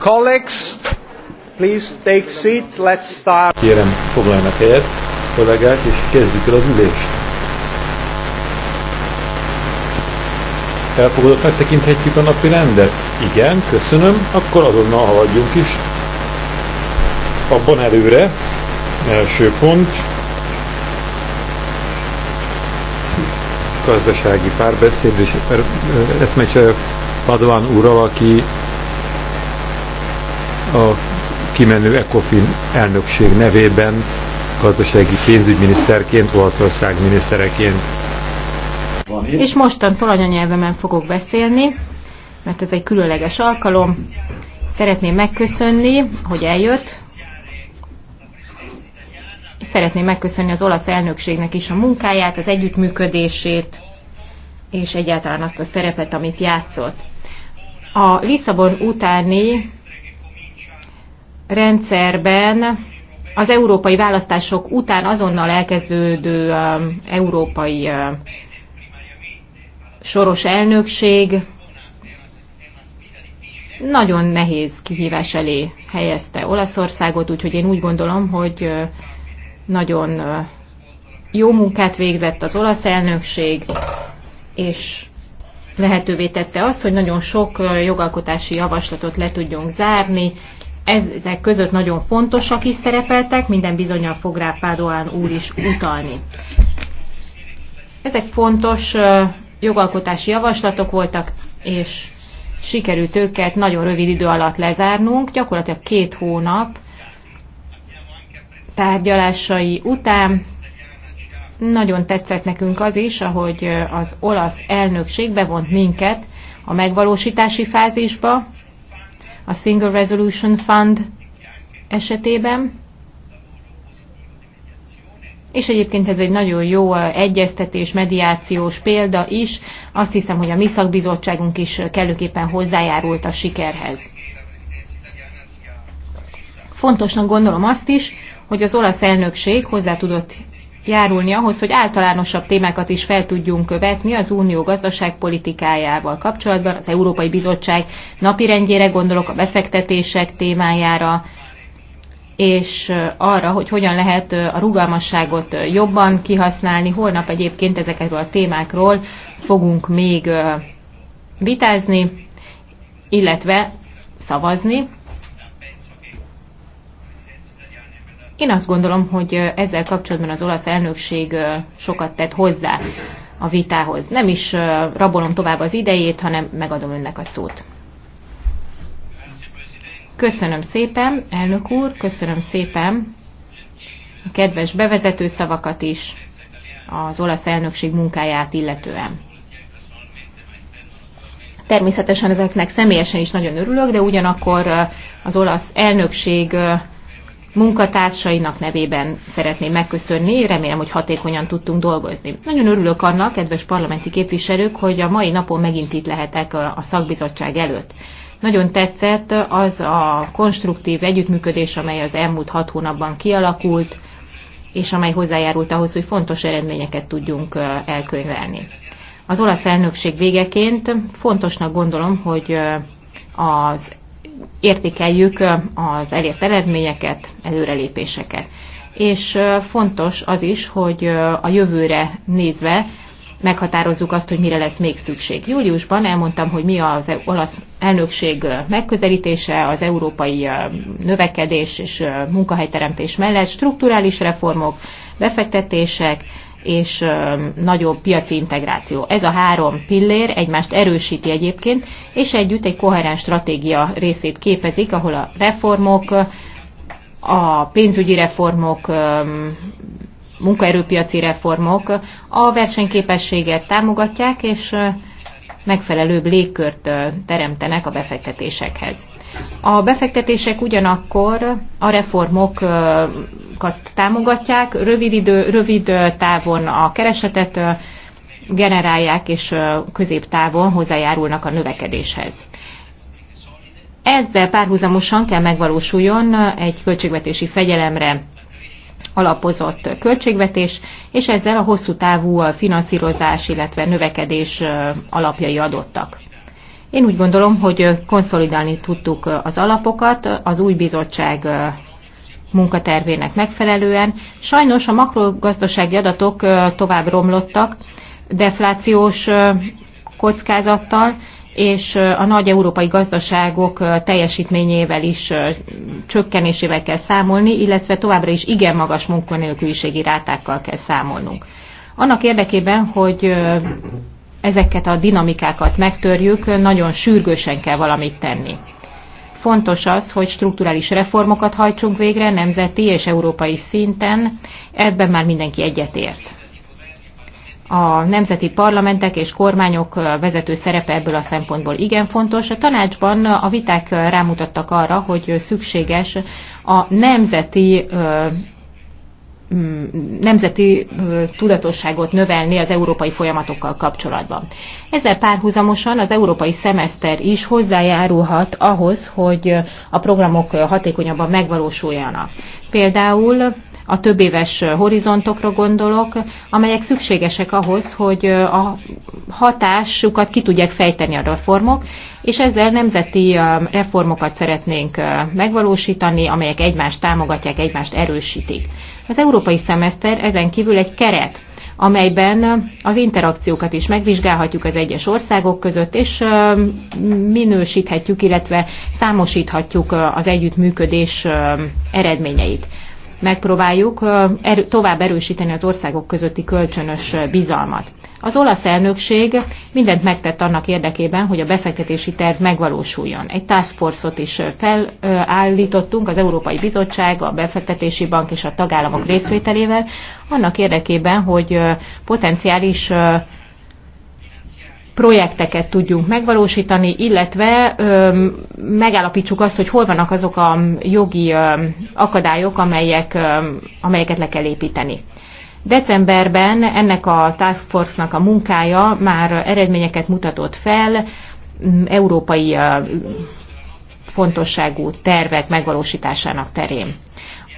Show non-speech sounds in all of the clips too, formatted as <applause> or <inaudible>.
Colleagues, please take seat, let's start. Kérem, foglaljanak helyet, kollégák, és kezdjük el az ülést. Elfogadottnak tekinthetjük a napi rendet? Igen, köszönöm, akkor azonnal haladjunk is. Abban előre, első pont, gazdasági párbeszéd és ezt eszmecsere Padván úrral, aki a kimenő ECOFIN elnökség nevében gazdasági pénzügyminiszterként, Olaszország minisztereként. És mostantól anyanyelvemen fogok beszélni, mert ez egy különleges alkalom. Szeretném megköszönni, hogy eljött. És szeretném megköszönni az olasz elnökségnek is a munkáját, az együttműködését, és egyáltalán azt a szerepet, amit játszott. A Lisszabon utáni rendszerben az európai választások után azonnal elkezdődő um, európai um, soros elnökség nagyon nehéz kihívás elé helyezte Olaszországot, úgyhogy én úgy gondolom, hogy uh, nagyon uh, jó munkát végzett az olasz elnökség, és lehetővé tette azt, hogy nagyon sok uh, jogalkotási javaslatot le tudjunk zárni, ezek között nagyon fontosak is szerepeltek, minden bizonyal fog rá Pádoán úr is utalni. Ezek fontos jogalkotási javaslatok voltak, és sikerült őket nagyon rövid idő alatt lezárnunk, gyakorlatilag két hónap tárgyalásai után nagyon tetszett nekünk az is, ahogy az olasz elnökség bevont minket a megvalósítási fázisba, a Single Resolution Fund esetében. És egyébként ez egy nagyon jó egyeztetés, mediációs példa is. Azt hiszem, hogy a mi szakbizottságunk is kellőképpen hozzájárult a sikerhez. Fontosnak gondolom azt is, hogy az olasz elnökség hozzá tudott járulni ahhoz, hogy általánosabb témákat is fel tudjunk követni az unió gazdaságpolitikájával kapcsolatban, az Európai Bizottság napirendjére gondolok, a befektetések témájára, és arra, hogy hogyan lehet a rugalmasságot jobban kihasználni. Holnap egyébként ezekről a témákról fogunk még vitázni, illetve szavazni. Én azt gondolom, hogy ezzel kapcsolatban az olasz elnökség sokat tett hozzá a vitához. Nem is rabolom tovább az idejét, hanem megadom önnek a szót. Köszönöm szépen, elnök úr, köszönöm szépen a kedves bevezető szavakat is az olasz elnökség munkáját illetően. Természetesen ezeknek személyesen is nagyon örülök, de ugyanakkor az olasz elnökség munkatársainak nevében szeretném megköszönni, remélem, hogy hatékonyan tudtunk dolgozni. Nagyon örülök annak, kedves parlamenti képviselők, hogy a mai napon megint itt lehetek a szakbizottság előtt. Nagyon tetszett az a konstruktív együttműködés, amely az elmúlt hat hónapban kialakult, és amely hozzájárult ahhoz, hogy fontos eredményeket tudjunk elkönyvelni. Az olasz elnökség végeként fontosnak gondolom, hogy az értékeljük az elért eredményeket, előrelépéseket. És fontos az is, hogy a jövőre nézve meghatározzuk azt, hogy mire lesz még szükség. Júliusban elmondtam, hogy mi az e- olasz elnökség megközelítése az európai növekedés és munkahelyteremtés mellett, strukturális reformok, befektetések, és nagyobb piaci integráció. Ez a három pillér egymást erősíti egyébként, és együtt egy koherens stratégia részét képezik, ahol a reformok, a pénzügyi reformok, munkaerőpiaci reformok a versenyképességet támogatják, és megfelelőbb légkört teremtenek a befektetésekhez. A befektetések ugyanakkor a reformokat támogatják, rövid, idő, rövid távon a keresetet generálják, és középtávon hozzájárulnak a növekedéshez. Ezzel párhuzamosan kell megvalósuljon egy költségvetési fegyelemre alapozott költségvetés, és ezzel a hosszú távú finanszírozás, illetve növekedés alapjai adottak. Én úgy gondolom, hogy konszolidálni tudtuk az alapokat az új bizottság munkatervének megfelelően. Sajnos a makrogazdasági adatok tovább romlottak, deflációs kockázattal, és a nagy európai gazdaságok teljesítményével is csökkenésével kell számolni, illetve továbbra is igen magas munkanélküliségi rátákkal kell számolnunk. Annak érdekében, hogy ezeket a dinamikákat megtörjük, nagyon sürgősen kell valamit tenni. Fontos az, hogy strukturális reformokat hajtsunk végre nemzeti és európai szinten, ebben már mindenki egyetért. A nemzeti parlamentek és kormányok vezető szerepe ebből a szempontból igen fontos. A tanácsban a viták rámutattak arra, hogy szükséges a nemzeti Mm, nemzeti tudatosságot növelni az európai folyamatokkal kapcsolatban. Ezzel párhuzamosan az európai szemeszter is hozzájárulhat ahhoz, hogy a programok hatékonyabban megvalósuljanak. Például a több éves horizontokra gondolok, amelyek szükségesek ahhoz, hogy a hatásukat ki tudják fejteni a reformok, és ezzel nemzeti reformokat szeretnénk megvalósítani, amelyek egymást támogatják, egymást erősítik. Az európai szemeszter ezen kívül egy keret, amelyben az interakciókat is megvizsgálhatjuk az egyes országok között, és minősíthetjük, illetve számosíthatjuk az együttműködés eredményeit megpróbáljuk erő, tovább erősíteni az országok közötti kölcsönös bizalmat. Az olasz elnökség mindent megtett annak érdekében, hogy a befektetési terv megvalósuljon. Egy task force-ot is felállítottunk az Európai Bizottság, a Befektetési Bank és a tagállamok részvételével, annak érdekében, hogy potenciális projekteket tudjunk megvalósítani, illetve ö, megállapítsuk azt, hogy hol vannak azok a jogi ö, akadályok, amelyek, ö, amelyeket le kell építeni. Decemberben ennek a Task Force-nak a munkája már eredményeket mutatott fel, európai fontosságú tervek megvalósításának terén.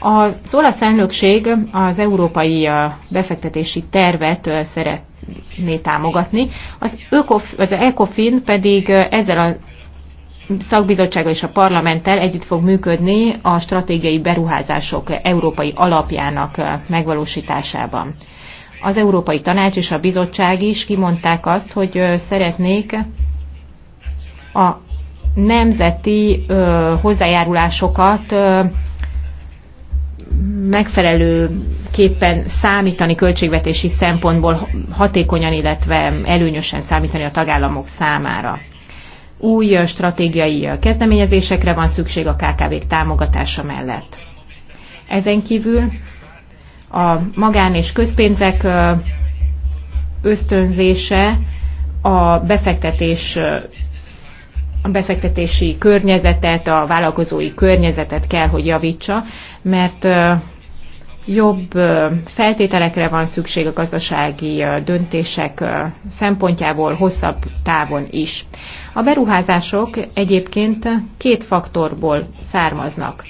Az olasz elnökség az európai befektetési tervet szeretné támogatni, az, ÖKOF, az ECOFIN pedig ezzel a szakbizottsága és a parlamenttel együtt fog működni a stratégiai beruházások európai alapjának megvalósításában. Az Európai Tanács és a bizottság is kimondták azt, hogy szeretnék a nemzeti hozzájárulásokat megfelelő képpen számítani költségvetési szempontból hatékonyan, illetve előnyösen számítani a tagállamok számára. Új stratégiai kezdeményezésekre van szükség a KKV-k támogatása mellett. Ezen kívül a magán és közpénzek ösztönzése a befektetés a befektetési környezetet, a vállalkozói környezetet kell, hogy javítsa, mert jobb feltételekre van szükség a gazdasági döntések szempontjából hosszabb távon is. A beruházások egyébként két faktorból származnak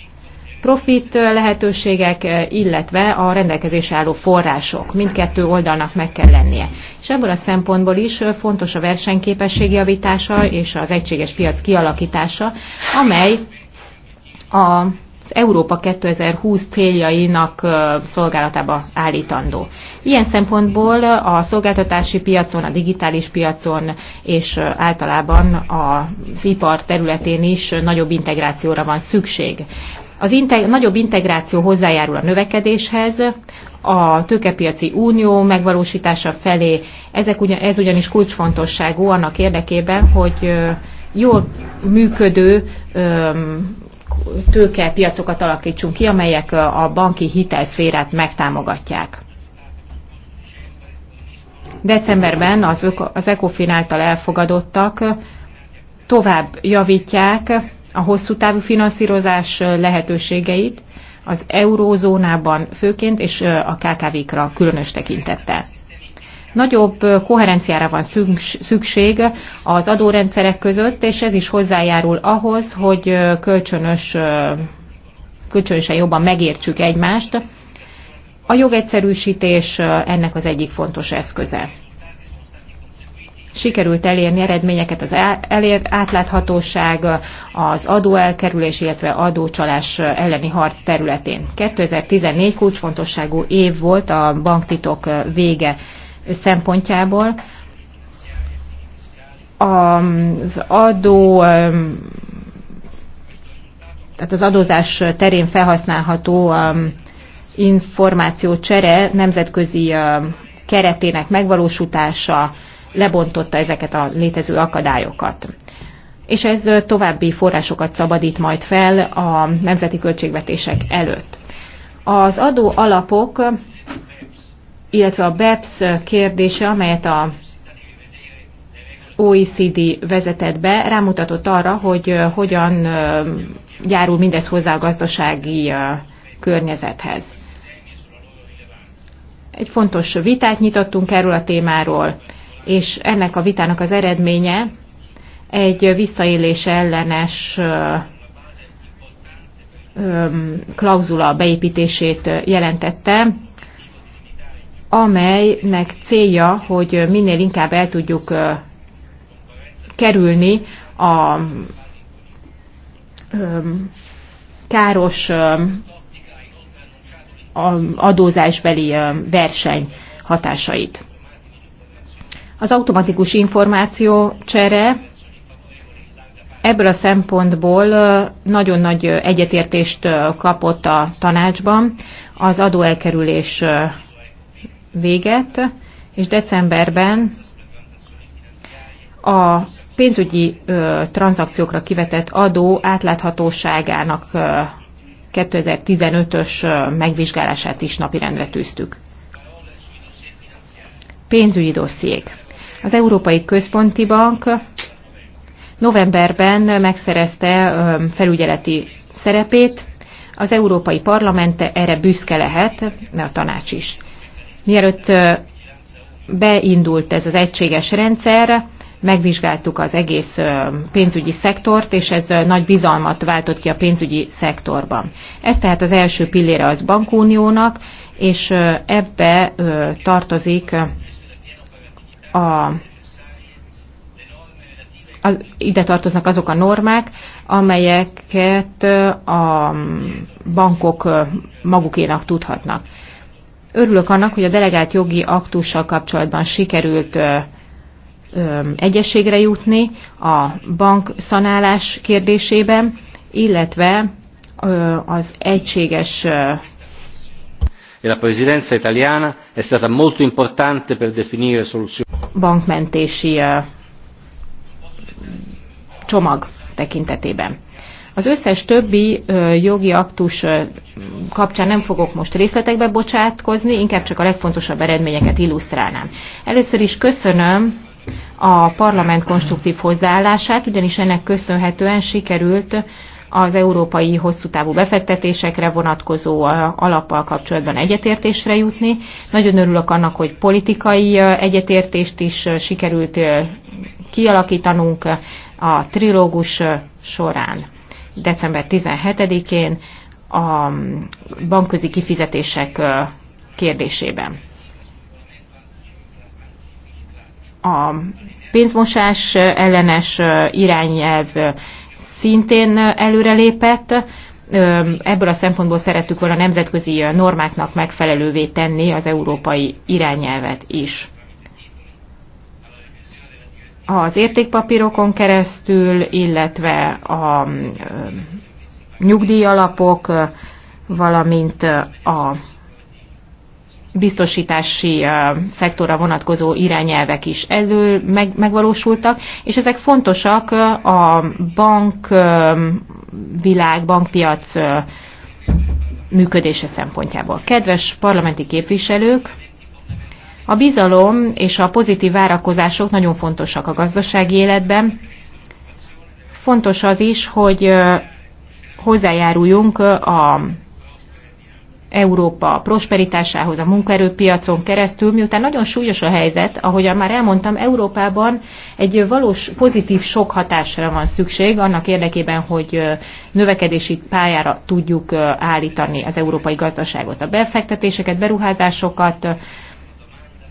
profit lehetőségek, illetve a rendelkezés álló források. Mindkettő oldalnak meg kell lennie. És ebből a szempontból is fontos a versenyképesség javítása és az egységes piac kialakítása, amely a Európa 2020 céljainak szolgálatába állítandó. Ilyen szempontból a szolgáltatási piacon, a digitális piacon és általában az ipar területén is nagyobb integrációra van szükség. Az integ- nagyobb integráció hozzájárul a növekedéshez, a tőkepiaci unió megvalósítása felé. Ezek ugyan, ez ugyanis kulcsfontosságú annak érdekében, hogy jól működő tőkepiacokat alakítsunk ki, amelyek a banki hitelszférát megtámogatják. Decemberben az, az ECOFIN által elfogadottak tovább javítják a hosszú távú finanszírozás lehetőségeit az eurózónában főként, és a KKV-kra különös tekintettel. Nagyobb koherenciára van szükség az adórendszerek között, és ez is hozzájárul ahhoz, hogy kölcsönös, kölcsönösen jobban megértsük egymást. A jogegyszerűsítés ennek az egyik fontos eszköze sikerült elérni eredményeket az elér, átláthatóság, az adóelkerülés, illetve adócsalás elleni harc területén. 2014 kulcsfontosságú év volt a banktitok vége szempontjából. Az adó tehát az adózás terén felhasználható um, információcsere nemzetközi um, keretének megvalósítása, lebontotta ezeket a létező akadályokat. És ez további forrásokat szabadít majd fel a nemzeti költségvetések előtt. Az adó alapok, illetve a BEPS kérdése, amelyet a OECD vezetett be, rámutatott arra, hogy hogyan járul mindez hozzá a gazdasági környezethez. Egy fontos vitát nyitottunk erről a témáról, és ennek a vitának az eredménye egy visszaélés ellenes klauzula beépítését jelentette, amelynek célja, hogy minél inkább el tudjuk kerülni a káros adózásbeli verseny hatásait. Az automatikus információ csere ebből a szempontból nagyon nagy egyetértést kapott a tanácsban az adóelkerülés véget, és decemberben a pénzügyi ö, tranzakciókra kivetett adó átláthatóságának 2015-ös megvizsgálását is napirendre tűztük. Pénzügyi dossziék. Az Európai Központi Bank novemberben megszerezte felügyeleti szerepét, az Európai Parlament erre büszke lehet, mert a tanács is. Mielőtt beindult ez az egységes rendszer, megvizsgáltuk az egész pénzügyi szektort, és ez nagy bizalmat váltott ki a pénzügyi szektorban. Ez tehát az első pillére az bankuniónak, és ebbe tartozik a a, ide tartoznak azok a normák, amelyeket a bankok magukénak tudhatnak. Örülök annak, hogy a delegált jogi aktussal kapcsolatban sikerült egyességre jutni a bankszanálás kérdésében, illetve az egységes e la presidenza italiana è stata molto importante per definire soluzioni. Bankmentési eh, csomag tekintetében. Az összes többi jogi aktus kapcsán nem fogok most részletekbe bocsátkozni, inkább csak a legfontosabb eredményeket illusztrálnám. Először is köszönöm a parlament konstruktív hozzáállását, ugyanis ennek köszönhetően sikerült az európai hosszú távú befektetésekre vonatkozó alappal kapcsolatban egyetértésre jutni. Nagyon örülök annak, hogy politikai egyetértést is sikerült kialakítanunk a trilógus során. December 17-én a bankközi kifizetések kérdésében. A pénzmosás ellenes irányelv szintén előrelépett. Ebből a szempontból szerettük volna nemzetközi normáknak megfelelővé tenni az európai irányelvet is. Az értékpapírokon keresztül, illetve a nyugdíjalapok, valamint a biztosítási szektorra vonatkozó irányelvek is elő meg, megvalósultak, és ezek fontosak a bank világ, bankpiac működése szempontjából. Kedves parlamenti képviselők, a bizalom és a pozitív várakozások nagyon fontosak a gazdasági életben. Fontos az is, hogy hozzájáruljunk a Európa prosperitásához a munkaerőpiacon keresztül, miután nagyon súlyos a helyzet, ahogyan már elmondtam, Európában egy valós pozitív sok hatásra van szükség annak érdekében, hogy növekedési pályára tudjuk állítani az európai gazdaságot, a befektetéseket, beruházásokat,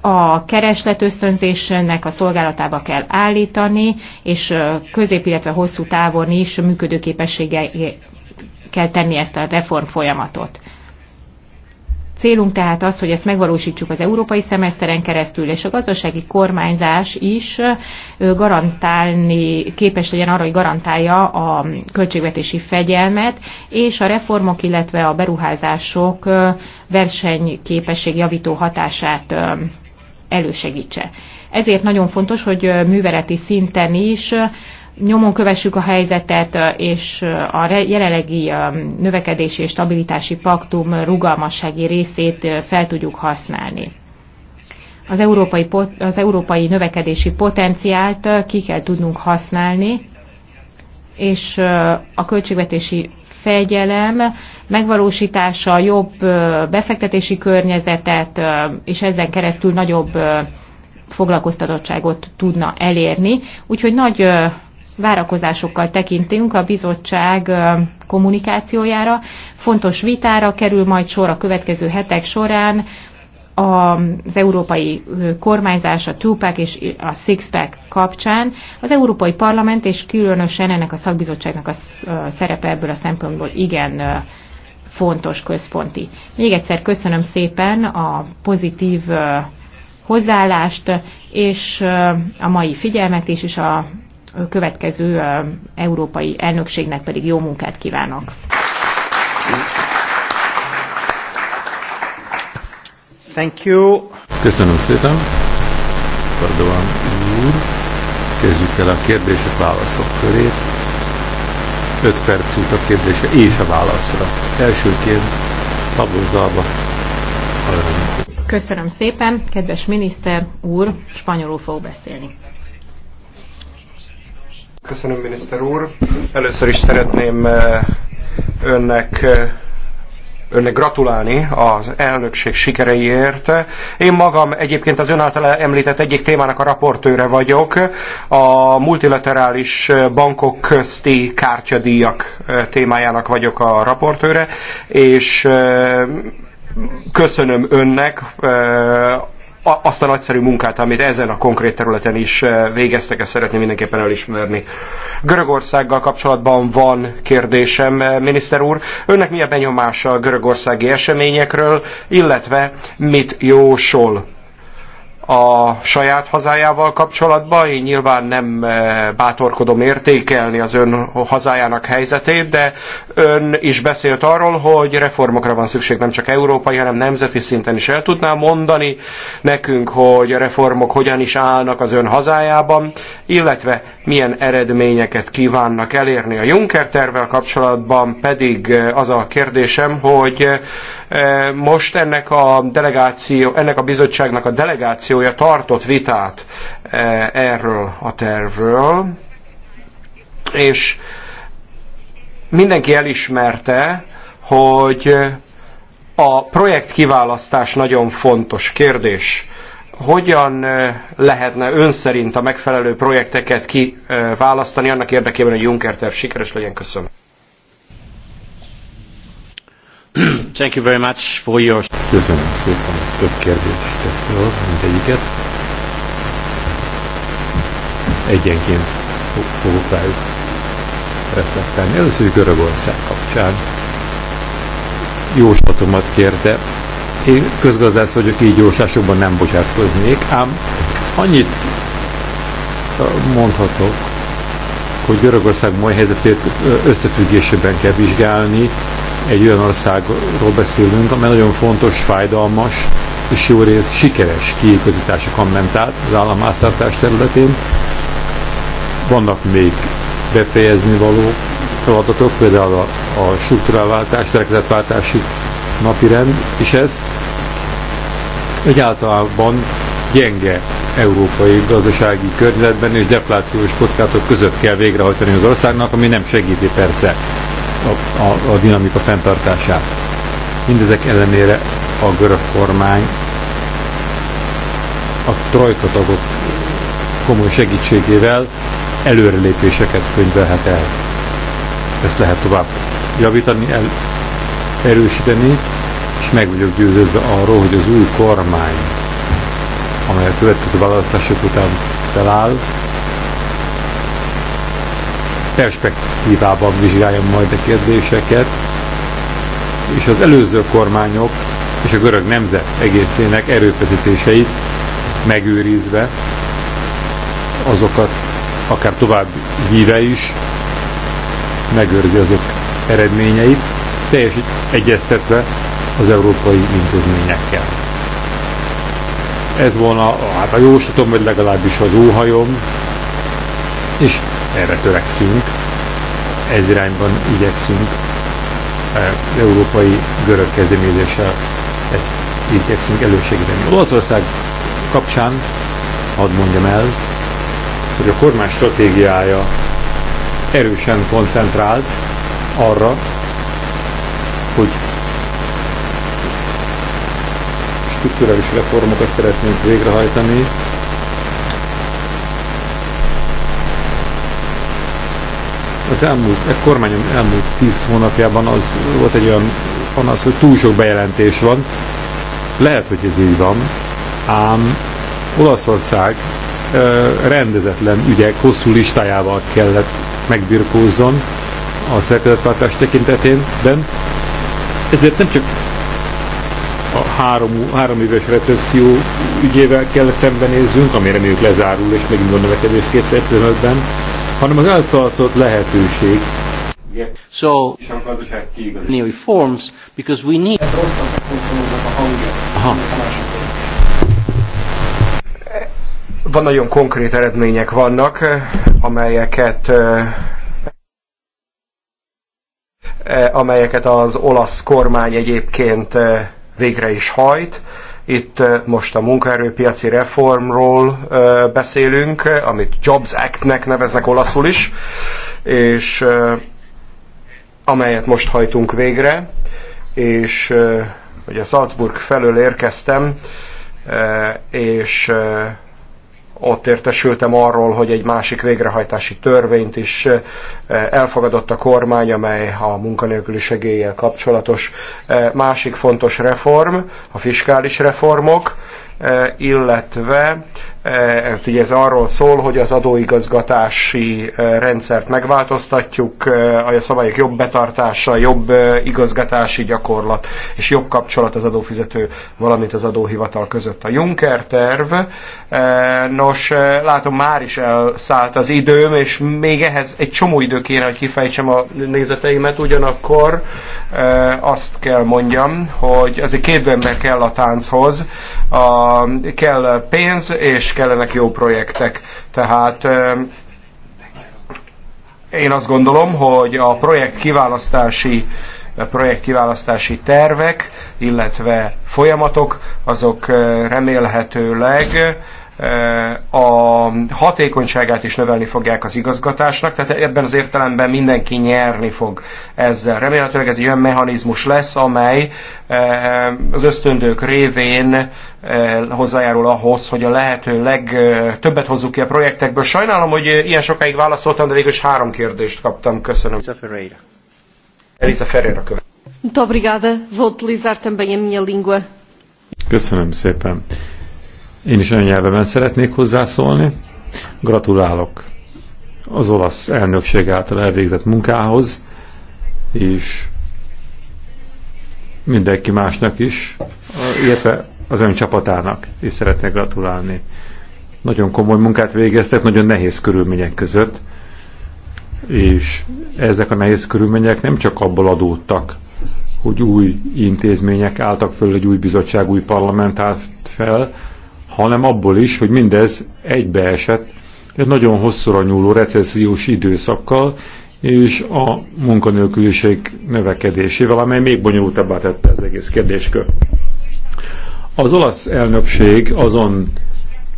a kereslet ösztönzésnek a szolgálatába kell állítani, és közép, illetve hosszú távon is működőképességgel kell tenni ezt a reform folyamatot. Célunk tehát az, hogy ezt megvalósítsuk az európai szemeszteren keresztül, és a gazdasági kormányzás is garantálni, képes legyen arra, hogy garantálja a költségvetési fegyelmet, és a reformok, illetve a beruházások versenyképesség javító hatását elősegítse. Ezért nagyon fontos, hogy műveleti szinten is nyomon kövessük a helyzetet, és a jelenlegi növekedési és stabilitási paktum rugalmassági részét fel tudjuk használni. Az európai, az európai növekedési potenciált ki kell tudnunk használni, és a költségvetési fegyelem megvalósítása, jobb befektetési környezetet, és ezen keresztül nagyobb foglalkoztatottságot tudna elérni. Úgyhogy nagy várakozásokkal tekintünk a bizottság kommunikációjára. Fontos vitára kerül majd sor a következő hetek során az európai kormányzás, a TUPAC és a SIXPAC kapcsán. Az Európai Parlament és különösen ennek a szakbizottságnak a szerepe ebből a szempontból igen fontos központi. Még egyszer köszönöm szépen a pozitív hozzáállást és a mai figyelmet is, és a következő európai elnökségnek pedig jó munkát kívánok. Thank you. Köszönöm szépen. Pardon, úr. Kezdjük el a kérdések válaszok körét. 5 perc út a kérdése és a válaszra. Elsőként Pablo Zalba. Köszönöm szépen, kedves miniszter úr, spanyolul fog beszélni. Köszönöm, miniszter úr. Először is szeretném eh, önnek eh, önnek gratulálni az elnökség sikereiért. Én magam egyébként az ön által említett egyik témának a raportőre vagyok, a multilaterális bankok közti kártyadíjak eh, témájának vagyok a raportőre, és köszönöm önnek azt a nagyszerű munkát, amit ezen a konkrét területen is eh, végeztek, ezt szeretném mindenképpen elismerni. Görögországgal kapcsolatban van kérdésem, eh, miniszter úr. Önnek mi a benyomása a görögországi eseményekről, illetve mit jósol? a saját hazájával kapcsolatban. Én nyilván nem eh, bátorkodom értékelni az ön hazájának helyzetét, de ön is beszélt arról, hogy reformokra van szükség nem csak európai, hanem nemzeti szinten is. El tudná mondani nekünk, hogy a reformok hogyan is állnak az ön hazájában, illetve milyen eredményeket kívánnak elérni. A Juncker tervvel kapcsolatban pedig eh, az a kérdésem, hogy eh, Eh, most ennek a delegáció, ennek a bizottságnak a delegációja tartott vitát eh, erről a tervről, és mindenki elismerte, hogy a projekt kiválasztás nagyon fontos kérdés. Hogyan eh, lehetne ön szerint a megfelelő projekteket kiválasztani annak érdekében, hogy Juncker terv sikeres legyen? Köszönöm. <clears throat> Thank you very much for your... Köszönöm szépen, több kérdést tett fel, mindegyiket. Egyenként fogok rájuk reflektálni. Először Görögország kapcsán jóslatomat kérte. Én közgazdász vagyok, így jóslásokban nem bocsátkoznék, ám annyit mondhatok, hogy Görögország mai helyzetét összefüggésében kell vizsgálni, egy olyan országról beszélünk, amely nagyon fontos, fájdalmas, és jó rész sikeres kiigazításokon kommentált az államászártás területén. Vannak még befejezni való feladatok, például a, a struktúrálváltás, szerkezetváltási napirend, és ezt egyáltalában gyenge európai gazdasági környezetben és deflációs kockázatok között kell végrehajtani az országnak, ami nem segíti persze a, a, a dinamika fenntartását. Mindezek ellenére a görög kormány a trojka tagok komoly segítségével előrelépéseket könyvelhet el. Ezt lehet tovább javítani, el, erősíteni, és meg vagyok győződve arról, hogy az új kormány, amely a következő választások után feláll, perspektívában vizsgálja majd a kérdéseket, és az előző kormányok és a görög nemzet egészének erőfeszítéseit megőrizve azokat akár tovább híve is megőrzi azok eredményeit, teljesít egyeztetve az európai intézményekkel. Ez volna hát a jóslatom, vagy legalábbis az óhajom, és erre törekszünk, ez irányban igyekszünk az e, európai görög kezdeményezéssel ezt igyekszünk elősegíteni. Olaszország kapcsán hadd mondjam el, hogy a kormány stratégiája erősen koncentrált arra, hogy strukturális reformokat szeretnénk végrehajtani, az elmúlt, a kormányom elmúlt tíz hónapjában az volt egy olyan panasz, hogy túl sok bejelentés van. Lehet, hogy ez így van, ám Olaszország rendezetlen ügyek hosszú listájával kellett megbirkózzon a szerkezetváltás tekintetében. Ezért nem csak a három, három éves recesszió ügyével kell szembenézzünk, amire reméljük lezárul és megindul növekedés 2015-ben, hanem az elszalszott lehetőség. So, new reforms, because we need... Aha. Van nagyon konkrét eredmények vannak, amelyeket amelyeket az olasz kormány egyébként végre is hajt. Itt most a munkaerőpiaci reformról beszélünk, amit Jobs Act-nek neveznek olaszul is, és amelyet most hajtunk végre, és ugye Salzburg felől érkeztem, és ott értesültem arról, hogy egy másik végrehajtási törvényt is eh, elfogadott a kormány, amely a munkanélküli segéllyel kapcsolatos. Eh, másik fontos reform, a fiskális reformok, eh, illetve ugye eh, hát ez arról szól, hogy az adóigazgatási eh, rendszert megváltoztatjuk, eh, a szabályok jobb betartása, jobb igazgatási gyakorlat és jobb kapcsolat az adófizető, valamint az adóhivatal között. A Juncker terv, nos, látom már is elszállt az időm, és még ehhez egy csomó idő kéne, hogy kifejtsem a nézeteimet, ugyanakkor azt kell mondjam, hogy azért két ember kell a tánchoz, a, kell pénz és és kellenek jó projektek. Tehát eh, én azt gondolom, hogy a projekt kiválasztási eh, projekt kiválasztási tervek, illetve folyamatok, azok eh, remélhetőleg a hatékonyságát is növelni fogják az igazgatásnak, tehát ebben az értelemben mindenki nyerni fog ezzel. Remélhetőleg ez egy olyan mechanizmus lesz, amely az ösztöndők révén hozzájárul ahhoz, hogy a lehető legtöbbet hozzuk ki a projektekből. Sajnálom, hogy ilyen sokáig válaszoltam, de végül is három kérdést kaptam. Köszönöm. Elisa Ferreira. Elisa Ferreira követ. Muito obrigada. Vou utilizar também a minha língua. Köszönöm szépen. Én is olyan anyanyelvemen szeretnék hozzászólni. Gratulálok az olasz elnökség által elvégzett munkához, és mindenki másnak is, illetve az ön csapatának is szeretnék gratulálni. Nagyon komoly munkát végeztek, nagyon nehéz körülmények között, és ezek a nehéz körülmények nem csak abból adódtak, hogy új intézmények álltak föl, egy új bizottság, új parlament állt fel, hanem abból is, hogy mindez egybeesett egy nagyon hosszúra nyúló recessziós időszakkal és a munkanélküliség növekedésével, amely még bonyolultabbá tette az egész kérdéskör. Az olasz elnökség azon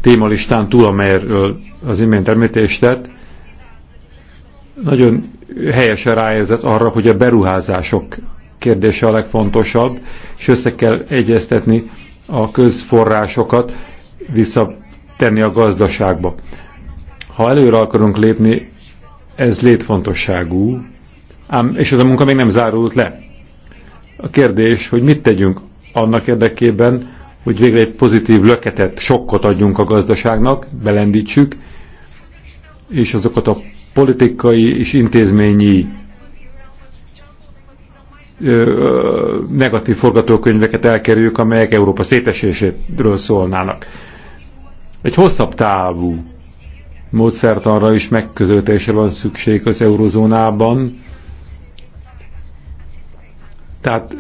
témalistán túl, amelyről az imént említést tett, nagyon helyesen ráérzett arra, hogy a beruházások kérdése a legfontosabb, és össze kell egyeztetni a közforrásokat visszatenni a gazdaságba. Ha előre akarunk lépni, ez létfontosságú, ám, és ez a munka még nem zárult le. A kérdés, hogy mit tegyünk annak érdekében, hogy végre egy pozitív löketet, sokkot adjunk a gazdaságnak, belendítsük, és azokat a politikai és intézményi ö, negatív forgatókönyveket elkerüljük, amelyek Európa széteséséről szólnának. Egy hosszabb távú módszertanra is megközöltése van szükség az eurozónában. Tehát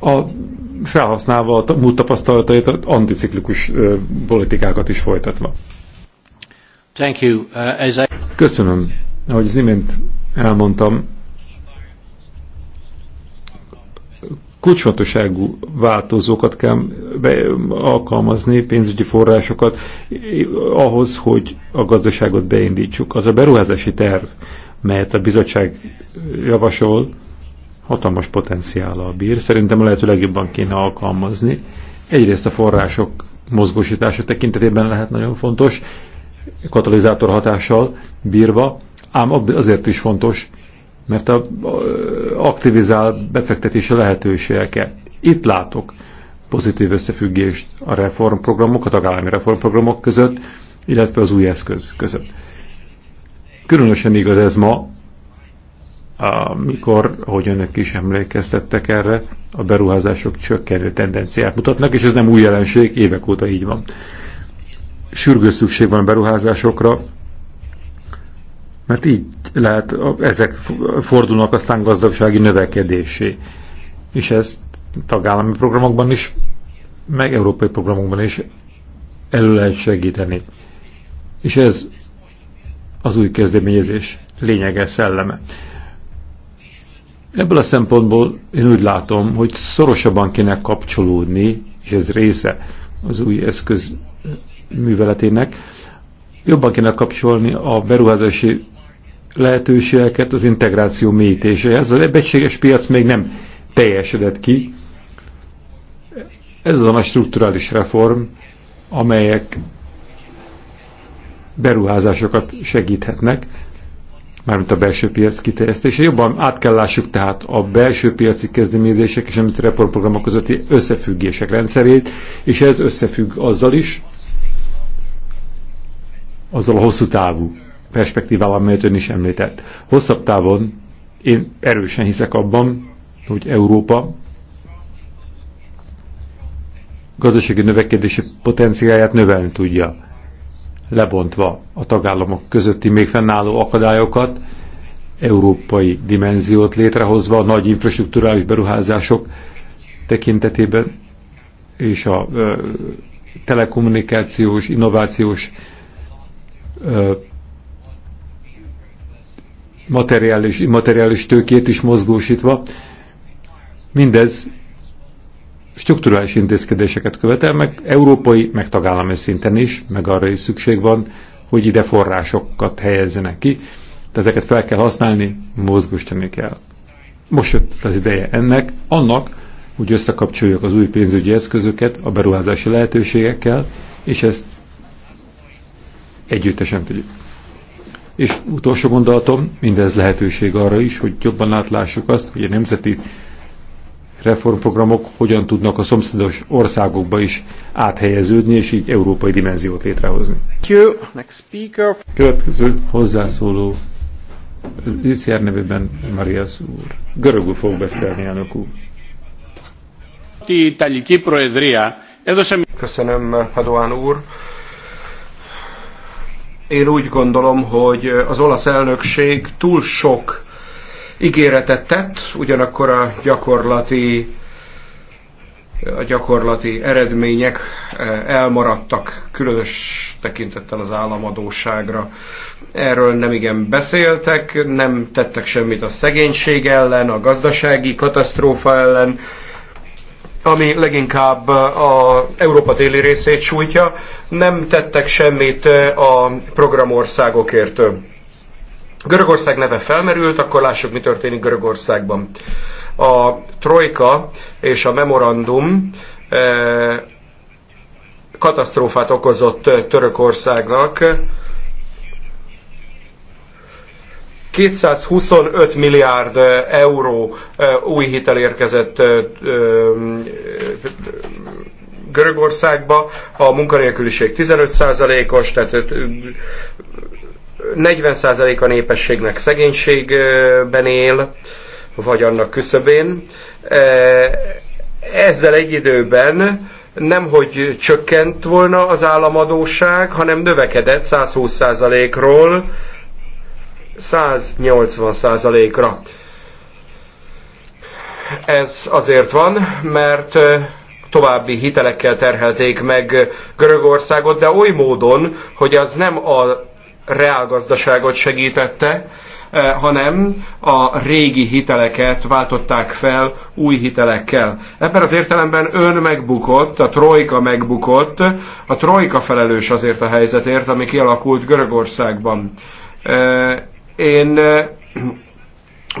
a felhasználva a múlt tapasztalatait, anticiklikus politikákat is folytatva. Thank you. Uh, Köszönöm. Ahogy az imént elmondtam, kulcsfontosságú változókat kell be, alkalmazni, pénzügyi forrásokat eh, ahhoz, hogy a gazdaságot beindítsuk. Az a beruházási terv, melyet a bizottság javasol, hatalmas potenciállal bír. Szerintem a lehető legjobban kéne alkalmazni. Egyrészt a források mozgósítása tekintetében lehet nagyon fontos, katalizátor hatással bírva, ám azért is fontos, mert a, a, aktivizál befektetési lehetőségeket. Itt látok pozitív összefüggést a reformprogramok, a tagállami reformprogramok között, illetve az új eszköz között. Különösen igaz ez ma, amikor, ahogy önök is emlékeztettek erre, a beruházások csökkenő tendenciát mutatnak, és ez nem új jelenség, évek óta így van. Sürgő szükség van beruházásokra, mert így lehet, ezek fordulnak aztán gazdagsági növekedésé. És ezt tagállami programokban is, meg európai programokban is elő lehet segíteni. És ez az új kezdeményezés lényeges szelleme. Ebből a szempontból én úgy látom, hogy szorosabban kéne kapcsolódni, és ez része az új eszköz műveletének, jobban kéne kapcsolni a beruházási lehetőségeket az integráció Ez Az egységes piac még nem teljesedett ki. Ez az a strukturális reform, amelyek beruházásokat segíthetnek, mármint a belső piac kiterjesztése. Jobban át kell lássuk tehát a belső piaci kezdeményezések és a reformprogramok közötti összefüggések rendszerét, és ez összefügg azzal is, azzal a hosszú távú perspektívával, amelyet ön is említett. Hosszabb távon én erősen hiszek abban, hogy Európa gazdasági növekedési potenciáját növelni tudja, lebontva a tagállamok közötti még fennálló akadályokat, európai dimenziót létrehozva, a nagy infrastruktúrális beruházások tekintetében és a ö, telekommunikációs, innovációs ö, materiális, materiális tőkét is mozgósítva. Mindez strukturális intézkedéseket követel, meg európai, meg tagállami szinten is, meg arra is szükség van, hogy ide forrásokat helyezzenek ki. De ezeket fel kell használni, mozgósítani kell. Most jött az ideje ennek, annak, hogy összekapcsoljuk az új pénzügyi eszközöket a beruházási lehetőségekkel, és ezt együttesen tudjuk. És utolsó gondolatom, mindez lehetőség arra is, hogy jobban átlássuk azt, hogy a nemzeti reformprogramok hogyan tudnak a szomszédos országokba is áthelyeződni, és így európai dimenziót létrehozni. Következő hozzászóló Liszjár nevében Maria úr. Görögül fog beszélni, elnök úr. Köszönöm, Padoán úr én úgy gondolom, hogy az olasz elnökség túl sok ígéretet tett, ugyanakkor a gyakorlati a gyakorlati eredmények eh, elmaradtak, különös tekintettel az államadóságra. Erről nem igen beszéltek, nem tettek semmit a szegénység ellen, a gazdasági katasztrófa ellen, ami leginkább a Európa déli részét sújtja. Nem tettek semmit a programországokért. Görögország neve felmerült, akkor lássuk, mi történik Görögországban. A trojka és a memorandum katasztrófát okozott Törökországnak, 225 milliárd euró új hitel érkezett Görögországba, a munkanélküliség 15%-os, tehát 40% a népességnek szegénységben él, vagy annak küszöbén. Ezzel egy időben nem hogy csökkent volna az államadóság, hanem növekedett 120%-ról 180%-ra. Ez azért van, mert további hitelekkel terhelték meg Görögországot, de oly módon, hogy az nem a reálgazdaságot segítette, hanem a régi hiteleket váltották fel új hitelekkel. Ebben az értelemben ön megbukott, a trojka megbukott, a trojka felelős azért a helyzetért, ami kialakult Görögországban. Én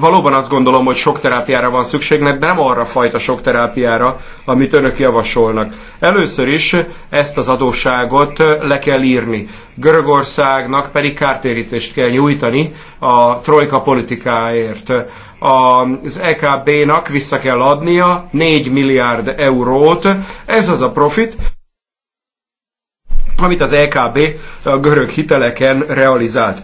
valóban azt gondolom, hogy sok terápiára van szükség, de nem arra fajta sok terápiára, amit önök javasolnak. Először is ezt az adósságot le kell írni. Görögországnak pedig kártérítést kell nyújtani a trojka politikáért. Az EKB-nak vissza kell adnia 4 milliárd eurót, ez az a profit, amit az EKB a görög hiteleken realizált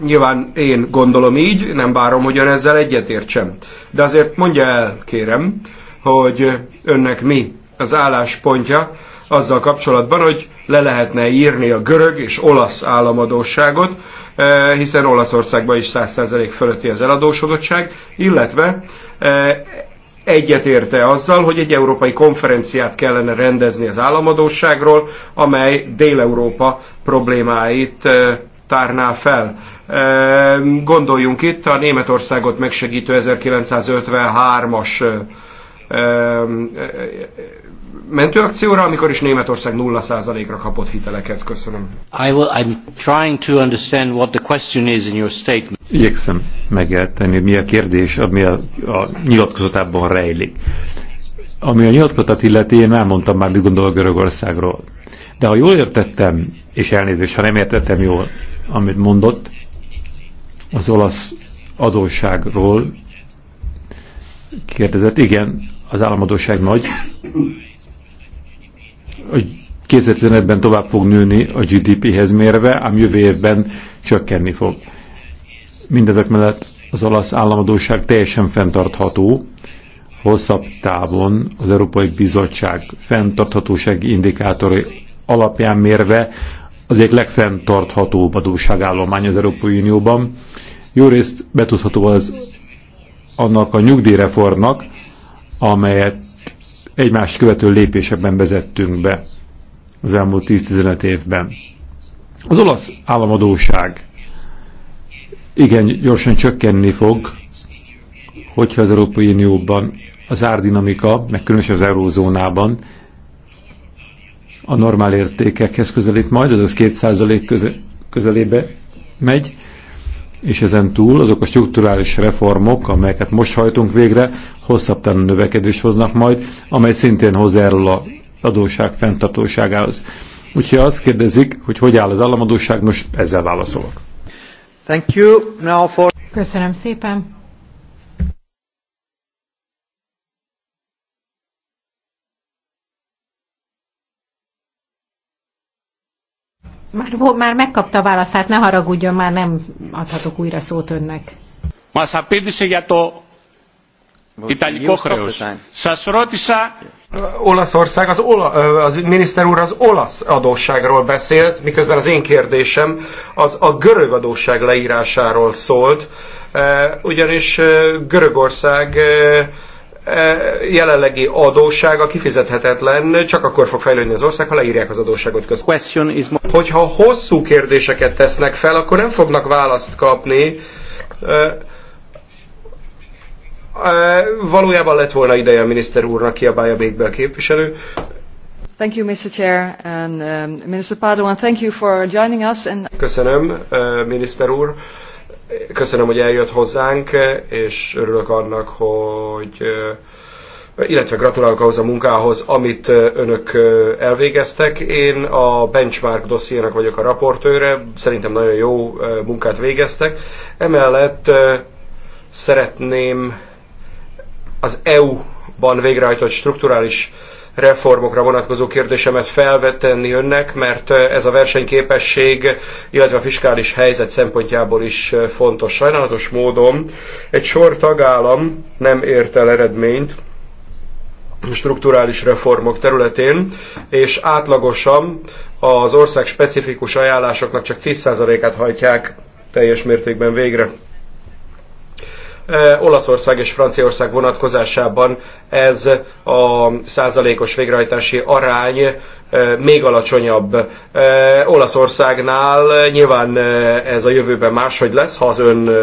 Nyilván én gondolom így, nem várom, hogy ön ezzel egyetértsem. De azért mondja el, kérem, hogy önnek mi az álláspontja azzal kapcsolatban, hogy le lehetne írni a görög és olasz államadóságot, eh, hiszen Olaszországban is 100% fölötti az eladósodottság, illetve eh, egyetérte azzal, hogy egy európai konferenciát kellene rendezni az államadóságról, amely Dél-Európa problémáit eh, tárná fel. Ehm, gondoljunk itt a Németországot megsegítő 1953-as ehm, mentőakcióra, amikor is Németország 0%-ra kapott hiteleket. Köszönöm. I will, I'm trying to understand what the question is in your statement. Igyekszem megérteni, mi a kérdés, ami a, a nyilatkozatában rejlik. Ami a nyilatkozatát illeti, én elmondtam már, mit gondol a Görögországról. De ha jól értettem, és elnézést, ha nem értettem jól, amit mondott, az olasz adósságról kérdezett. Igen, az államadóság nagy. A 2015-ben tovább fog nőni a GDP-hez mérve, ám jövő évben csökkenni fog. Mindezek mellett az olasz államadóság teljesen fenntartható, hosszabb távon az Európai Bizottság fenntarthatósági indikátori alapján mérve az egyik legfenntarthatóbb adósságállomány az Európai Unióban. Jó részt betudható az annak a nyugdíjreformnak, amelyet egymást követő lépésekben vezettünk be az elmúlt 10-15 évben. Az olasz államadóság igen gyorsan csökkenni fog, hogyha az Európai Unióban az árdinamika, meg különösen az eurózónában a normál értékekhez közelít majd, az 2% köze, közelébe megy, és ezen túl azok a strukturális reformok, amelyeket most hajtunk végre, hosszabb távon növekedés hoznak majd, amely szintén hozzájárul a adóság fenntartóságához. Úgyhogy azt kérdezik, hogy hogy áll az államadóság, most ezzel válaszolok. Thank you now for... Köszönöm szépen. Már, már megkapta a válaszát, ne haragudjon, már nem adhatok újra szót önnek. Μας απήντησε για το Ιταλικό χρέος. Σας ρώτησα... Olaszország, az, ola, az miniszter úr az olasz adósságról beszélt, miközben az én kérdésem az a görög adósság leírásáról szólt, ugyanis Görögország E, jelenlegi adóssága kifizethetetlen, csak akkor fog fejlődni az ország, ha leírják az adósságot közben. Hogyha hosszú kérdéseket tesznek fel, akkor nem fognak választ kapni. E, e, valójában lett volna ideje a miniszter úrnak, kiabálja még be a képviselő. Thank you, Mr. Chair and um, Minister Padoan. Thank you for joining us. And... Köszönöm, uh, miniszter úr. Uh, köszönöm, hogy eljött hozzánk, és örülök annak, hogy eh, illetve gratulálok ahhoz a munkához, amit eh, önök eh, elvégeztek. Én a benchmark dossziának vagyok a raportőre, szerintem nagyon jó munkát végeztek. Emellett szeretném az EU-ban végrehajtott strukturális reformokra vonatkozó kérdésemet felvetenni önnek, mert ez a versenyképesség, illetve a fiskális helyzet szempontjából is fontos. Sajnálatos módon egy sor tagállam nem ért el eredményt, strukturális reformok területén, és átlagosan az ország specifikus ajánlásoknak csak 10%-át hajtják teljes mértékben végre. Eh, Olaszország és Franciaország vonatkozásában ez a százalékos végrehajtási arány még alacsonyabb. Olaszországnál nyilván ez a jövőben máshogy lesz, ha az ön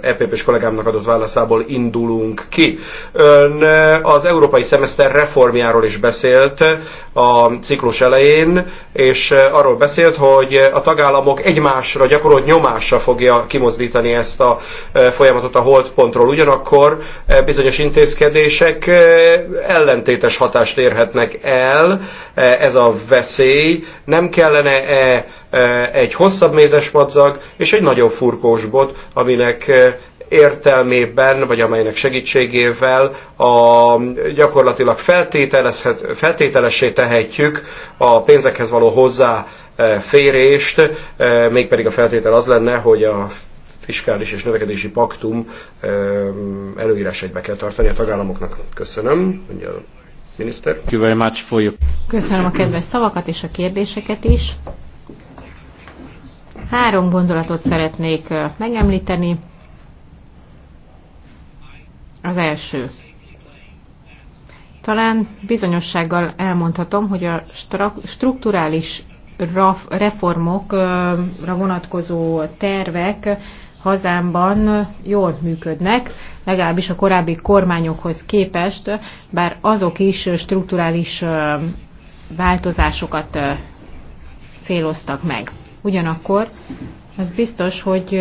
EPP-s kollégámnak adott válaszából indulunk ki. Ön az európai szemeszter reformjáról is beszélt a ciklus elején, és arról beszélt, hogy a tagállamok egymásra gyakorolt nyomásra fogja kimozdítani ezt a folyamatot a holdpontról. Ugyanakkor bizonyos intézkedések ellentétes hatást érhetnek el. Ez a veszély, nem kellene-e e, egy hosszabb mézes madzag és egy nagyon furkós bot, aminek e, értelmében, vagy amelynek segítségével a, gyakorlatilag feltételessé tehetjük a pénzekhez való hozzáférést, e, mégpedig a feltétel az lenne, hogy a fiskális és növekedési paktum előírásait be kell tartani a tagállamoknak. Köszönöm. Minister. Thank you very much for your... Köszönöm a kedves szavakat és a kérdéseket is. Három gondolatot szeretnék megemlíteni. Az első. Talán bizonyossággal elmondhatom, hogy a strukturális reformokra vonatkozó tervek hazámban jól működnek, legalábbis a korábbi kormányokhoz képest, bár azok is strukturális változásokat céloztak meg. Ugyanakkor az biztos, hogy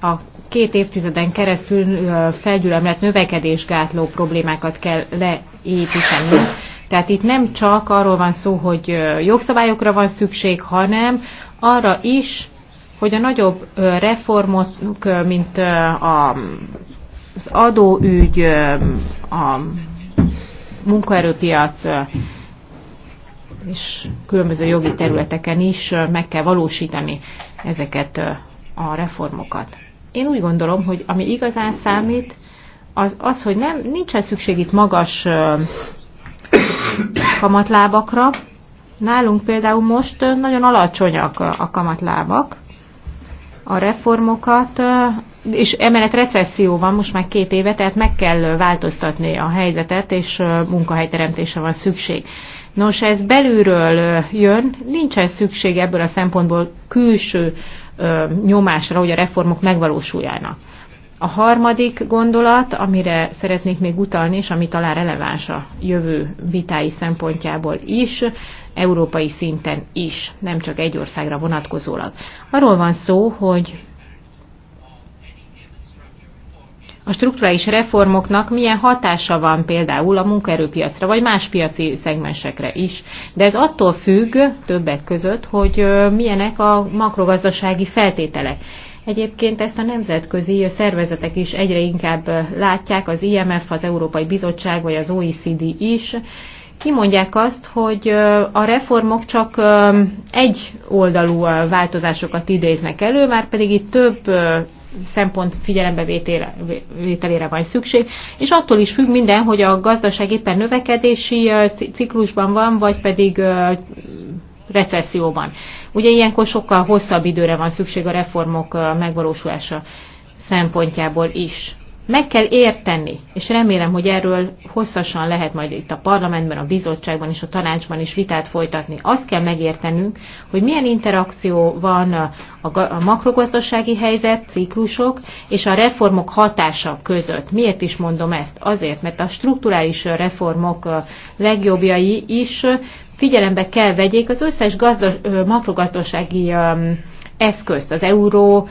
a két évtizeden keresztül felgyülemlett növekedésgátló problémákat kell leépíteni. Tehát itt nem csak arról van szó, hogy jogszabályokra van szükség, hanem arra is, hogy a nagyobb reformok, mint az adóügy, a munkaerőpiac és különböző jogi területeken is meg kell valósítani ezeket a reformokat. Én úgy gondolom, hogy ami igazán számít, az, az hogy nem, nincsen szükség itt magas kamatlábakra. Nálunk például most nagyon alacsonyak a kamatlábak, a reformokat, és emellett recesszió van most már két éve, tehát meg kell változtatni a helyzetet, és munkahelyteremtése van szükség. Nos, ez belülről jön, nincsen szükség ebből a szempontból külső nyomásra, hogy a reformok megvalósuljanak. A harmadik gondolat, amire szeretnék még utalni, és ami talán releváns a jövő vitái szempontjából is, európai szinten is, nem csak egy országra vonatkozólag. Arról van szó, hogy a struktúrális reformoknak milyen hatása van például a munkaerőpiacra, vagy más piaci szegmensekre is. De ez attól függ többek között, hogy milyenek a makrogazdasági feltételek. Egyébként ezt a nemzetközi szervezetek is egyre inkább látják, az IMF, az Európai Bizottság vagy az OECD is kimondják azt, hogy a reformok csak egy oldalú változásokat idéznek elő, már pedig itt több szempont vételére van szükség, és attól is függ minden, hogy a gazdaság éppen növekedési ciklusban van, vagy pedig recesszióban. Ugye ilyenkor sokkal hosszabb időre van szükség a reformok megvalósulása szempontjából is meg kell érteni, és remélem, hogy erről hosszasan lehet majd itt a parlamentben, a bizottságban és a tanácsban is vitát folytatni. Azt kell megértenünk, hogy milyen interakció van a makrogazdasági helyzet, ciklusok és a reformok hatása között. Miért is mondom ezt? Azért, mert a strukturális reformok legjobbjai is figyelembe kell vegyék az összes gazdas, makrogazdasági eszközt, az euró,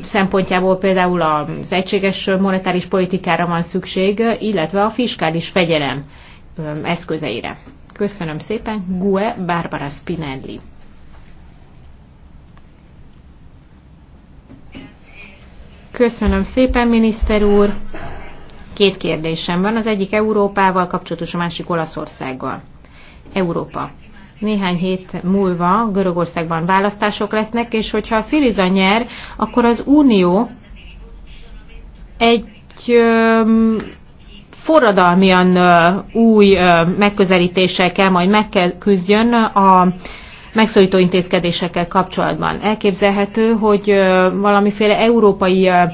szempontjából például az egységes monetáris politikára van szükség, illetve a fiskális fegyelem eszközeire. Köszönöm szépen, Gue Barbara Spinelli. Köszönöm szépen, miniszter úr. Két kérdésem van, az egyik Európával kapcsolatos, a másik Olaszországgal. Európa néhány hét múlva Görögországban választások lesznek, és hogyha a Syriza nyer, akkor az Unió egy ö, forradalmian ö, új ö, megközelítéssel kell majd megküzdjön a megszorító intézkedésekkel kapcsolatban. Elképzelhető, hogy ö, valamiféle európai ö,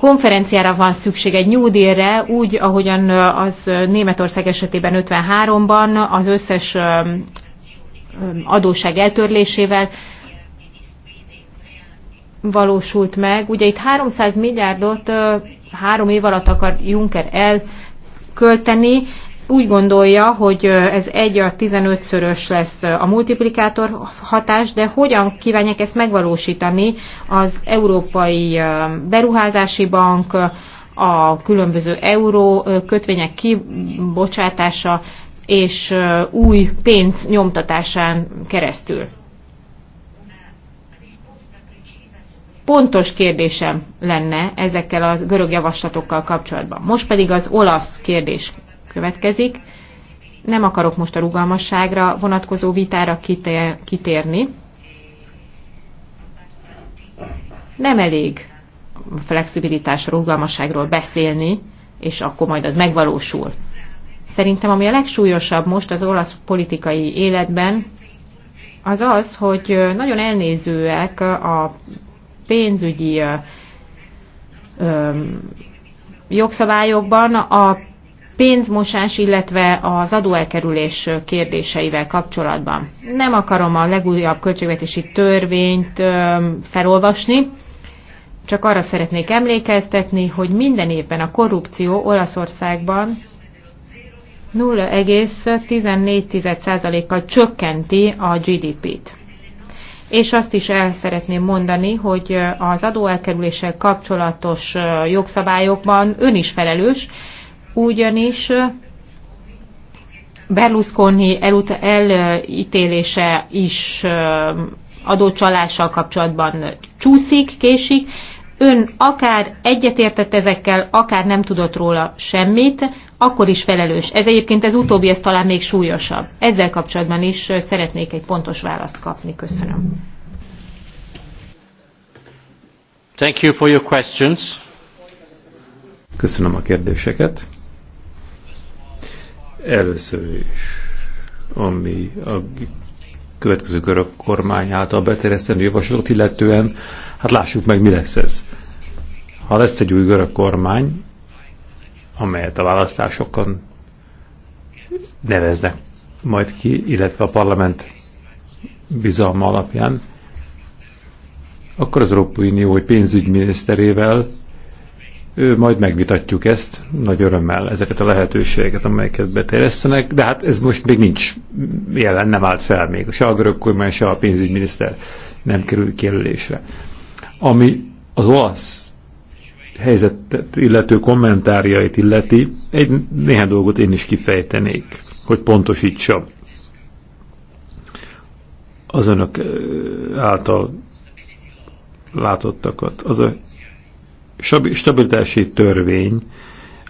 konferenciára van szükség egy New Deal-re, úgy, ahogyan az Németország esetében 53-ban az összes adósság eltörlésével valósult meg. Ugye itt 300 milliárdot három év alatt akar Juncker elkölteni, úgy gondolja, hogy ez 1 a 15-szörös lesz a multiplikátor hatás, de hogyan kívánják ezt megvalósítani az Európai Beruházási Bank, a különböző euró kötvények kibocsátása és új pénz nyomtatásán keresztül. Pontos kérdésem lenne ezekkel a görög javaslatokkal kapcsolatban. Most pedig az olasz kérdés következik. Nem akarok most a rugalmasságra vonatkozó vitára kitérni. Nem elég flexibilitás rugalmasságról beszélni, és akkor majd az megvalósul. Szerintem ami a legsúlyosabb most az olasz politikai életben, az az, hogy nagyon elnézőek a pénzügyi jogszabályokban a pénzmosás, illetve az adóelkerülés kérdéseivel kapcsolatban. Nem akarom a legújabb költségvetési törvényt felolvasni, csak arra szeretnék emlékeztetni, hogy minden évben a korrupció Olaszországban 0,14%-kal csökkenti a GDP-t. És azt is el szeretném mondani, hogy az adóelkerüléssel kapcsolatos jogszabályokban ön is felelős, ugyanis Berlusconi elítélése is adócsalással kapcsolatban csúszik, késik, ön akár egyetértett ezekkel, akár nem tudott róla semmit, akkor is felelős. Ez egyébként ez utóbbi, ez talán még súlyosabb. Ezzel kapcsolatban is szeretnék egy pontos választ kapni. Köszönöm. Thank you for your questions. Köszönöm a kérdéseket. Először is, ami a következő kör a kormány által beterjesztendő javaslatot illetően Hát lássuk meg, mi lesz ez. Ha lesz egy új görög kormány, amelyet a választásokon neveznek majd ki, illetve a parlament bizalma alapján, akkor az Európai Unió hogy pénzügyminiszterével ő, majd megvitatjuk ezt nagy örömmel, ezeket a lehetőségeket, amelyeket beterjesztenek, de hát ez most még nincs jelen, nem állt fel még. Se a görög kormány, se a pénzügyminiszter nem kerül kijelölésre. Ami az olasz helyzetet illető kommentárjait illeti, egy néhány dolgot én is kifejtenék, hogy pontosítsa az önök által látottakat. Az a stabilitási törvény,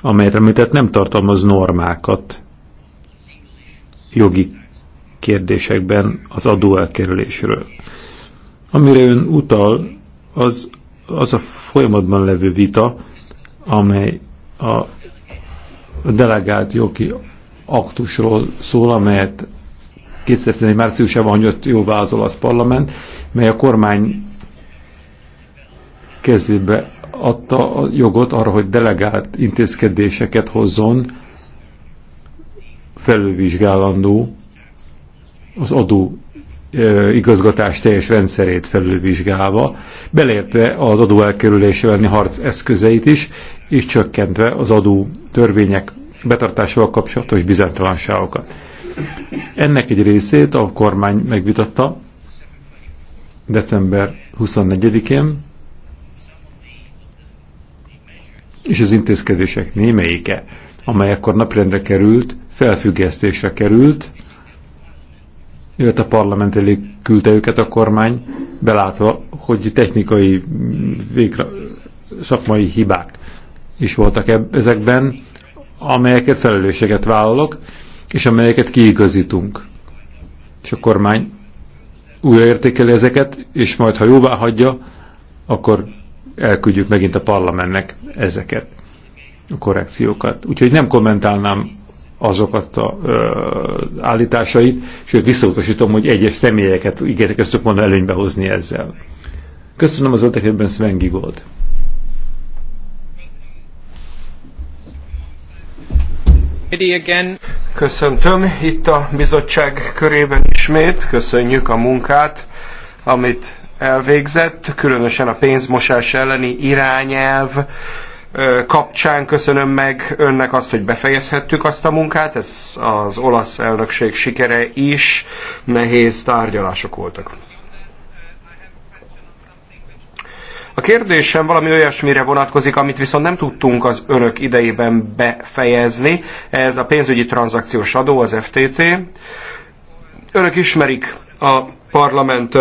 amelyet említett, nem tartalmaz normákat jogi kérdésekben az adóelkerülésről. Amire ön utal, az, az a folyamatban levő vita, amely a delegált jogi aktusról szól, amelyet 2011 márciusában hagyott jóvá az olasz parlament, mely a kormány kezébe adta a jogot arra, hogy delegált intézkedéseket hozzon felülvizsgálandó az adó igazgatás teljes rendszerét felülvizsgálva, beleértve az adóelkerülés venni harc eszközeit is, és csökkentve az adó törvények betartásával kapcsolatos bizonytalanságokat. Ennek egy részét a kormány megvitatta december 24-én, és az intézkedések némelyike, amely akkor napirendre került, felfüggesztésre került, illetve a parlament elé küldte őket a kormány, belátva, hogy technikai mm, végre, szakmai hibák is voltak ezekben, amelyeket felelősséget vállalok, és amelyeket kiigazítunk. És a kormány újraértékeli ezeket, és majd, ha jóvá hagyja, akkor elküldjük megint a parlamentnek ezeket, a korrekciókat. Úgyhogy nem kommentálnám azokat a ö, állításait, sőt visszautasítom, hogy egyes személyeket igyekeztük volna előnybe hozni ezzel. Köszönöm az ötekedben Sven Gigold. Köszöntöm itt a bizottság körében ismét, köszönjük a munkát, amit elvégzett, különösen a pénzmosás elleni irányelv kapcsán köszönöm meg önnek azt, hogy befejezhettük azt a munkát. Ez az olasz elnökség sikere is. Nehéz tárgyalások voltak. A kérdésem valami olyasmire vonatkozik, amit viszont nem tudtunk az önök idejében befejezni. Ez a pénzügyi tranzakciós adó, az FTT. Önök ismerik a parlament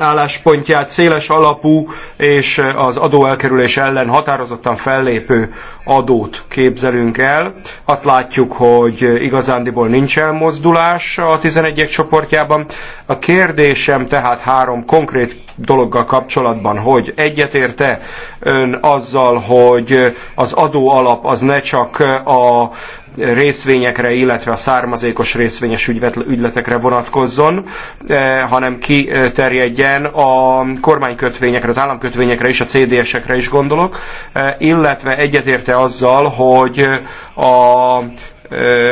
álláspontját széles alapú és az adóelkerülés ellen határozottan fellépő adót képzelünk el. Azt látjuk, hogy igazándiból nincs elmozdulás a 11-ek csoportjában. A kérdésem tehát három konkrét dologgal kapcsolatban, hogy egyetérte ön azzal, hogy az adóalap az ne csak a részvényekre, illetve a származékos részvényes ügyletekre vonatkozzon, eh, hanem kiterjedjen a kormánykötvényekre, az államkötvényekre és a CDS-ekre is gondolok, eh, illetve egyetérte azzal, hogy a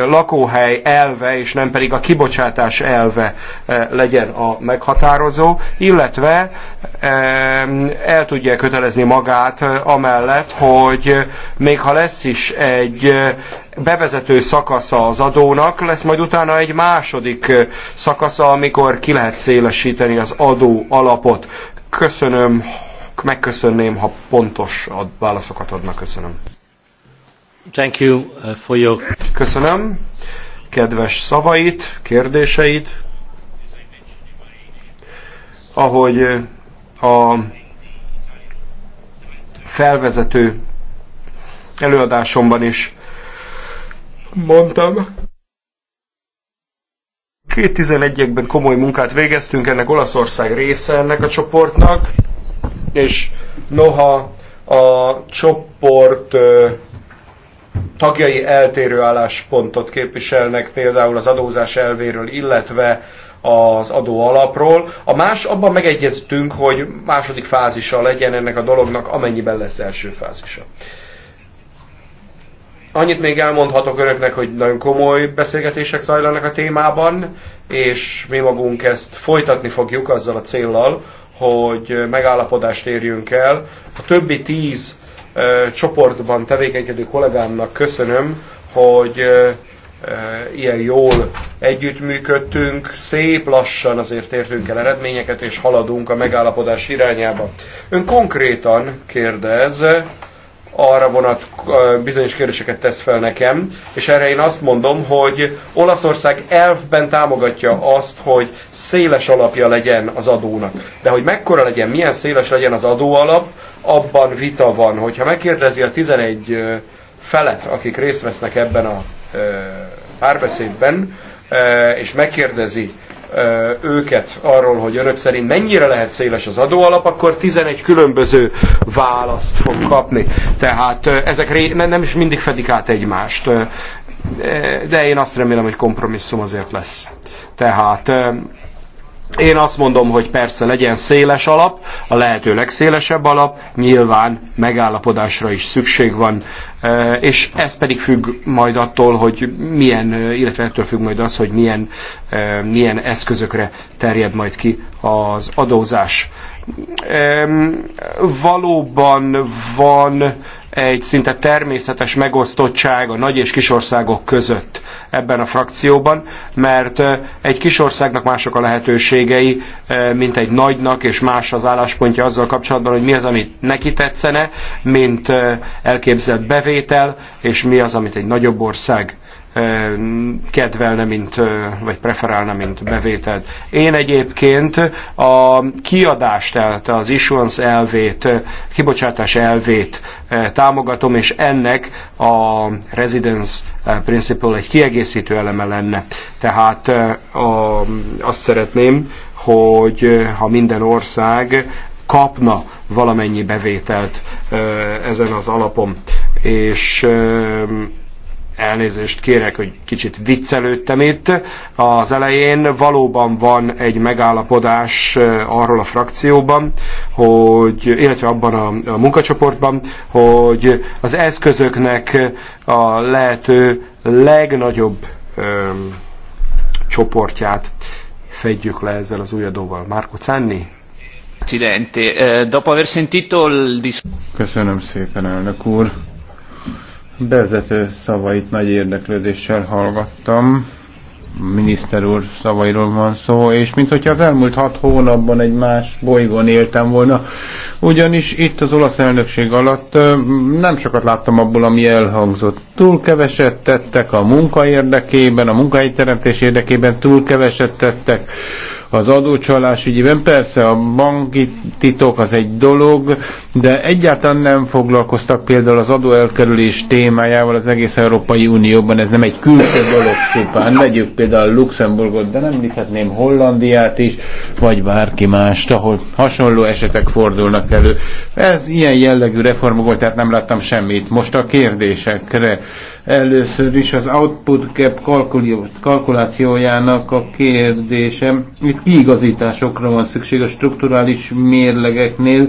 lakóhely elve, és nem pedig a kibocsátás elve legyen a meghatározó, illetve el tudja kötelezni magát amellett, hogy még ha lesz is egy bevezető szakasza az adónak, lesz majd utána egy második szakasza, amikor ki lehet szélesíteni az adó alapot. Köszönöm, megköszönném, ha pontos válaszokat adnak. Köszönöm. Thank you uh, for your... Köszönöm kedves szavait, kérdéseit. Ahogy uh, a felvezető előadásomban is mondtam, 2011 ben komoly munkát végeztünk, ennek Olaszország része ennek a csoportnak, és noha a csoport uh, tagjai eltérő álláspontot képviselnek, például az adózás elvéről, illetve az adó alapról. A más, abban megegyeztünk, hogy második fázisa legyen ennek a dolognak, amennyiben lesz első fázisa. Annyit még elmondhatok önöknek, hogy nagyon komoly beszélgetések zajlanak a témában, és mi magunk ezt folytatni fogjuk azzal a céllal, hogy megállapodást érjünk el. A többi tíz csoportban tevékenykedő kollégámnak köszönöm, hogy ilyen jól együttműködtünk, szép lassan azért értünk el eredményeket, és haladunk a megállapodás irányába. Ön konkrétan kérdez arra vonat bizonyos kérdéseket tesz fel nekem, és erre én azt mondom, hogy Olaszország elfben támogatja azt, hogy széles alapja legyen az adónak. De hogy mekkora legyen, milyen széles legyen az adóalap, abban vita van. Hogyha megkérdezi a 11 felet, akik részt vesznek ebben a párbeszédben, és megkérdezi őket arról, hogy önök szerint mennyire lehet széles az adóalap, akkor 11 különböző választ fog kapni. Tehát ezek nem is mindig fedik át egymást. De én azt remélem, hogy kompromisszum azért lesz. Tehát én azt mondom, hogy persze legyen széles alap, a lehető legszélesebb alap, nyilván megállapodásra is szükség van, és ez pedig függ majd attól, hogy milyen, illetve ettől függ majd az, hogy milyen, milyen eszközökre terjed majd ki az adózás. Valóban van egy szinte természetes megosztottság a nagy és kisországok között ebben a frakcióban, mert egy kisországnak mások a lehetőségei, mint egy nagynak, és más az álláspontja azzal kapcsolatban, hogy mi az, amit neki tetszene, mint elképzelt bevétel, és mi az, amit egy nagyobb ország kedvelne, mint, vagy preferálna, mint bevételt. Én egyébként a kiadást, tehát az issuance elvét, kibocsátás elvét támogatom, és ennek a residence principle egy kiegészítő eleme lenne. Tehát a, azt szeretném, hogy ha minden ország kapna valamennyi bevételt ezen az alapon. És elnézést kérek, hogy kicsit viccelődtem itt. Az elején valóban van egy megállapodás arról a frakcióban, hogy, illetve abban a, a munkacsoportban, hogy az eszközöknek a lehető legnagyobb ö, csoportját fedjük le ezzel az új adóval. Márko Czanni? Eh, Köszönöm szépen, elnök úr bevezető szavait nagy érdeklődéssel hallgattam. Miniszter úr szavairól van szó, és mint az elmúlt hat hónapban egy más bolygón éltem volna, ugyanis itt az olasz elnökség alatt nem sokat láttam abból, ami elhangzott. Túl keveset tettek a munka érdekében, a munkahelyteremtés érdekében túl keveset tettek az adócsalás ügyében. Persze a banki titok az egy dolog, de egyáltalán nem foglalkoztak például az adóelkerülés témájával az egész Európai Unióban. Ez nem egy külső dolog csupán. Vegyük például Luxemburgot, de nem említhetném Hollandiát is, vagy bárki mást, ahol hasonló esetek fordulnak elő. Ez ilyen jellegű reformok volt, tehát nem láttam semmit. Most a kérdésekre Először is az output cap kalkulációjának a kérdése, Itt kiigazításokra van szükség a strukturális mérlegeknél.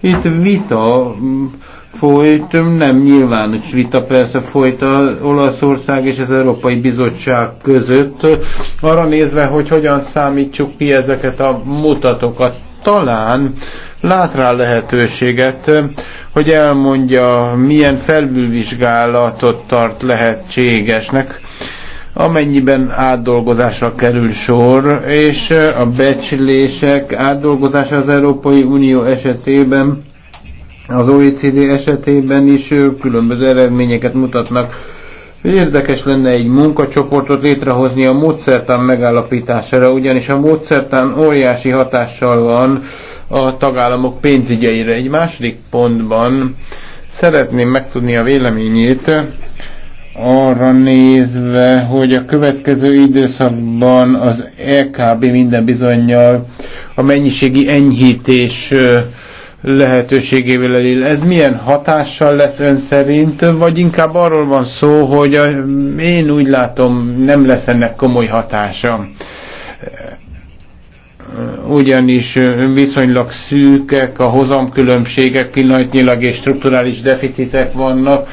Itt vita mm, folyt, nem nyilvános vita persze folyt az Olaszország és az Európai Bizottság között, arra nézve, hogy hogyan számítsuk ki ezeket a mutatókat. Talán lát rá lehetőséget, hogy elmondja, milyen felülvizsgálatot tart lehetségesnek, amennyiben átdolgozásra kerül sor, és a becslések átdolgozása az Európai Unió esetében, az OECD esetében is különböző eredményeket mutatnak. Érdekes lenne egy munkacsoportot létrehozni a módszertán megállapítására, ugyanis a módszertán óriási hatással van a tagállamok pénzügyeire. Egy második pontban szeretném megtudni a véleményét arra nézve, hogy a következő időszakban az EKB minden bizonyal a mennyiségi enyhítés lehetőségével él. Ez milyen hatással lesz ön szerint, vagy inkább arról van szó, hogy én úgy látom, nem lesz ennek komoly hatása ugyanis viszonylag szűkek, a hozamkülönbségek pillanatnyilag és strukturális deficitek vannak,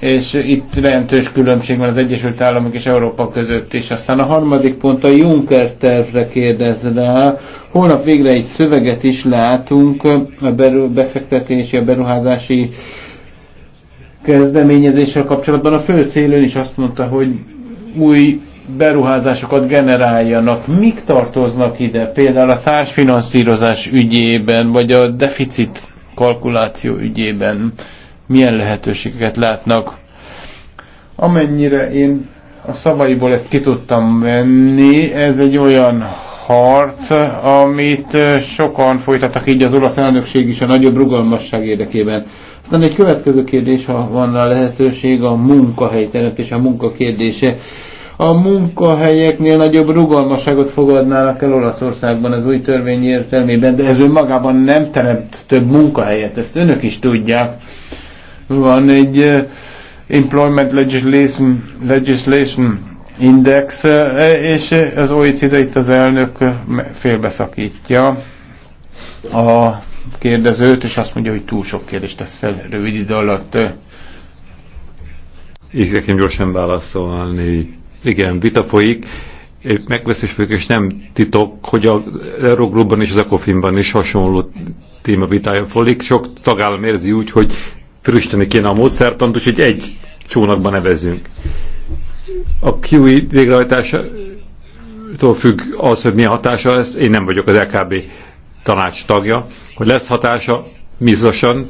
és itt jelentős különbség van az Egyesült Államok és Európa között is. Aztán a harmadik pont a Juncker tervre kérdez rá. Holnap végre egy szöveget is látunk a befektetési, a beruházási kezdeményezéssel kapcsolatban. A fő célön is azt mondta, hogy új beruházásokat generáljanak. Mik tartoznak ide? Például a társfinanszírozás ügyében, vagy a deficit kalkuláció ügyében milyen lehetőségeket látnak? Amennyire én a szavaiból ezt ki tudtam venni, ez egy olyan harc, amit sokan folytattak így az olasz elnökség is a nagyobb rugalmasság érdekében. Aztán egy következő kérdés, ha van rá lehetőség, a munkahelyteremtés, a munka kérdése a munkahelyeknél nagyobb rugalmasságot fogadnának el Olaszországban az új törvény értelmében, de ez önmagában nem teremt több munkahelyet, ezt önök is tudják. Van egy eh, Employment Legislation, legislation Index, eh, és az OECD itt az elnök eh, félbeszakítja a kérdezőt, és azt mondja, hogy túl sok kérdést tesz fel rövid idő alatt. Így nekem gyorsan válaszolni igen, vita folyik. Megveszésfők és nem titok, hogy az Eurogroupban és az Ecofinban is hasonló téma vitája folyik. Sok tagállam érzi úgy, hogy frissíteni kéne a módszertant, úgyhogy egy csónakban nevezünk. A QE végrehajtásától függ az, hogy milyen hatása lesz. Én nem vagyok az LKB e tanács tagja. Hogy lesz hatása, biztosan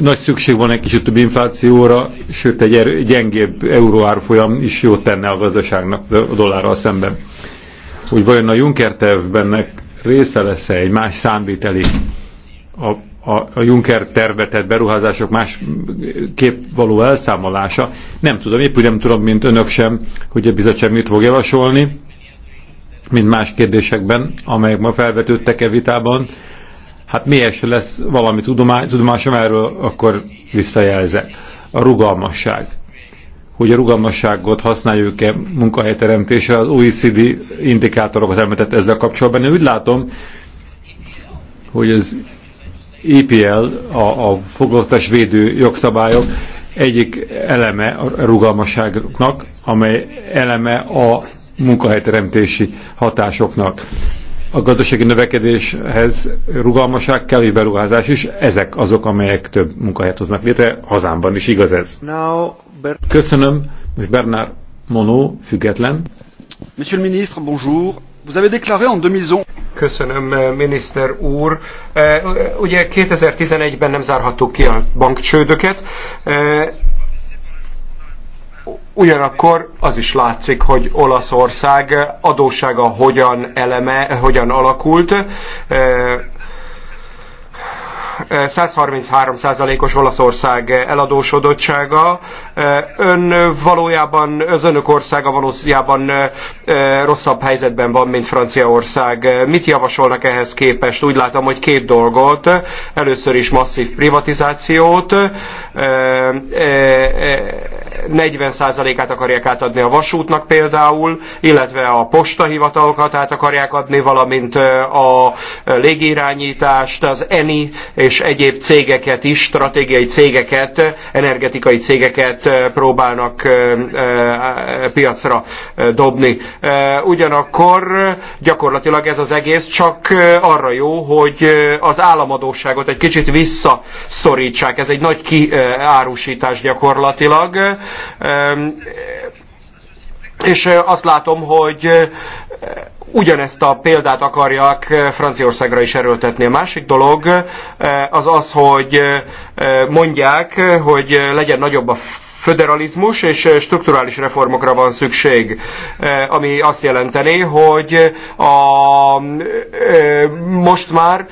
nagy szükség van egy kicsit több inflációra, sőt egy er, gyengébb euróárfolyam is jót tenne a gazdaságnak a dollárral szemben. Hogy vajon a Juncker tervbennek része lesz-e egy más számviteli a, a, a Juncker tervetett beruházások más kép való elszámolása. Nem tudom, épp úgy nem tudom, mint önök sem, hogy a bizottság mit fog javasolni, mint más kérdésekben, amelyek ma felvetődtek-e vitában Hát miért se lesz valami tudomá tudomásom erről, akkor visszajelzek. A rugalmasság. Hogy a rugalmasságot használjuk-e munkahelyteremtésre, az OECD indikátorokat elmetett ezzel kapcsolatban. Én úgy látom, hogy az EPL, a, a foglalkoztás védő jogszabályok egyik eleme a rugalmasságnak, amely eleme a munkahelyteremtési hatásoknak a gazdasági növekedéshez rugalmaság kell, és beruházás is. Ezek azok, amelyek több munkahelyet hoznak létre. Hazámban is igaz ez. Now, Köszönöm. Most Bernard Monó, független. Monsieur le ministre, bonjour. Vous avez déclaré en 2011... Köszönöm, eh, miniszter úr. Eh, ugye 2011-ben nem zárhattuk ki a bankcsődöket eh, Ugyanakkor az is látszik, hogy Olaszország adóssága hogyan eleme, hogyan alakult, 133%-os Olaszország eladósodottsága. Ön valójában, az önök országa valójában rosszabb helyzetben van, mint Franciaország. Mit javasolnak ehhez képest? Úgy látom, hogy két dolgot. Először is masszív privatizációt. 40%-át akarják átadni a vasútnak például, illetve a postahivatalokat át akarják adni, valamint a légirányítást, az ENI és és egyéb cégeket is, stratégiai cégeket, energetikai cégeket eh, próbálnak eh, eh, piacra dobni. Ugyanakkor gyakorlatilag ez az egész csak arra jó, hogy az államadóságot egy kicsit visszaszorítsák. Ez egy nagy kiárusítás gyakorlatilag ehm, és azt látom, hogy ugyanezt a példát akarják eh, Franciaországra is erőltetni. A másik dolog eh, az az, hogy eh, mondják, hogy legyen nagyobb a föderalizmus és strukturális reformokra van szükség, ami azt jelenteni, hogy a, most már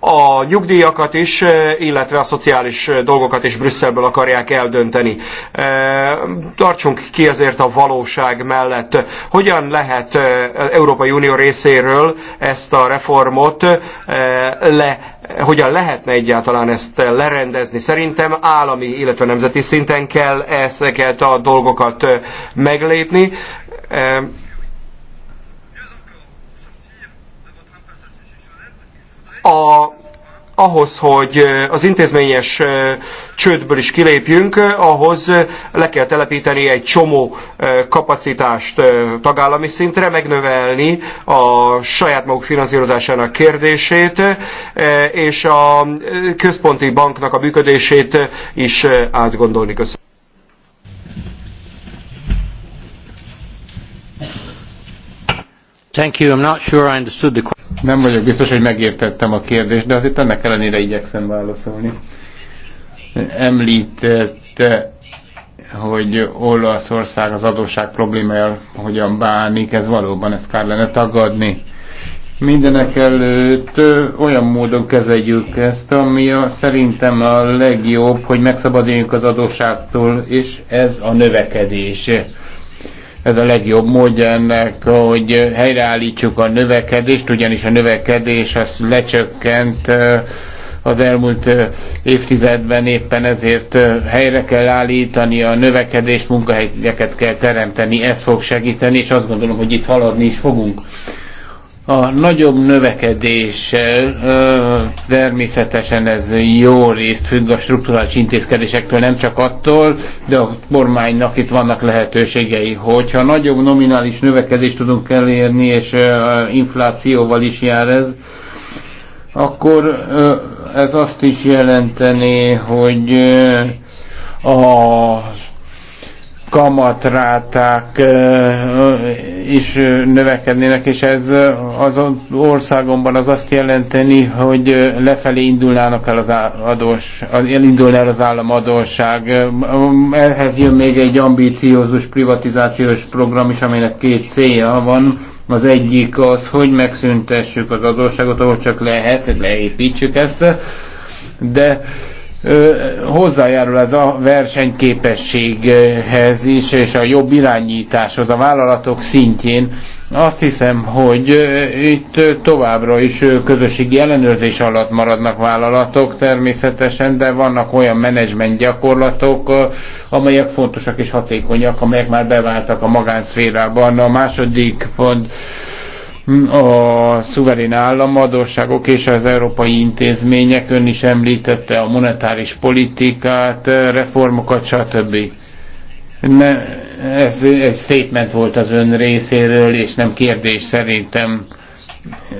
a nyugdíjakat is, illetve a szociális dolgokat is Brüsszelből akarják eldönteni. Tartsunk ki ezért a valóság mellett. Hogyan lehet Európai Unió részéről ezt a reformot le hogyan lehetne egyáltalán ezt lerendezni. Szerintem állami, illetve nemzeti szinten kell ezeket a dolgokat meglépni. A ahhoz, hogy az intézményes csődből is kilépjünk, ahhoz le kell telepíteni egy csomó kapacitást tagállami szintre, megnövelni a saját maguk finanszírozásának kérdését, és a központi banknak a működését is átgondolni. Köszönöm. Thank you. I'm not sure I understood the question. Nem vagyok biztos, hogy megértettem a kérdést, de azért ennek ellenére igyekszem válaszolni. Említette, hogy Olaszország az adósság problémája hogyan bánik, ez valóban ezt kár lenne tagadni. Mindenek előtt olyan módon kezeljük ezt, ami a, szerintem a legjobb, hogy megszabaduljunk az adósságtól, és ez a növekedés ez a legjobb módja ennek, hogy helyreállítsuk a növekedést, ugyanis a növekedés az lecsökkent az elmúlt évtizedben éppen ezért helyre kell állítani a növekedést, munkahelyeket kell teremteni, ez fog segíteni, és azt gondolom, hogy itt haladni is fogunk a nagyobb növekedéssel természetesen ez jó részt függ a strukturális intézkedésektől, nem csak attól, de a kormánynak itt vannak lehetőségei. Hogyha nagyobb nominális növekedést tudunk elérni, és inflációval is jár ez, akkor ez azt is jelenteni, hogy a kamatráták is növekednének, és ez az országomban az azt jelenteni, hogy lefelé indulnának el az adós, elindulná el az adósság. Ehhez jön még egy ambíciózus privatizációs program is, aminek két célja van. Az egyik az, hogy megszüntessük az adósságot, ahol csak lehet, leépítsük ezt, de hozzájárul ez a versenyképességhez is, és a jobb irányításhoz a vállalatok szintjén. Azt hiszem, hogy itt továbbra is közösségi ellenőrzés alatt maradnak vállalatok természetesen, de vannak olyan menedzsment gyakorlatok, amelyek fontosak és hatékonyak, amelyek már beváltak a magánszférában. A második pont a szuverén államadóságok és az európai intézmények, ön is említette a monetáris politikát, reformokat, stb. Ne, ez egy statement volt az ön részéről, és nem kérdés szerintem,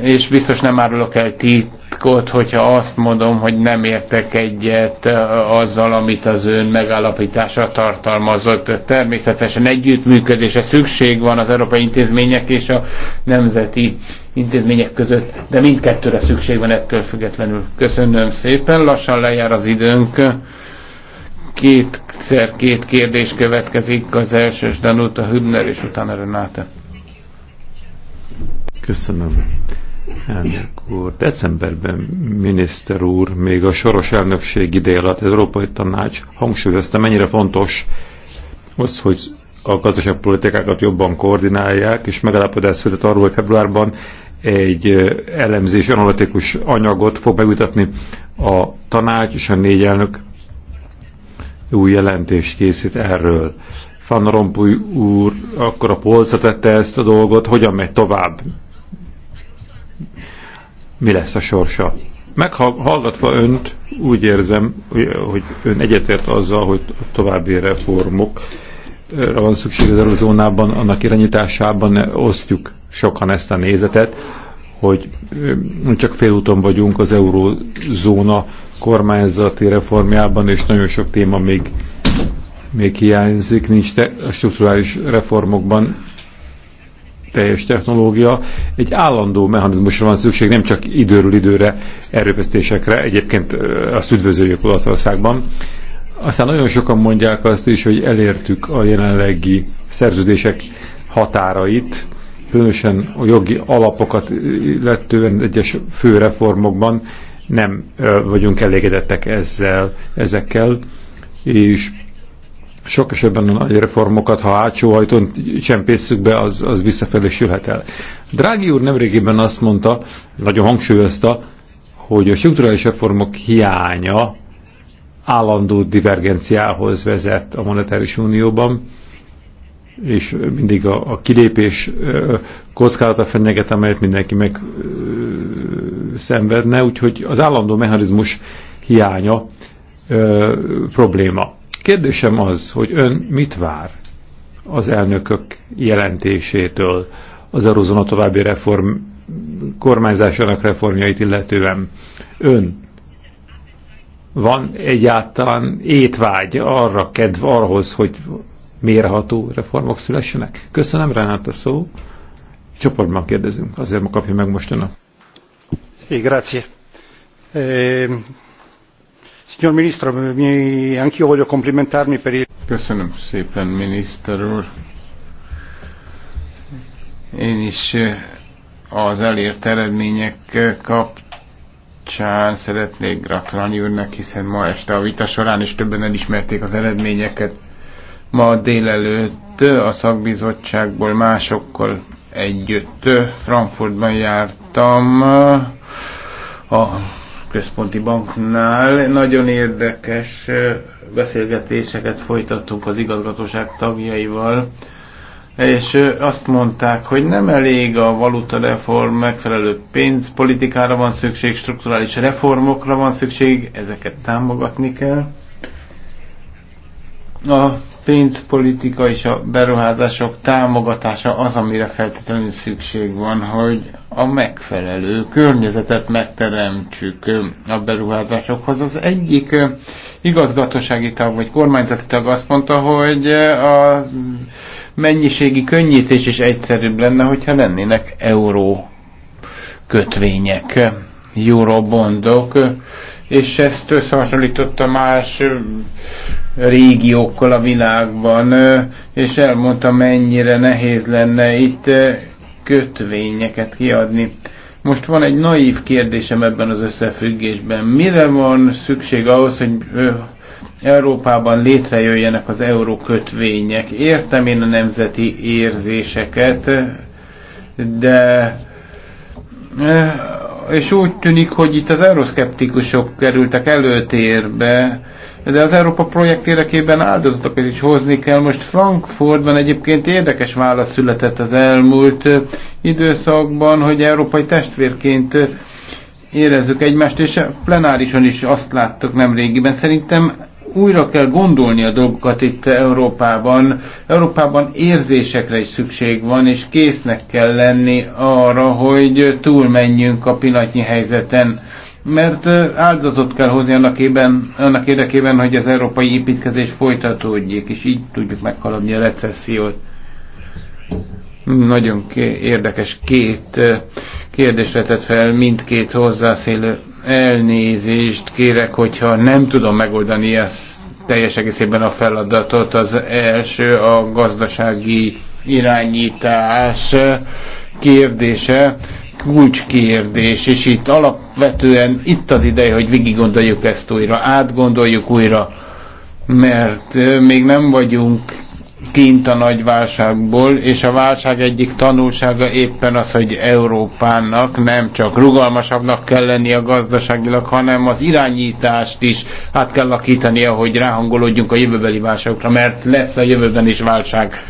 és biztos nem árulok el ti, titkot, hogyha azt mondom, hogy nem értek egyet azzal, amit az ön megállapítása tartalmazott. Természetesen együttműködése szükség van az európai intézmények és a nemzeti intézmények között, de mindkettőre szükség van ettől függetlenül. Köszönöm szépen, lassan lejár az időnk. Kétszer két kérdés következik, az első Danuta Hübner és utána Renate. Köszönöm. Elnök úr, decemberben miniszter úr még a soros elnökség ideje alatt az Európai Tanács hangsúlyozta, mennyire fontos az, hogy a gazdaságpolitikákat jobban koordinálják, és megállapodás született arról, hogy februárban egy elemzés, analitikus anyagot fog megütetni a tanács és a négy elnök új jelentést készít erről. Fanna Rompuy úr akkor a polca tette ezt a dolgot, hogyan megy tovább mi lesz a sorsa. Meghallgatva önt, úgy érzem, hogy ön egyetért azzal, hogy további reformok van szükség az eurozónában, annak irányításában osztjuk sokan ezt a nézetet, hogy csak félúton vagyunk az eurozóna kormányzati reformjában, és nagyon sok téma még, még hiányzik, nincs te, a strukturális reformokban teljes technológia, egy állandó mechanizmusra van szükség, nem csak időről időre erőfeszítésekre, egyébként a üdvözöljük Olaszországban. Aztán nagyon sokan mondják azt is, hogy elértük a jelenlegi szerződések határait, különösen a jogi alapokat illetően egyes fő reformokban nem vagyunk elégedettek ezzel, ezekkel, és sok esetben a nagy reformokat, ha átsó hajtón csempészük be, az, az visszafelé sülhet el. Drági úr nemrégiben azt mondta, nagyon hangsúlyozta, hogy a strukturális reformok hiánya állandó divergenciához vezet a monetáris unióban, és mindig a, a kilépés kockázata fenyeget, amelyet mindenki meg ö, szenvedne, úgyhogy az állandó mechanizmus hiánya ö, probléma. Kérdésem az, hogy ön mit vár az elnökök jelentésétől az Eurozona további reform kormányzásának reformjait illetően. Ön van egyáltalán étvágy arra, kedv arhoz, hogy mérható reformok szülessenek? Köszönöm, Renát a szó. Csoportban kérdezünk, azért ma kapja meg most önök. grazie. Eh, Signor Ministro, voglio complimentarmi per il... Köszönöm szépen, miniszter úr. Én is eh, az elért eredmények eh, kapcsán szeretnék gratulálni önnek, hiszen ma este a vita során is többen elismerték az eredményeket. Ma délelőtt eh, a szakbizottságból másokkal együtt Frankfurtban jártam a központi banknál. Nagyon érdekes beszélgetéseket folytattunk az igazgatóság tagjaival, és azt mondták, hogy nem elég a valuta reform, megfelelő pénzpolitikára van szükség, strukturális reformokra van szükség, ezeket támogatni kell. A pénzpolitika és a beruházások támogatása az, amire feltétlenül szükség van, hogy a megfelelő környezetet megteremtsük a beruházásokhoz. Az egyik igazgatósági tag vagy kormányzati tag azt mondta, hogy a mennyiségi könnyítés is egyszerűbb lenne, hogyha lennének euró kötvények, eurobondok, és ezt összehasonlította más régiókkal a világban, és elmondta, mennyire nehéz lenne itt kötvényeket kiadni. Most van egy naív kérdésem ebben az összefüggésben. Mire van szükség ahhoz, hogy Európában létrejöjjenek az eurókötvények? Értem én a nemzeti érzéseket, de és úgy tűnik, hogy itt az euroszkeptikusok kerültek előtérbe, de az Európa projekt érdekében áldozatokat is hozni kell. Most Frankfurtban egyébként érdekes válasz született az elmúlt időszakban, hogy európai testvérként érezzük egymást, és plenárison is azt láttuk nemrégiben. Szerintem újra kell gondolni a dolgokat itt Európában. Európában érzésekre is szükség van, és késznek kell lenni arra, hogy túlmenjünk a pillanatnyi helyzeten. Mert áldozatot kell hozni annak, ében, annak érdekében, hogy az európai építkezés folytatódjék, és így tudjuk meghaladni a recessziót. Nagyon érdekes két kérdésre vetett fel mindkét hozzászélő. Elnézést kérek, hogyha nem tudom megoldani ezt teljes egészében a feladatot. Az első a gazdasági irányítás kérdése, kulcskérdés, és itt alapvetően itt az ideje, hogy végig gondoljuk ezt újra, átgondoljuk újra, mert még nem vagyunk kint a nagy válságból, és a válság egyik tanulsága éppen az, hogy Európának nem csak rugalmasabbnak kell lenni a gazdaságilag, hanem az irányítást is át kell lakítani, hogy ráhangolódjunk a jövőbeli válságokra, mert lesz a jövőben is válság.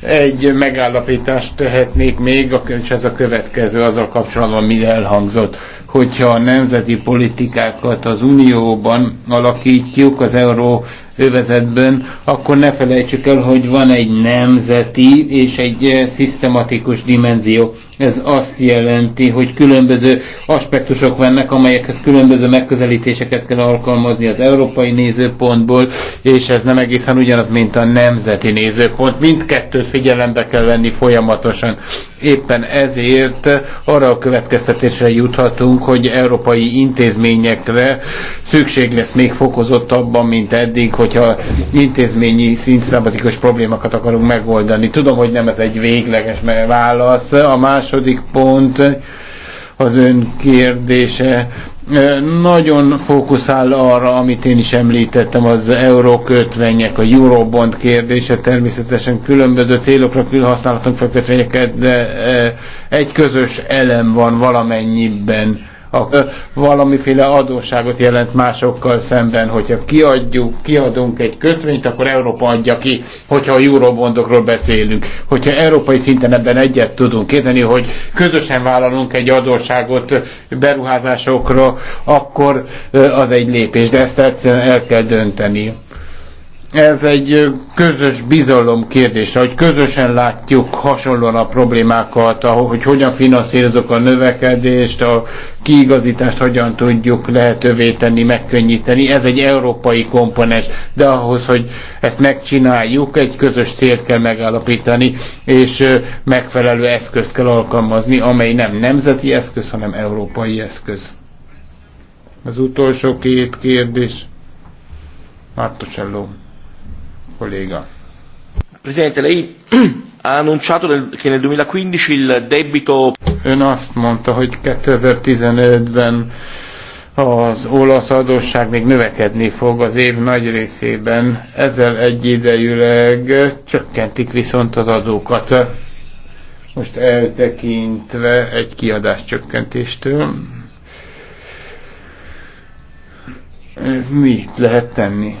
Egy megállapítást tehetnék még, és ez a következő azzal kapcsolatban, mi elhangzott, hogyha a nemzeti politikákat az Unióban alakítjuk, az euró övezetben, akkor ne felejtsük el, hogy van egy nemzeti és egy eh, szisztematikus dimenzió. Ez azt jelenti, hogy különböző aspektusok vannak, amelyekhez különböző megközelítéseket kell alkalmazni az európai nézőpontból, és ez nem egészen ugyanaz, mint a nemzeti nézőpont. Mindkettőt figyelembe kell venni folyamatosan. Éppen ezért arra a következtetésre juthatunk, hogy európai intézményekre szükség lesz még fokozottabban, mint eddig, hogyha intézményi szintszabatikus problémákat akarunk megoldani. Tudom, hogy nem ez egy végleges válasz. A más második pont az ön kérdése nagyon fókuszál arra, amit én is említettem, az eurókötvények, a eurobond kérdése, természetesen különböző célokra külhasználatunk fel kötvényeket, de egy közös elem van valamennyiben valamiféle adósságot jelent másokkal szemben, hogyha kiadjuk, kiadunk egy kötvényt, akkor Európa adja ki, hogyha a eurobondokról beszélünk. Hogyha európai szinten ebben egyet tudunk érteni, hogy közösen vállalunk egy adósságot beruházásokra, akkor az egy lépés, de ezt egyszerűen el kell dönteni ez egy közös bizalom kérdése, hogy közösen látjuk hasonlóan a problémákat, hogy hogyan finanszírozok a növekedést, a kiigazítást hogyan tudjuk lehetővé tenni, megkönnyíteni. Ez egy európai komponens, de ahhoz, hogy ezt megcsináljuk, egy közös célt kell megállapítani, és megfelelő eszközt kell alkalmazni, amely nem nemzeti eszköz, hanem európai eszköz. Az utolsó két kérdés. Martocello kolléga. Presidente, lei <clears throat> ha annunciato che nel 2015 il debito... Ön azt mondta, hogy 2015-ben az olasz adósság még növekedni fog az év nagy részében, ezzel egyidejűleg csökkentik viszont az adókat. Most eltekintve egy kiadás csökkentéstől, mit lehet tenni?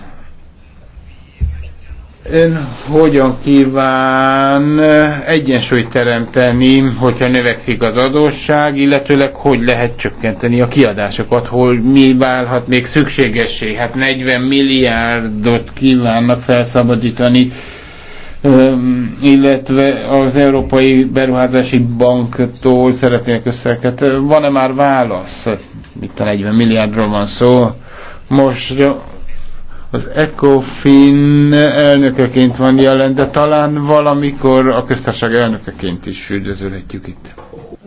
Ön hogyan kíván eh, egyensúlyt teremteni, hogyha növekszik az adósság, illetőleg hogy lehet csökkenteni a kiadásokat, hogy mi válhat még szükségessé? Hát 40 milliárdot kívánnak felszabadítani, illetve az Európai Beruházási Banktól szeretnék összeket. Van-e már válasz? Itt a 40 milliárdról van szó. Most az ECOFIN elnökeként van jelen, de talán valamikor a köztársaság elnökeként is üdvözölhetjük itt.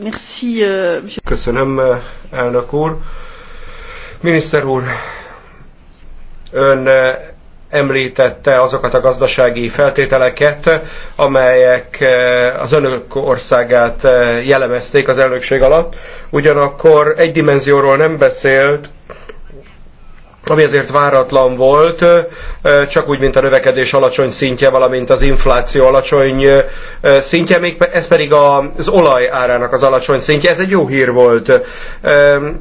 Merci, euh, Köszönöm, elnök úr. Miniszter úr, ön említette azokat a gazdasági feltételeket, amelyek eh, az önök országát eh, jellemezték az elnökség alatt. Ugyanakkor egy dimenzióról nem beszélt, ami azért váratlan volt, csak úgy, mint a növekedés alacsony szintje, valamint az infláció alacsony szintje, még ez pedig az olaj árának az alacsony szintje, ez egy jó hír volt.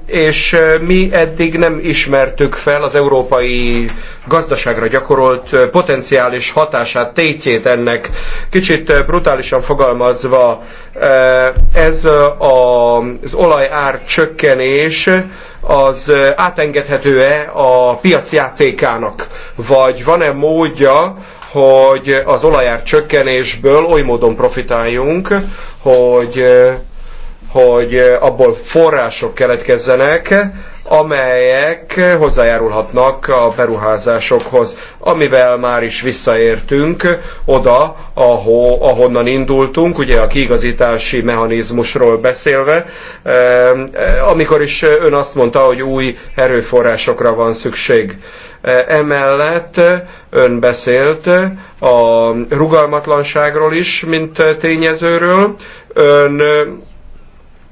És mi eddig nem ismertük fel az európai gazdaságra gyakorolt potenciális hatását, tétjét ennek. Kicsit brutálisan fogalmazva, ez az olajár csökkenés, az átengedhető-e a piaci játékának? Vagy van-e módja, hogy az olajár csökkenésből oly módon profitáljunk, hogy hogy eh, abból források keletkezzenek, amelyek eh, hozzájárulhatnak a beruházásokhoz, amivel már is visszaértünk oda, aho, ahonnan indultunk, ugye a kiigazítási mechanizmusról beszélve, eh, amikor is ön azt mondta, hogy új erőforrásokra van szükség. Emellett ön beszélt a rugalmatlanságról is, mint tényezőről. Ön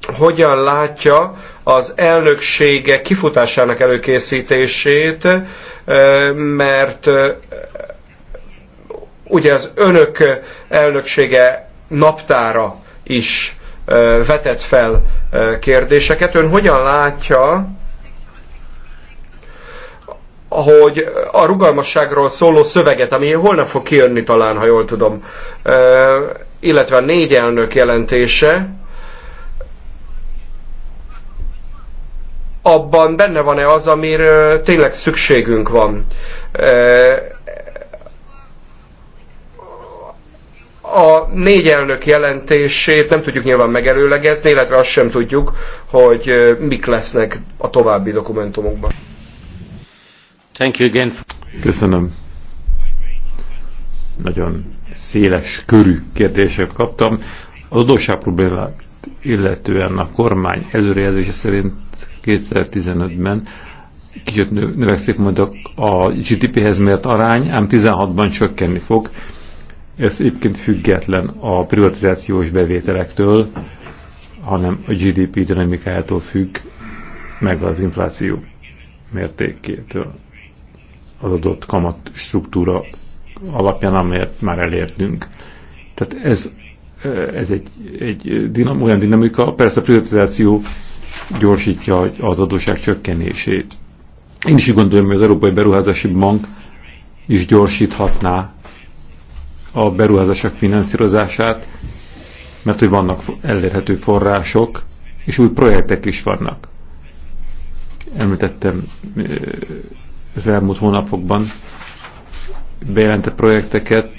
hogyan látja az elnöksége kifutásának előkészítését, eh, mert eh, ugye az önök elnöksége naptára is eh, vetett fel kérdéseket. Ön hogyan látja, hogy a rugalmasságról szóló szöveget, ami holnap fog kijönni talán, ha jól tudom, illetve a négy elnök jelentése, abban benne van-e az, amiről tényleg szükségünk van. A négy elnök jelentését nem tudjuk nyilván megelőlegezni, illetve azt sem tudjuk, hogy mik lesznek a további dokumentumokban. Thank you again. Köszönöm. Nagyon széles körű kérdéseket kaptam. Az adósság problémát illetően a kormány előrejelzése szerint 2015-ben kicsit növekszik majd a, a GDP-hez mért arány, ám 16-ban csökkenni fog. Ez egyébként független a privatizációs bevételektől, hanem a GDP dinamikájától függ, meg az infláció mértékétől az adott kamat struktúra alapján, amelyet már elértünk. Tehát ez, ez egy, egy dinam, olyan dinamika, persze a privatizáció gyorsítja az adóság csökkenését. Én is úgy gondolom, hogy az Európai Beruházási Bank is gyorsíthatná a beruházások finanszírozását, mert hogy vannak elérhető források, és új projektek is vannak. Említettem eh, az elmúlt hónapokban bejelentett projekteket,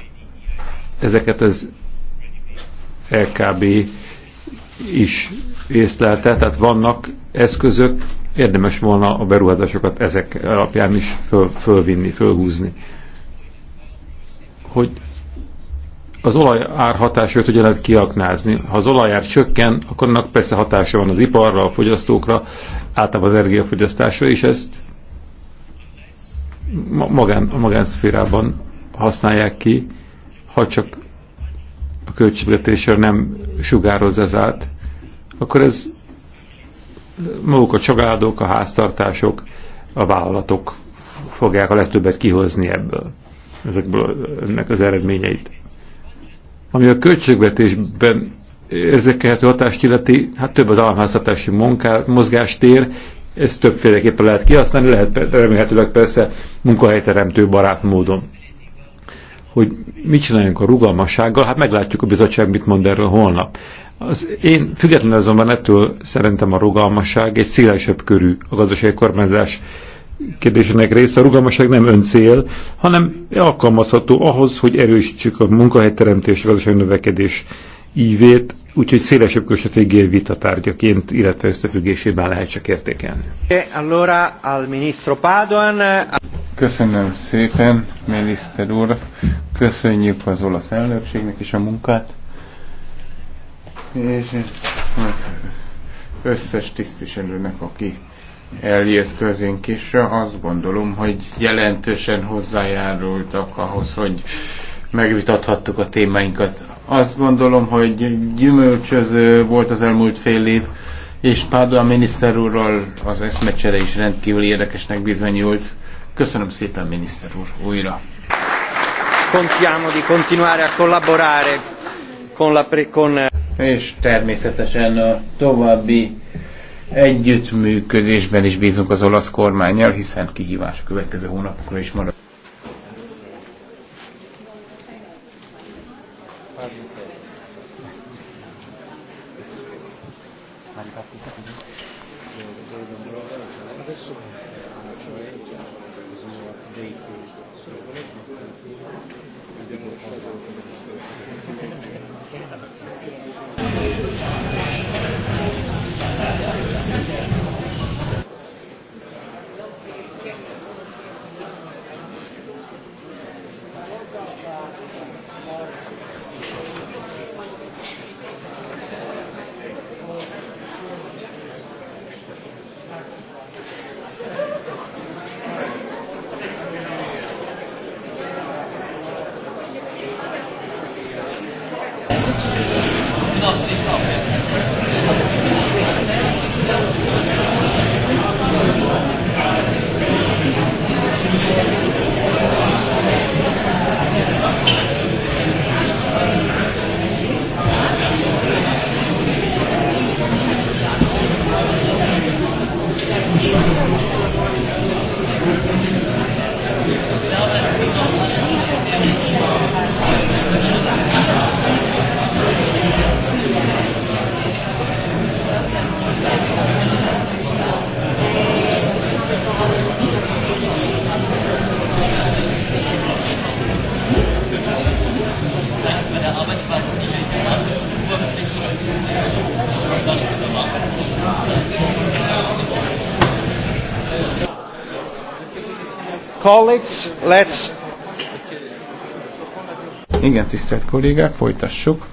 ezeket az LKB is észlelte, tehát vannak eszközök, érdemes volna a beruházásokat ezek alapján is föl, fölvinni, fölhúzni. Hogy az olajár hatásait ugye lehet kiaknázni. Ha az olajár csökken, akkor annak persze hatása van az iparra, a fogyasztókra, általában az energiafogyasztásra, és ezt magán, a magánszférában használják ki, ha csak a költségvetésre nem sugároz ez át akkor ez maguk a családok, a háztartások, a vállalatok fogják a legtöbbet kihozni ebből, ezekből ennek az eredményeit. Ami a költségvetésben érzékelhető hatást illeti, hát több az államháztartási mozgástér, ez többféleképpen lehet kihasználni, lehet remélhetőleg persze munkahelyteremtő barát módon. Hogy mit csináljunk a rugalmassággal, hát meglátjuk a bizottság mit mond erről holnap. Az én függetlenül azonban ettől szerintem a rugalmasság egy szélesebb körű a gazdasági kormányzás kérdésének része. A rugalmasság nem öncél, hanem alkalmazható ahhoz, hogy erősítsük a munkahelyteremtés, a gazdasági növekedés ívét, úgyhogy szélesebb közösségi vita tárgyaként, illetve összefüggésében lehet csak értékelni. E Köszönöm szépen, miniszter úr, köszönjük az olasz elnökségnek is a munkát és összes tisztviselőnek, aki eljött közénk, és azt gondolom, hogy jelentősen hozzájárultak ahhoz, hogy megvitathattuk a témáinkat. Azt gondolom, hogy gyümölcsöző volt az elmúlt fél év, és Pádua miniszter úrral az eszmecsere is rendkívül érdekesnek bizonyult. Köszönöm szépen, miniszter úr, újra. Contiamo di continuare a collaborare con la, pre, con... Eh, és természetesen a további együttműködésben is bízunk az olasz kormányjal, hiszen kihívás a következő hónapokra is marad. Colleagues, let's... Igen, tisztelt kollégák, folytassuk.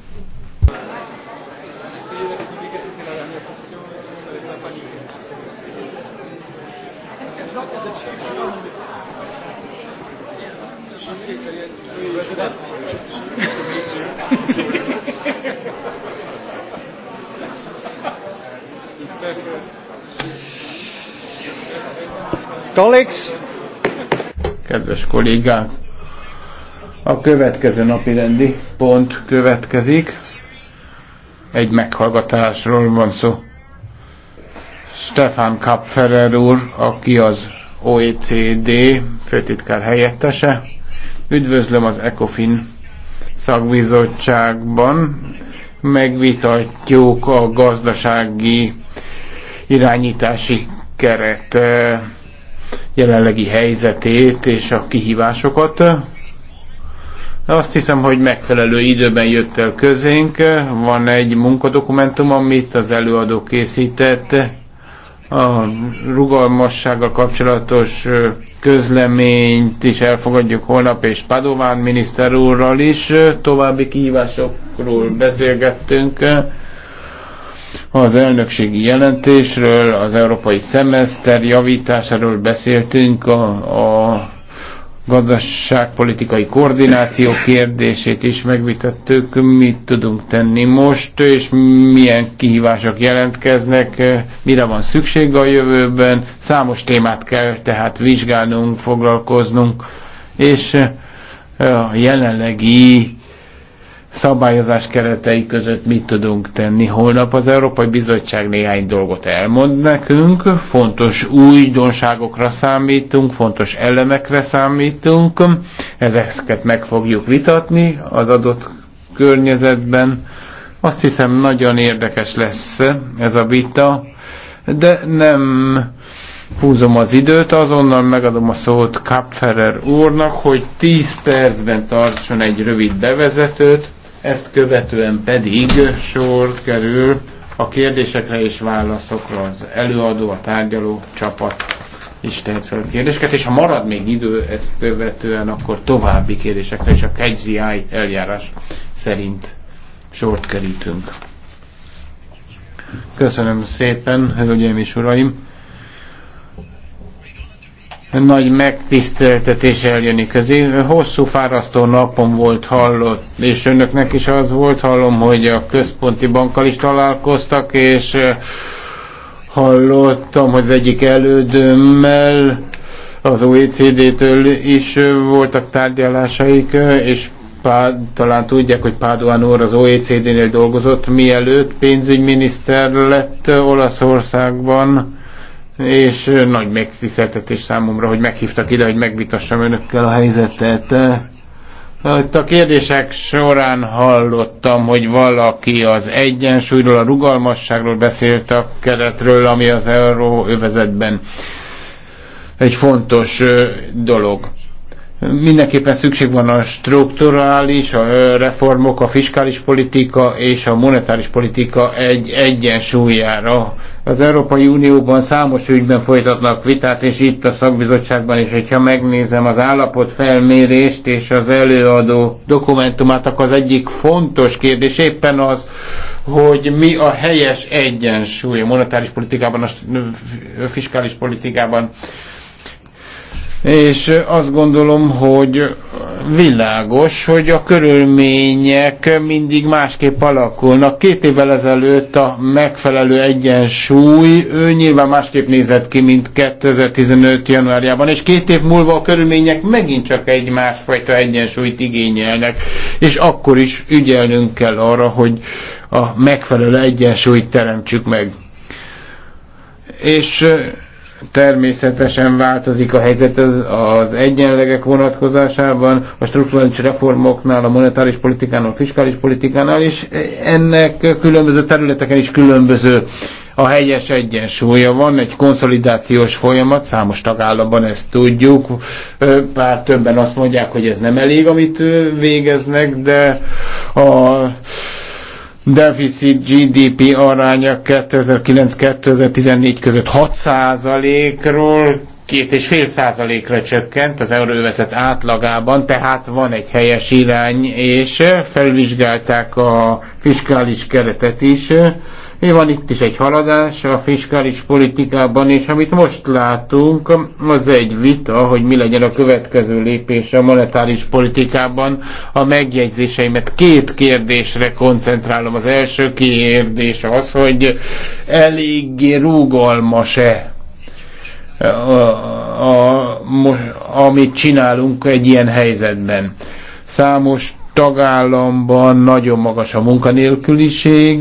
colleagues kedves kollégák! A következő napi rendi pont következik. Egy meghallgatásról van szó. Stefan Kapferer úr, aki az OECD főtitkár helyettese. Üdvözlöm az ECOFIN szakbizottságban. Megvitatjuk a gazdasági irányítási keret eh, jelenlegi helyzetét és a kihívásokat. Azt hiszem, hogy megfelelő időben jött el közénk. Van egy munkadokumentum, amit az előadó készített. A rugalmassággal kapcsolatos közleményt is elfogadjuk holnap, és Padován miniszter úrral is további kihívásokról beszélgettünk. Az elnökségi jelentésről, az európai szemeszter javításáról beszéltünk, a, a gazdaságpolitikai koordináció kérdését is megvitettük, mit tudunk tenni most, és milyen kihívások jelentkeznek, mire van szükség a jövőben. Számos témát kell tehát vizsgálnunk, foglalkoznunk, és eh, a jelenlegi szabályozás keretei között mit tudunk tenni. Holnap az Európai Bizottság néhány dolgot elmond nekünk, fontos újdonságokra számítunk, fontos elemekre számítunk, ezeket meg fogjuk vitatni az adott környezetben. Azt hiszem nagyon érdekes lesz ez a vita, de nem húzom az időt, azonnal megadom a szót Kapferer úrnak, hogy 10 percben tartson egy rövid bevezetőt, ezt követően pedig sor kerül a kérdésekre és válaszokra az előadó, a tárgyaló csapat is tehet fel kérdéseket, és ha marad még idő ezt követően, akkor további kérdésekre és a KGI eljárás szerint sort kerítünk. Köszönöm szépen, hölgyeim és uraim! nagy megtiszteltetés eljönni közé. Hosszú fárasztó napon volt hallott, és önöknek is az volt, hallom, hogy a központi bankkal is találkoztak, és eh, hallottam, hogy az egyik elődömmel az OECD-től is eh, voltak tárgyalásaik, eh, és Pád, talán tudják, hogy Páduán úr az OECD-nél dolgozott, mielőtt pénzügyminiszter lett Olaszországban és nagy megtiszteltetés számomra, hogy meghívtak ide, hogy megvitassam önökkel a helyzetet. Itt a kérdések során hallottam, hogy valaki az egyensúlyról, a rugalmasságról beszélt a keretről, ami az euró övezetben egy fontos dolog. Mindenképpen szükség van a strukturális, a reformok, a fiskális politika és a monetáris politika egy egyensúlyára az Európai Unióban számos ügyben folytatnak vitát, és itt a szakbizottságban is, hogyha megnézem az állapot felmérést és az előadó dokumentumát, akkor az egyik fontos kérdés éppen az, hogy mi a helyes egyensúly a monetáris politikában, a fiskális politikában és azt gondolom, hogy világos, hogy a körülmények mindig másképp alakulnak. Két évvel ezelőtt a megfelelő egyensúly, ő nyilván másképp nézett ki, mint 2015. januárjában, és két év múlva a körülmények megint csak egy másfajta egyensúlyt igényelnek, és akkor is ügyelnünk kell arra, hogy a megfelelő egyensúlyt teremtsük meg. És Természetesen változik a helyzet az, az egyenlegek vonatkozásában, a strukturális reformoknál, a monetáris politikánál, a fiskális politikánál, és ennek különböző területeken is különböző a helyes egyensúlya. Van egy konszolidációs folyamat, számos tagállamban ezt tudjuk, pár többen azt mondják, hogy ez nem elég, amit végeznek, de a deficit GDP aránya 2009-2014 között 6%-ról 2,5%-ra csökkent az euróvezet átlagában, tehát van egy helyes irány, és felvizsgálták a fiskális keretet is, van itt is egy haladás a fiskális politikában, és amit most látunk, az egy vita, hogy mi legyen a következő lépés a monetáris politikában. A megjegyzéseimet két kérdésre koncentrálom. Az első kérdés az, hogy eléggé rugalmas-e a, a, a, amit csinálunk egy ilyen helyzetben. Számos tagállamban nagyon magas a munkanélküliség,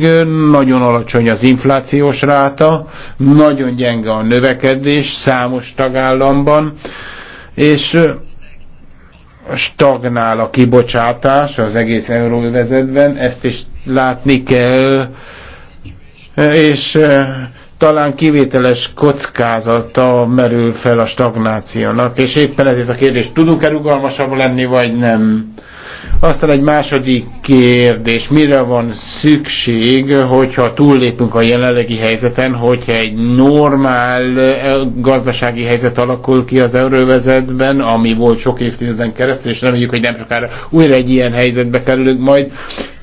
nagyon alacsony az inflációs ráta, nagyon gyenge a növekedés számos tagállamban, és stagnál a kibocsátás az egész euróvezetben, ezt is látni kell, és talán kivételes kockázata merül fel a stagnációnak, és éppen ezért a kérdés, tudunk-e rugalmasabb lenni, vagy nem? Aztán egy második kérdés, mire van szükség, hogyha túllépünk a jelenlegi helyzeten, hogyha egy normál eh, gazdasági helyzet alakul ki az euróvezetben, ami volt sok évtizeden keresztül, és reméljük, hogy nem sokára újra egy ilyen helyzetbe kerülünk majd.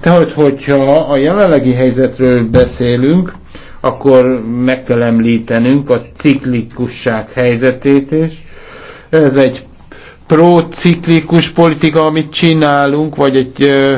Tehát, hogyha a jelenlegi helyzetről beszélünk, akkor meg kell említenünk a ciklikusság helyzetét is. Ez egy prociklikus politika, amit csinálunk, vagy egy ö,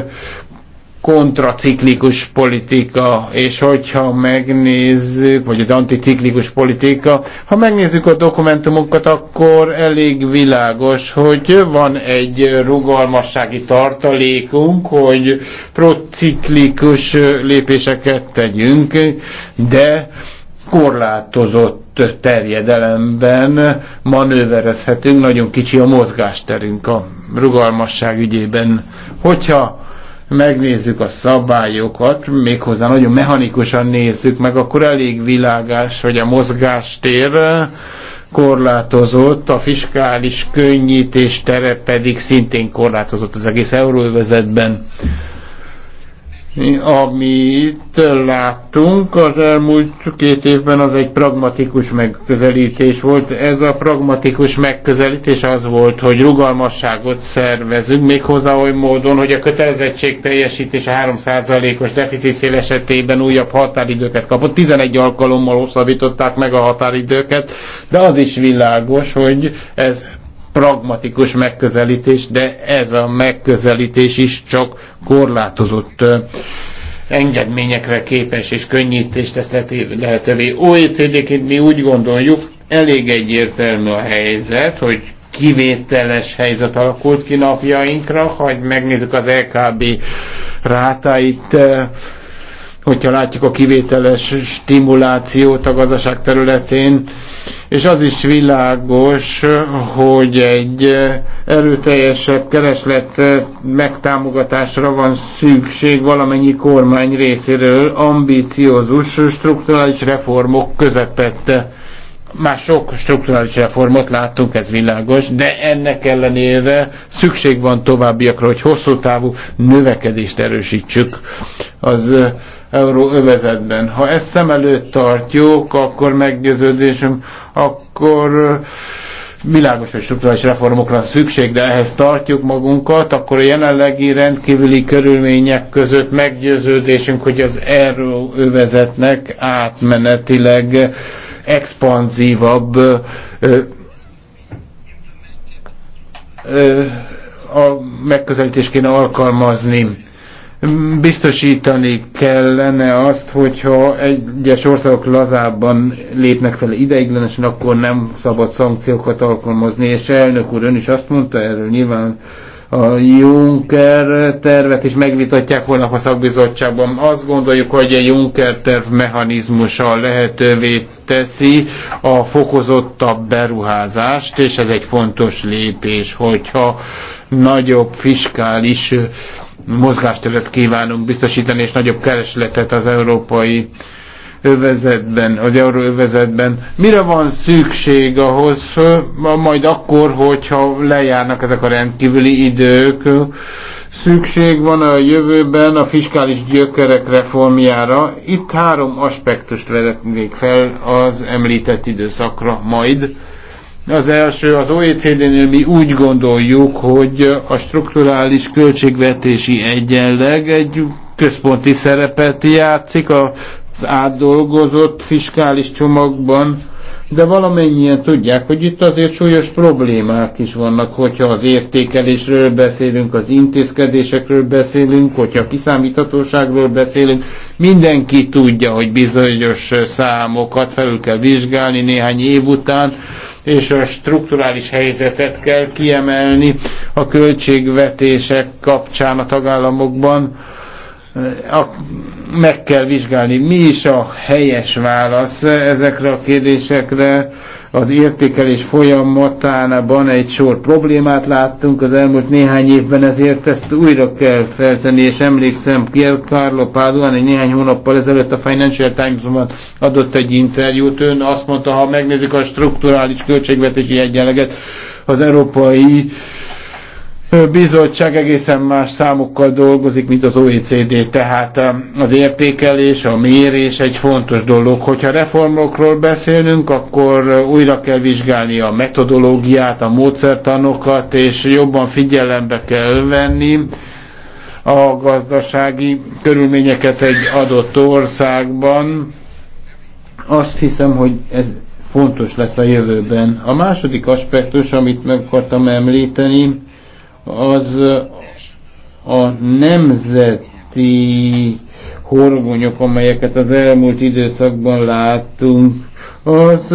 kontraciklikus politika, és hogyha megnézzük, vagy egy anticiklikus politika, ha megnézzük a dokumentumokat, akkor elég világos, hogy van egy rugalmassági tartalékunk, hogy prociklikus lépéseket tegyünk, de korlátozott terjedelemben manőverezhetünk, nagyon kicsi a mozgásterünk a rugalmasság ügyében. Hogyha megnézzük a szabályokat, méghozzá nagyon mechanikusan nézzük meg, akkor elég világás, hogy a mozgástér korlátozott, a fiskális könnyítés tere pedig szintén korlátozott az egész euróvezetben. Amit láttunk az elmúlt két évben, az egy pragmatikus megközelítés volt. Ez a pragmatikus megközelítés az volt, hogy rugalmasságot szervezünk, méghozzá oly módon, hogy a kötelezettség teljesítése 3%-os szél esetében újabb határidőket kapott. 11 alkalommal hosszabbították meg a határidőket, de az is világos, hogy ez pragmatikus megközelítés, de ez a megközelítés is csak korlátozott engedményekre képes és könnyítést tesz lehetővé. OECD-ként mi úgy gondoljuk, elég egyértelmű a helyzet, hogy kivételes helyzet alakult ki napjainkra, hogy megnézzük az LKB rátáit, hogyha látjuk a kivételes stimulációt a gazdaság területén, és az is világos, hogy egy erőteljesebb kereslet megtámogatásra van szükség valamennyi kormány részéről ambíciózus strukturális reformok közepette. Már sok strukturális reformot láttunk, ez világos, de ennek ellenére szükség van továbbiakra, hogy hosszú távú növekedést erősítsük az euróövezetben. Ha ezt szem előtt tartjuk, akkor meggyőződésünk, akkor világos, hogy struktúrális reformokra szükség, de ehhez tartjuk magunkat, akkor a jelenlegi rendkívüli körülmények között meggyőződésünk, hogy az euróövezetnek átmenetileg expanzívabb ö, ö, a megközelítést kéne alkalmazni biztosítani kellene azt, hogyha egyes országok lazábban lépnek fel ideiglenesen, akkor nem szabad szankciókat alkalmazni, és elnök úr ön is azt mondta erről nyilván, a Juncker tervet is megvitatják holnap a szakbizottságban. Azt gondoljuk, hogy a Juncker terv mechanizmusa lehetővé teszi a fokozottabb beruházást, és ez egy fontos lépés, hogyha nagyobb fiskális mozgástelet kívánunk biztosítani, és nagyobb keresletet az európai övezetben, az euróövezetben. Mire van szükség ahhoz, majd akkor, hogyha lejárnak ezek a rendkívüli idők, szükség van a jövőben a fiskális gyökerek reformjára. Itt három aspektust vezetnék fel az említett időszakra majd. Az első, az OECD-nél mi úgy gondoljuk, hogy a strukturális költségvetési egyenleg egy központi szerepet játszik az átdolgozott fiskális csomagban, de valamennyien tudják, hogy itt azért súlyos problémák is vannak, hogyha az értékelésről beszélünk, az intézkedésekről beszélünk, hogyha a kiszámíthatóságról beszélünk, mindenki tudja, hogy bizonyos számokat felül kell vizsgálni néhány év után, és a strukturális helyzetet kell kiemelni a költségvetések kapcsán a tagállamokban meg kell vizsgálni, mi is a helyes válasz ezekre a kérdésekre. Az értékelés folyamatában egy sor problémát láttunk az elmúlt néhány évben, ezért ezt újra kell feltenni, és emlékszem, Pierre Carlo Paduan egy néhány hónappal ezelőtt a Financial Times-ban adott egy interjút, ön azt mondta, ha megnézik a strukturális költségvetési egyenleget, az európai uh, bizottság egészen más számokkal dolgozik, mint az OECD, tehát az értékelés, a mérés egy fontos dolog. Hogyha reformokról beszélünk, akkor újra kell vizsgálni a metodológiát, a módszertanokat, és jobban figyelembe kell venni a gazdasági körülményeket egy adott országban. Azt hiszem, hogy ez fontos lesz a jövőben. A második aspektus, amit meg akartam említeni, az a nemzeti horgonyok, amelyeket az elmúlt időszakban láttunk, az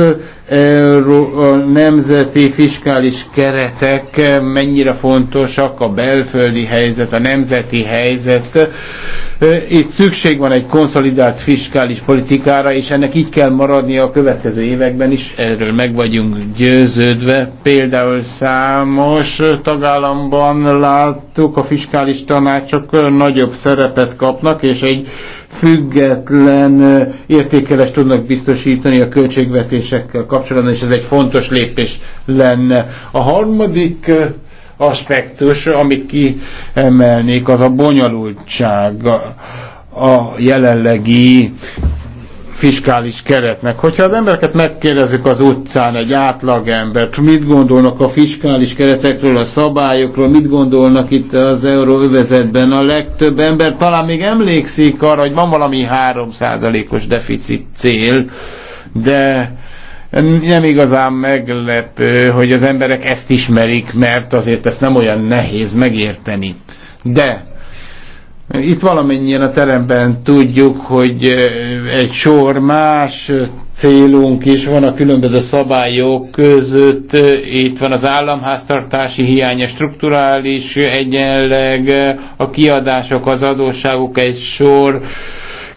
euró, a nemzeti fiskális keretek mennyire fontosak, a belföldi helyzet, a nemzeti helyzet. Itt szükség van egy konszolidált fiskális politikára, és ennek így kell maradnia a következő években is, erről meg vagyunk győződve. Például számos tagállamban láttuk, a fiskális tanácsok nagyobb szerepet kapnak, és egy független értékelést tudnak biztosítani a költségvetésekkel kapcsolatban, és ez egy fontos lépés lenne. A harmadik aspektus, amit kiemelnék, az a bonyolultság a jelenlegi fiskális keretnek. Hogyha az embereket megkérdezik az utcán, egy embert, mit gondolnak a fiskális keretekről, a szabályokról, mit gondolnak itt az euróövezetben, a legtöbb ember talán még emlékszik arra, hogy van valami 3%-os deficit cél, de nem igazán meglepő, hogy az emberek ezt ismerik, mert azért ezt nem olyan nehéz megérteni. De itt valamennyien a teremben tudjuk, hogy egy sor más célunk is van a különböző szabályok között. Itt van az államháztartási hiánya, strukturális egyenleg, a kiadások, az adósságok, egy sor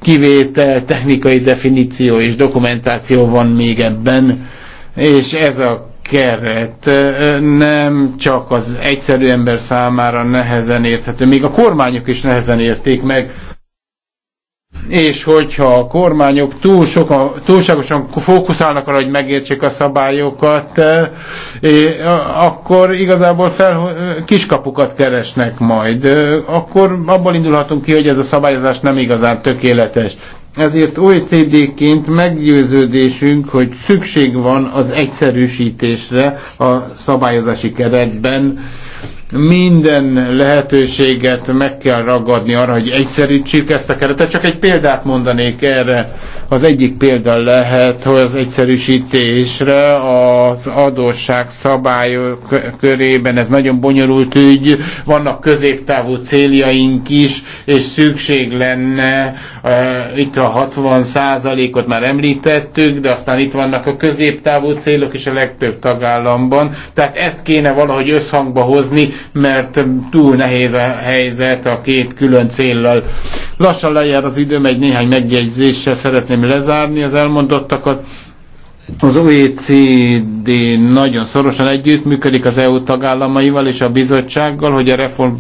kivétel, technikai definíció és dokumentáció van még ebben. És ez a keret nem csak az egyszerű ember számára nehezen érthető, még a kormányok is nehezen érték meg. És hogyha a kormányok túl soka, túlságosan fókuszálnak arra, hogy megértsék a szabályokat, akkor igazából fel, kiskapukat keresnek majd. Akkor abból indulhatunk ki, hogy ez a szabályozás nem igazán tökéletes. Ezért OECD-ként meggyőződésünk, hogy szükség van az egyszerűsítésre a szabályozási keretben, minden lehetőséget meg kell ragadni arra, hogy egyszerűsítsük ezt a keretet. Csak egy példát mondanék erre. Az egyik példa lehet, hogy az egyszerűsítésre az adósság szabályok körében ez nagyon bonyolult ügy, vannak középtávú céljaink is, és szükség lenne, eh, itt a 60 százalékot már említettük, de aztán itt vannak a középtávú célok is a legtöbb tagállamban, tehát ezt kéne valahogy összhangba hozni, mert túl nehéz a helyzet a két külön céllal. Lassan lejár az időm, egy néhány megjegyzéssel szeretném lezárni az elmondottakat. Az OECD nagyon szorosan együttműködik az EU tagállamaival és a bizottsággal, hogy a reform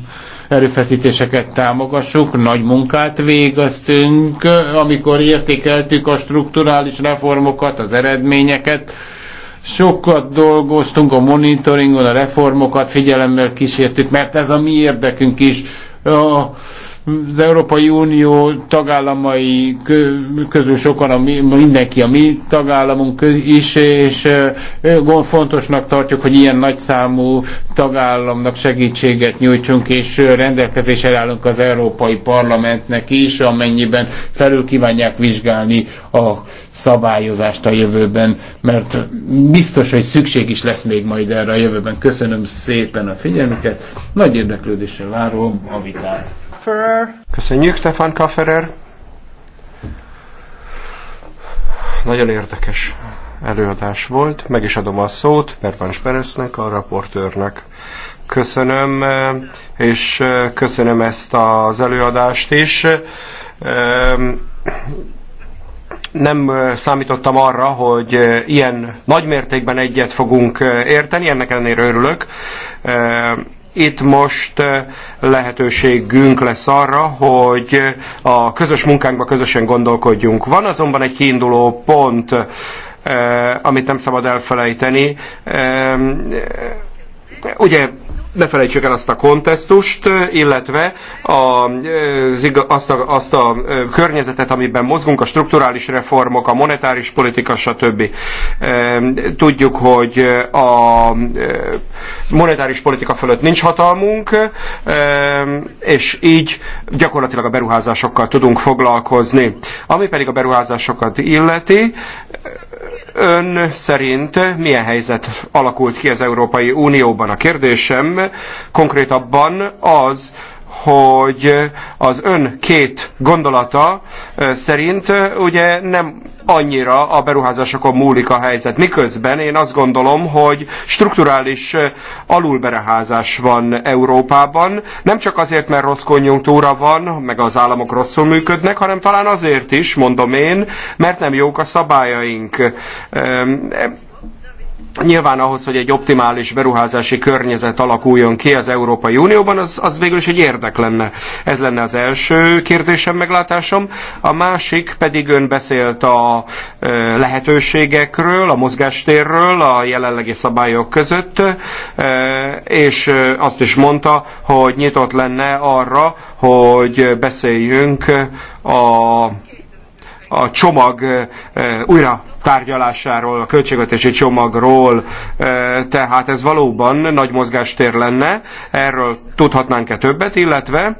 erőfeszítéseket támogassuk, nagy munkát végeztünk, amikor értékeltük a strukturális reformokat, az eredményeket, Sokat dolgoztunk a monitoringon, a reformokat figyelemmel kísértük, mert ez a mi érdekünk is. A az Európai Unió tagállamai közül sokan, a mi, mindenki a mi tagállamunk is, és fontosnak tartjuk, hogy ilyen nagyszámú tagállamnak segítséget nyújtsunk, és rendelkezésre állunk az Európai Parlamentnek is, amennyiben felül kívánják vizsgálni a szabályozást a jövőben, mert biztos, hogy szükség is lesz még majd erre a jövőben. Köszönöm szépen a figyelmüket, nagy érdeklődéssel várom a vitát. Kafferer. Köszönjük, Stefan Kafferer. Nagyon érdekes előadás volt. Meg is adom a szót Pervans Speresznek, a raportőrnek. Köszönöm, és köszönöm ezt az előadást is. Nem számítottam arra, hogy ilyen nagymértékben egyet fogunk érteni, ennek ellenére örülök itt most eh, lehetőségünk lesz arra, hogy a közös munkánkba közösen gondolkodjunk. Van azonban egy kiinduló pont, eh, amit nem szabad elfelejteni Ugye ne felejtsük el azt a kontesztust, illetve a, azt, a, azt a környezetet, amiben mozgunk, a strukturális reformok, a monetáris politika, stb. Tudjuk, hogy a monetáris politika fölött nincs hatalmunk, és így gyakorlatilag a beruházásokkal tudunk foglalkozni. Ami pedig a beruházásokat illeti, Ön szerint milyen helyzet alakult ki az Európai Unióban? A kérdésem konkrétabban az, hogy az ön két gondolata szerint ugye nem annyira a beruházásokon múlik a helyzet. Miközben én azt gondolom, hogy strukturális alulbereházás van Európában, nem csak azért, mert rossz konjunktúra van, meg az államok rosszul működnek, hanem talán azért is, mondom én, mert nem jók a szabályaink nyilván ahhoz, hogy egy optimális beruházási környezet alakuljon ki az Európai Unióban, az, az végül is egy érdek lenne. Ez lenne az első kérdésem, meglátásom. A másik pedig ön beszélt a lehetőségekről, a mozgástérről, a jelenlegi szabályok között, és azt is mondta, hogy nyitott lenne arra, hogy beszéljünk a a csomag újra tárgyalásáról, a költségvetési csomagról, tehát ez valóban nagy mozgástér lenne, erről tudhatnánk-e többet, illetve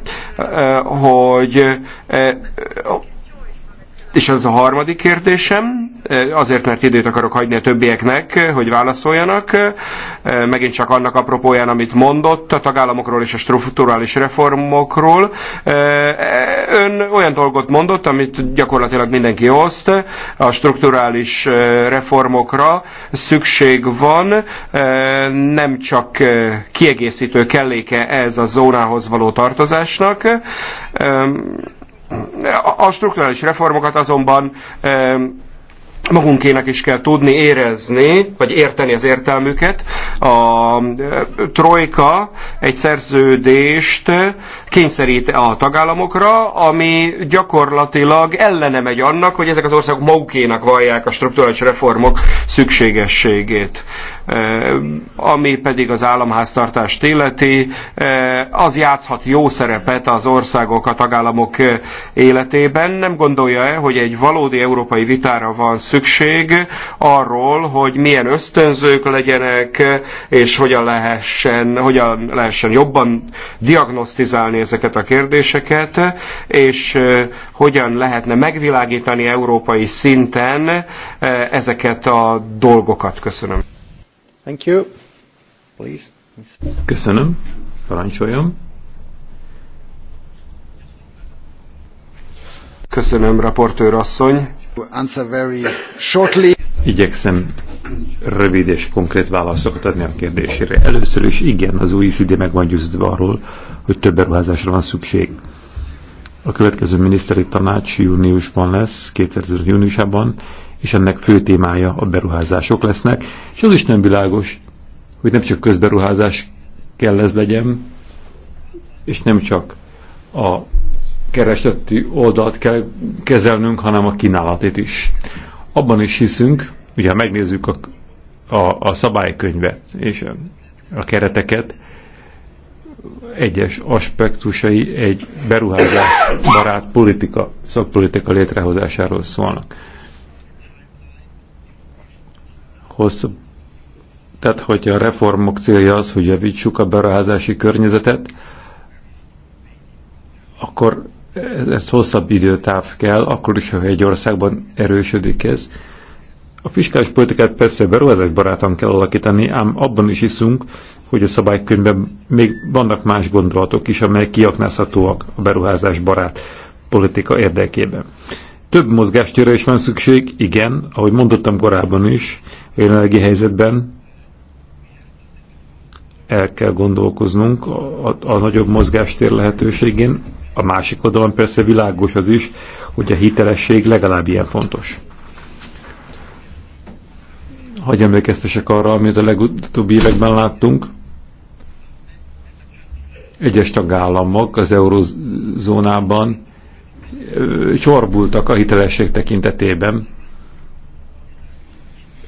hogy és az a harmadik kérdésem, eh, azért, mert időt akarok hagyni a többieknek, eh, hogy válaszoljanak, eh, megint csak annak apropóján, amit mondott, a tagállamokról és a strukturális reformokról. Ön olyan dolgot mondott, amit gyakorlatilag mindenki oszt, a strukturális reformokra szükség van, nem csak kiegészítő kelléke ez a zónához való tartozásnak, a strukturális reformokat azonban magunkének is kell tudni érezni, vagy érteni az értelmüket. A trojka egy szerződést kényszerít a tagállamokra, ami gyakorlatilag ellene megy annak, hogy ezek az országok magukénak vallják a struktúrális reformok szükségességét. Ami pedig az államháztartást illeti, az játszhat jó szerepet az országok, a tagállamok életében. Nem gondolja-e, hogy egy valódi európai vitára van szükség arról, hogy milyen ösztönzők legyenek, és hogyan lehessen, hogyan lehessen jobban diagnosztizálni ezeket a kérdéseket, és hogyan lehetne megvilágítani európai szinten ezeket a dolgokat. Köszönöm. Thank you. Please. Köszönöm. Parancsoljon. Köszönöm, raportőr asszony. Answer very shortly. Igyekszem rövid és konkrét válaszokat adni a kérdésére. Először is igen, az OECD meg van győződve arról, hogy több beruházásra van szükség. A következő miniszteri tanács júniusban lesz, 2000 júniusában, és ennek fő témája a beruházások lesznek, és az is nem világos, hogy nem csak közberuházás kell ez legyen, és nem csak a keresleti oldalt kell kezelnünk, hanem a kínálatét is. Abban is hiszünk, Ugye, ha megnézzük a, a, a szabálykönyvet és a kereteket, egyes aspektusai egy beruházás barát politika, szakpolitika létrehozásáról szólnak. Hosszú, Tehát, hogy a reformok célja az, hogy javítsuk a beruházási környezetet, akkor ez, ez hosszabb időtáv kell, akkor is, ha egy országban erősödik ez, a fiskális politikát persze beruházásbarátan kell alakítani, ám abban is hiszünk, hogy a szabálykönyvben még vannak más gondolatok is, amelyek kiaknázhatóak a beruházás barát politika érdekében. Több mozgástérre is van szükség, igen, ahogy mondottam korábban is, a jelenlegi helyzetben el kell gondolkoznunk a, a, a nagyobb mozgástér lehetőségén. A másik oldalon persze világos az is, hogy a hitelesség legalább ilyen fontos hagy emlékeztesek arra, amit a legutóbbi években láttunk. Egyes tagállamok az eurozónában csorbultak a hitelesség tekintetében.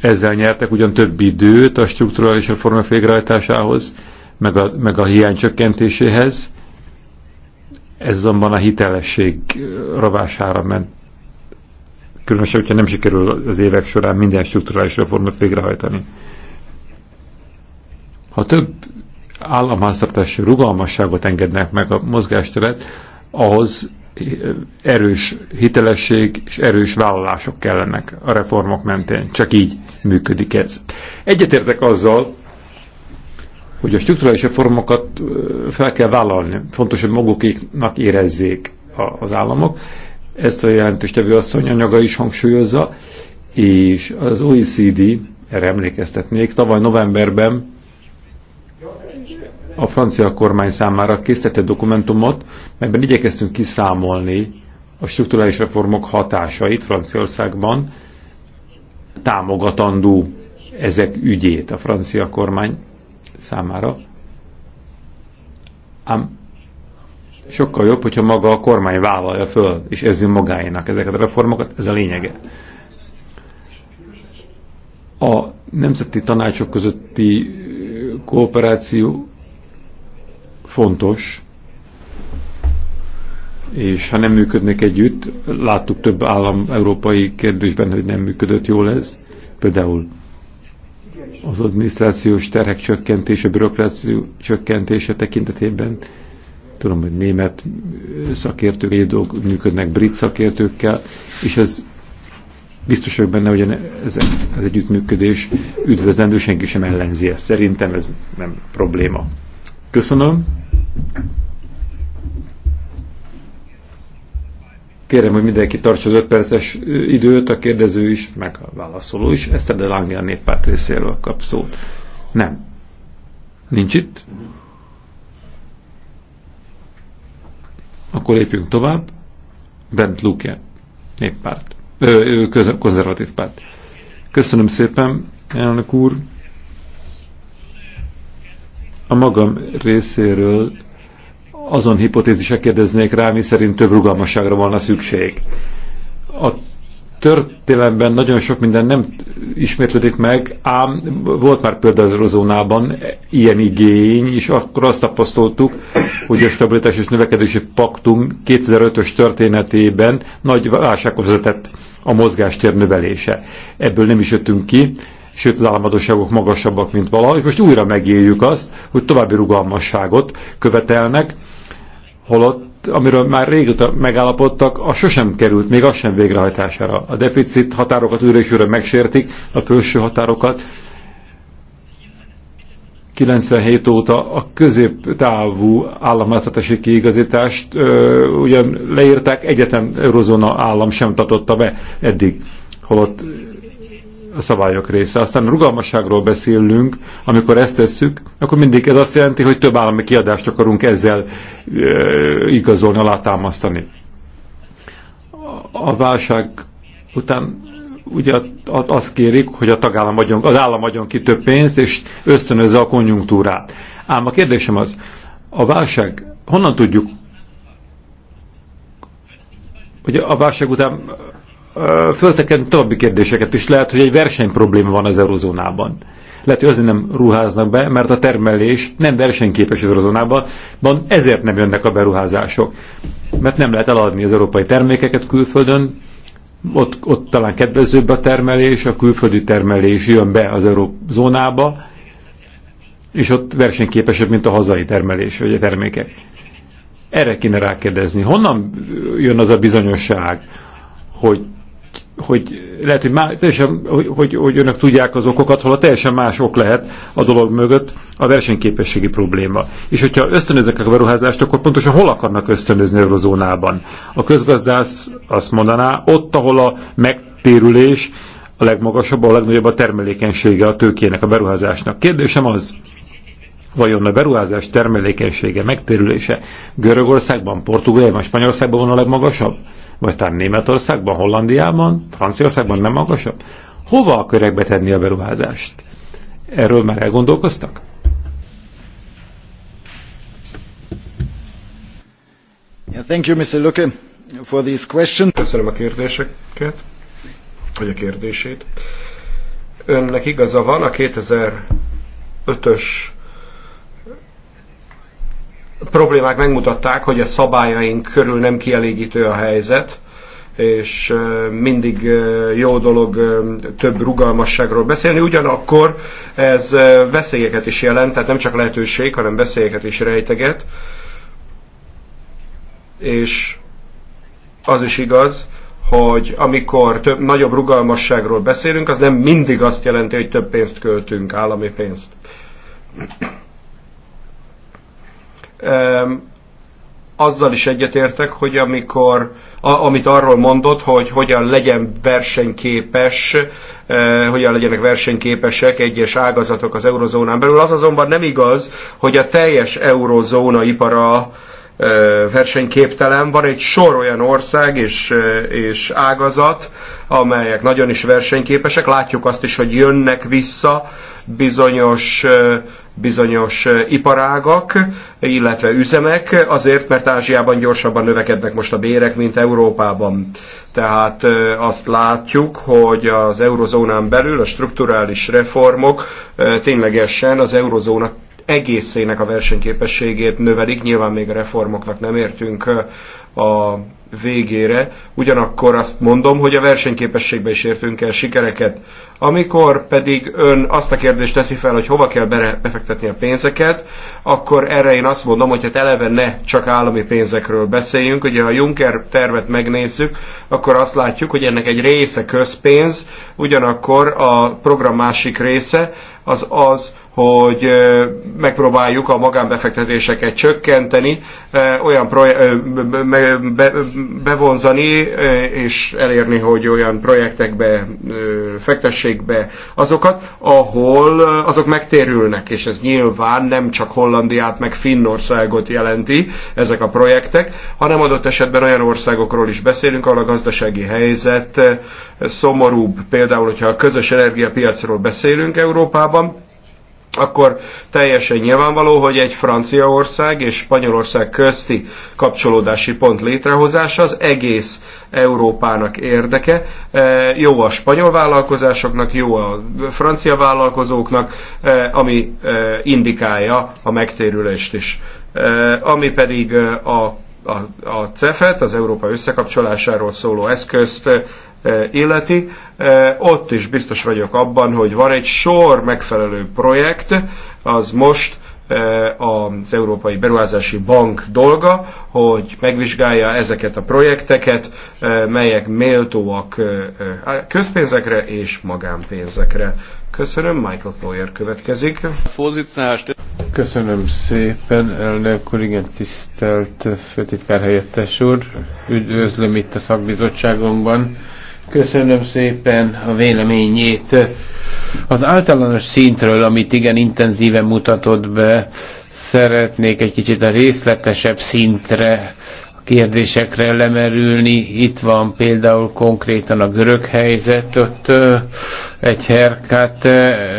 Ezzel nyertek ugyan több időt a strukturális reforma végrehajtásához, meg a, meg a hiány csökkentéséhez. Ez azonban a hitelesség rovására ment különösen, hogyha nem sikerül az évek során minden strukturális reformot végrehajtani. Ha több államháztartási rugalmasságot engednek meg a mozgásteret, ahhoz erős hitelesség és erős vállalások kellenek a reformok mentén. Csak így működik ez. Egyetértek azzal, hogy a strukturális reformokat fel kell vállalni. Fontos, hogy maguknak érezzék az államok, ezt a jelentőstevő asszony anyaga is hangsúlyozza, és az OECD, erre emlékeztetnék, tavaly novemberben a francia kormány számára készített egy dokumentumot, melyben igyekeztünk kiszámolni a strukturális reformok hatásait Franciaországban, támogatandó ezek ügyét a francia kormány számára. Ám Sokkal jobb, hogyha maga a kormány vállalja föl, és ezzel magáénak ezeket a reformokat, ez a lényege. A nemzeti tanácsok közötti kooperáció fontos, és ha nem működnek együtt, láttuk több állam európai kérdésben, hogy nem működött jól ez, például az adminisztrációs terhek csökkentése, bürokráció csökkentése tekintetében Tudom, hogy német szakértők dolgok működnek brit szakértőkkel, és ez biztos vagyok benne, hogy ez, ez együttműködés üdvözlendő, senki sem ellenzi ezt. Szerintem ez nem probléma. Köszönöm. Kérem, hogy mindenki tartsa az 5 perces időt, a kérdező is, meg a válaszoló is. Ezt de Lange a néppárt részéről kap szót. Nem. Nincs itt? Akkor lépjünk tovább. Bent Luke, néppárt. Ö, ö, köz, konzervatív párt. Köszönöm szépen, elnök úr. A magam részéről azon hipotézisek kérdeznék rá, mi szerint több rugalmasságra volna szükség. A történelemben nagyon sok minden nem ismétlődik meg, ám volt már például az eurozónában ilyen igény, és akkor azt tapasztaltuk, hogy a stabilitás és növekedési paktum 2005-ös történetében nagy válsághoz vezetett a mozgástér növelése. Ebből nem is jöttünk ki, sőt az államadóságok magasabbak, mint valahogy. most újra megéljük azt, hogy további rugalmasságot követelnek, holott amiről már régóta megállapodtak, az sosem került, még az sem végrehajtására. A deficit határokat újra és újra megsértik, a felső határokat. 97 óta a középtávú államháztatási kiigazítást ö, ugyan leírták, egyetlen eurozóna állam sem tartotta be eddig, holott a szabályok része. Aztán a rugalmasságról beszélünk, amikor ezt tesszük, akkor mindig ez azt jelenti, hogy több állami kiadást akarunk ezzel uh, igazolni, alátámasztani. A válság után ugye azt kérik, hogy a tagállam adjon, az állam adjon ki több pénzt, és ösztönözze a konjunktúrát. Ám a kérdésem az, a válság, honnan tudjuk, hogy a válság után föltekedünk további kérdéseket is. Lehet, hogy egy versenyprobléma van az eurozónában. Lehet, hogy azért nem ruháznak be, mert a termelés nem versenyképes az eurozónában, van, ezért nem jönnek a beruházások. Mert nem lehet eladni az európai termékeket külföldön, ott, ott talán kedvezőbb a termelés, a külföldi termelés jön be az eurozónába, és ott versenyképesebb, mint a hazai termelés, vagy a termékek. Erre kéne rákérdezni. Honnan jön az a bizonyosság, hogy hogy lehet, hogy, más, teljesen, hogy, hogy, hogy önök tudják az okokat, hol a teljesen más ok lehet a dolog mögött a versenyképességi probléma. És hogyha ösztönöznek a beruházást, akkor pontosan hol akarnak ösztönözni zónában? A közgazdász azt mondaná, ott, ahol a megtérülés a legmagasabb, a legnagyobb a termelékenysége a tőkének, a beruházásnak. Kérdésem az, vajon a beruházás termelékenysége, megtérülése Görögországban, Portugáliában, Spanyolországban van a legmagasabb? Vagy talán Németországban, Hollandiában, Franciaországban nem magasabb? Hova akarják betenni a beruházást? Erről már elgondolkoztak? Yeah, thank you, Mr. Luke, for this question. Köszönöm a kérdéseket, vagy a kérdését. Önnek igaza van, a 2005-ös problémák megmutatták, hogy a szabályaink körül nem kielégítő a helyzet, és mindig jó dolog több rugalmasságról beszélni, ugyanakkor ez veszélyeket is jelent, tehát nem csak lehetőség, hanem veszélyeket is rejteget, és az is igaz, hogy amikor több, nagyobb rugalmasságról beszélünk, az nem mindig azt jelenti, hogy több pénzt költünk, állami pénzt azzal is egyetértek, hogy amikor, a, amit arról mondott, hogy hogyan legyen versenyképes, e, hogyan legyenek versenyképesek egyes ágazatok az eurozónán belül, az azonban nem igaz, hogy a teljes eurozóna ipara e, versenyképtelen. Van egy sor olyan ország és, eh, és ágazat, amelyek nagyon is versenyképesek. Látjuk azt is, hogy jönnek vissza bizonyos bizonyos iparágak, illetve üzemek, azért, mert Ázsiában gyorsabban növekednek most a bérek, mint Európában. Tehát azt látjuk, hogy az eurozónán belül a strukturális reformok ténylegesen az eurozóna egészének a versenyképességét növelik. Nyilván még a reformoknak nem értünk a végére, ugyanakkor azt mondom, hogy a versenyképességbe is értünk el sikereket. Amikor pedig ön azt a kérdést teszi fel, hogy hova kell befektetni a pénzeket, akkor erre én azt mondom, hogy hát eleve ne csak állami pénzekről beszéljünk. Ugye ha a Juncker tervet megnézzük, akkor azt látjuk, hogy ennek egy része közpénz, ugyanakkor a program másik része az az, hogy megpróbáljuk a magánbefektetéseket csökkenteni, olyan bevonzani, és elérni, hogy olyan projektekbe fektessék be azokat, ahol azok megtérülnek, és ez nyilván nem csak Hollandiát, meg Finnországot jelenti ezek a projektek, hanem adott esetben olyan országokról is beszélünk, ahol a gazdasági helyzet szomorúbb, például, hogyha a közös energiapiacról beszélünk Európában, akkor teljesen nyilvánvaló, hogy egy Franciaország és Spanyolország közti kapcsolódási pont létrehozása az egész Európának érdeke. E, jó a spanyol vállalkozásoknak, jó a francia vállalkozóknak, e, ami e, indikálja a megtérülést is. Ami pedig a a, a CEFET, az Európa összekapcsolásáról szóló eszközt illeti. Ott is biztos vagyok abban, hogy van egy sor megfelelő projekt, az most az Európai Beruházási Bank dolga, hogy megvizsgálja ezeket a projekteket, melyek méltóak közpénzekre és magánpénzekre. Köszönöm, Michael Poyer következik. Köszönöm szépen, elnök úr, igen, tisztelt főtitkár helyettes úr. Üdvözlöm itt a szakbizottságomban. Köszönöm szépen a véleményét. Az általános szintről, amit igen intenzíven mutatott be, szeretnék egy kicsit a részletesebb szintre a kérdésekre lemerülni. Itt van például konkrétan a görög helyzet, ott egy herkát,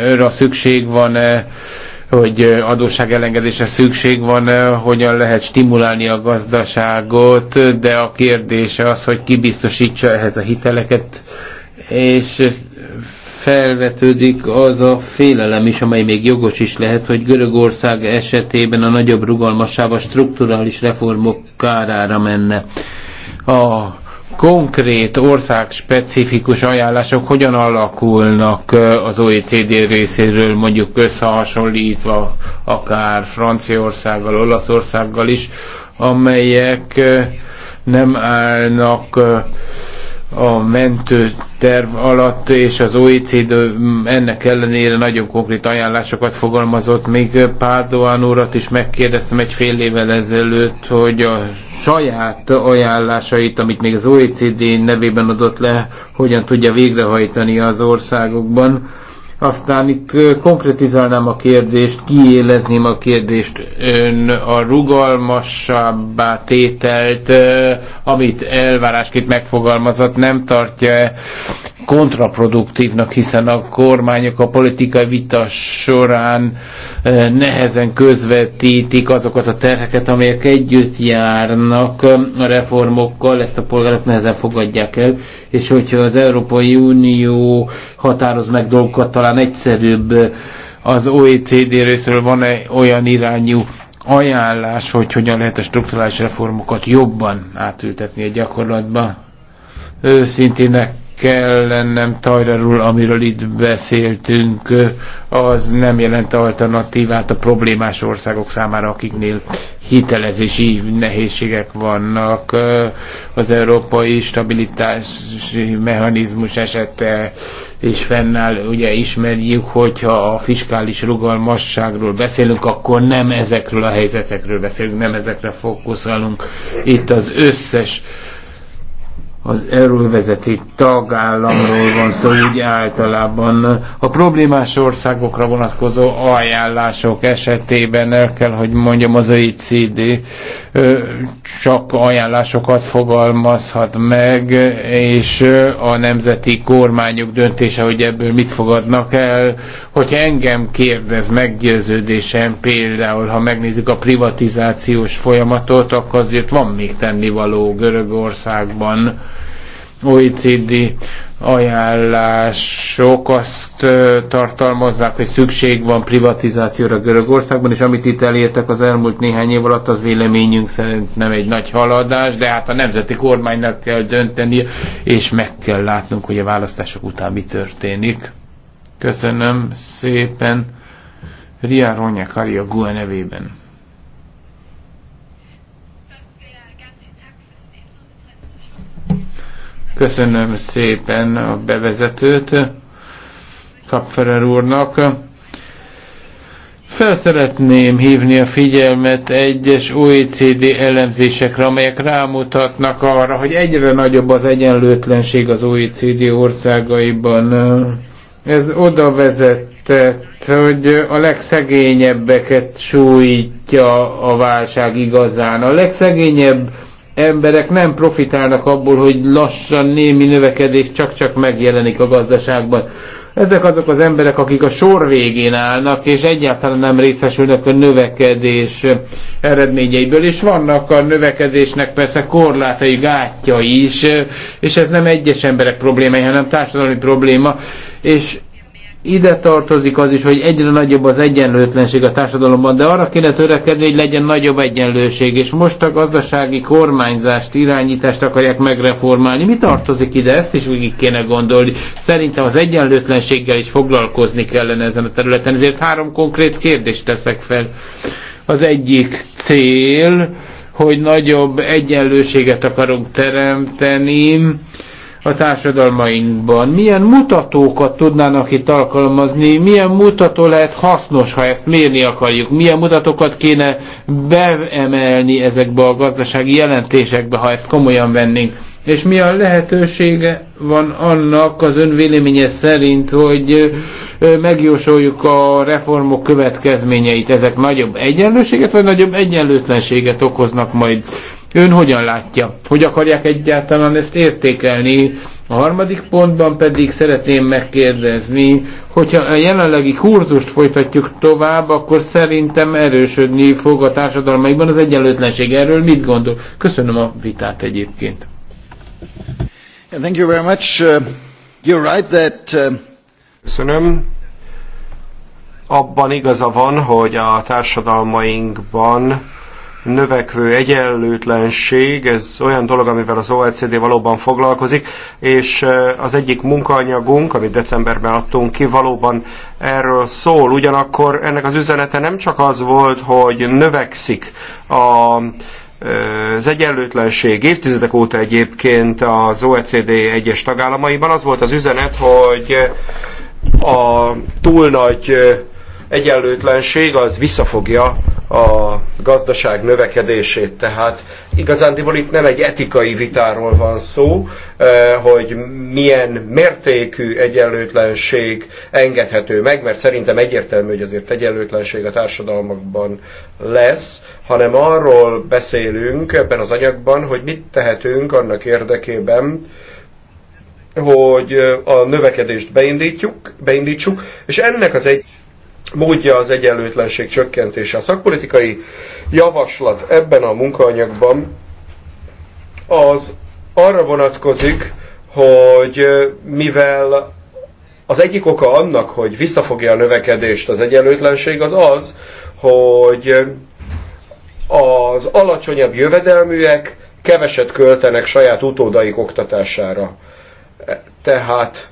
őre szükség van-e, hogy adósság elengedése szükség van, hogyan lehet stimulálni a gazdaságot, de a kérdése az, hogy ki biztosítsa ehhez a hiteleket, és felvetődik az a félelem is, amely még jogos is lehet, hogy Görögország esetében a nagyobb rugalmassága strukturális reformok kárára menne. A konkrét ország specifikus ajánlások hogyan alakulnak az OECD részéről, mondjuk összehasonlítva akár Franciaországgal, Olaszországgal is, amelyek nem állnak a mentő terv alatt, és az OECD ennek ellenére nagyon konkrét ajánlásokat fogalmazott. Még Pádoán urat is megkérdeztem egy fél évvel ezelőtt, hogy a saját ajánlásait, amit még az OECD nevében adott le, hogyan tudja végrehajtani az országokban aztán itt konkretizálnám a kérdést, kiélezném a kérdést. Ön a rugalmasabbá tételt, amit elvárásként megfogalmazott, nem tartja kontraproduktívnak, hiszen a kormányok a politikai vita során eh, nehezen közvetítik azokat a terheket, amelyek együtt járnak eh, a reformokkal, ezt a polgárok nehezen fogadják el, és hogyha az Európai Unió határoz meg dolgokat, talán egyszerűbb eh, az OECD részről van -e olyan irányú ajánlás, hogy hogyan lehet a strukturális reformokat jobban átültetni a gyakorlatba. Őszintének kell lennem Tajrarul, amiről itt beszéltünk, az nem jelent alternatívát a problémás országok számára, akiknél hitelezési nehézségek vannak. Az európai stabilitási mechanizmus esete és fennáll, ugye ismerjük, hogyha a fiskális rugalmasságról beszélünk, akkor nem ezekről a helyzetekről beszélünk, nem ezekre fókuszálunk. Itt az összes az euróvezeti tagállamról van szó úgy általában. A problémás országokra vonatkozó ajánlások esetében el kell, hogy mondjam, az OECD csak ajánlásokat fogalmazhat meg, és a nemzeti kormányok döntése, hogy ebből mit fogadnak el. Hogyha engem kérdez meggyőződésem, például ha megnézzük a privatizációs folyamatot, akkor azért van még tennivaló Görögországban OECD ajánlások azt tartalmazzák, hogy szükség van privatizációra Görögországban, és amit itt elértek az elmúlt néhány év alatt, az véleményünk szerint nem egy nagy haladás, de hát a nemzeti kormánynak kell dönteni, és meg kell látnunk, hogy a választások után mi történik. Köszönöm szépen. Ria Ronya Kari a GUE nevében. Köszönöm szépen a bevezetőt Kapferer úrnak. Fel szeretném hívni a figyelmet egyes OECD elemzésekre, amelyek rámutatnak arra, hogy egyre nagyobb az egyenlőtlenség az OECD országaiban. Ez oda vezetett, hogy a legszegényebbeket sújtja a válság igazán. A legszegényebb emberek nem profitálnak abból, hogy lassan némi növekedés csak-csak megjelenik a gazdaságban. Ezek azok az emberek, akik a sor végén állnak, és egyáltalán nem részesülnek a növekedés eredményeiből, és vannak a növekedésnek persze korlátai, gátja is, és ez nem egyes emberek problémája, hanem társadalmi probléma, és ide tartozik az is, hogy egyre nagyobb az egyenlőtlenség a társadalomban, de arra kéne törekedni, hogy legyen nagyobb egyenlőség, és most a gazdasági kormányzást, irányítást akarják megreformálni. Mi tartozik ide? Ezt is végig kéne gondolni. Szerintem az egyenlőtlenséggel is foglalkozni kellene ezen a területen, ezért három konkrét kérdést teszek fel. Az egyik cél, hogy nagyobb egyenlőséget akarunk teremteni, a társadalmainkban. Milyen mutatókat tudnának itt alkalmazni, milyen mutató lehet hasznos, ha ezt mérni akarjuk, milyen mutatókat kéne beemelni ezekbe a gazdasági jelentésekbe, ha ezt komolyan vennénk. És mi a lehetősége van annak az ön véleménye szerint, hogy megjósoljuk a reformok következményeit? Ezek nagyobb egyenlőséget, vagy nagyobb egyenlőtlenséget okoznak majd? Ön hogyan látja? Hogy akarják egyáltalán ezt értékelni? A harmadik pontban pedig szeretném megkérdezni, hogyha a jelenlegi kurzust folytatjuk tovább, akkor szerintem erősödni fog a társadalmaikban az egyenlőtlenség. Erről mit gondol? Köszönöm a vitát egyébként. Thank you very much. Uh, you're right that... Uh, Köszönöm. Abban igaza van, hogy a társadalmainkban növekvő egyenlőtlenség, ez olyan dolog, amivel az OECD valóban foglalkozik, és az egyik munkaanyagunk, amit decemberben adtunk ki, valóban erről szól. Ugyanakkor ennek az üzenete nem csak az volt, hogy növekszik a az egyenlőtlenség évtizedek óta egyébként az OECD egyes tagállamaiban az volt az üzenet, hogy a túl nagy egyenlőtlenség az visszafogja a gazdaság növekedését. Tehát igazándiból itt nem egy etikai vitáról van szó, eh, hogy milyen mértékű egyenlőtlenség engedhető meg, mert szerintem egyértelmű, hogy azért egyenlőtlenség a társadalmakban lesz, hanem arról beszélünk ebben az anyagban, hogy mit tehetünk annak érdekében, hogy a növekedést beindítjuk, beindítsuk, és ennek az egy módja az egyenlőtlenség csökkentése. A szakpolitikai javaslat ebben a munkaanyagban az arra vonatkozik, hogy mivel az egyik oka annak, hogy visszafogja a növekedést az egyenlőtlenség, az az, hogy az alacsonyabb jövedelműek keveset költenek saját utódaik oktatására. E, tehát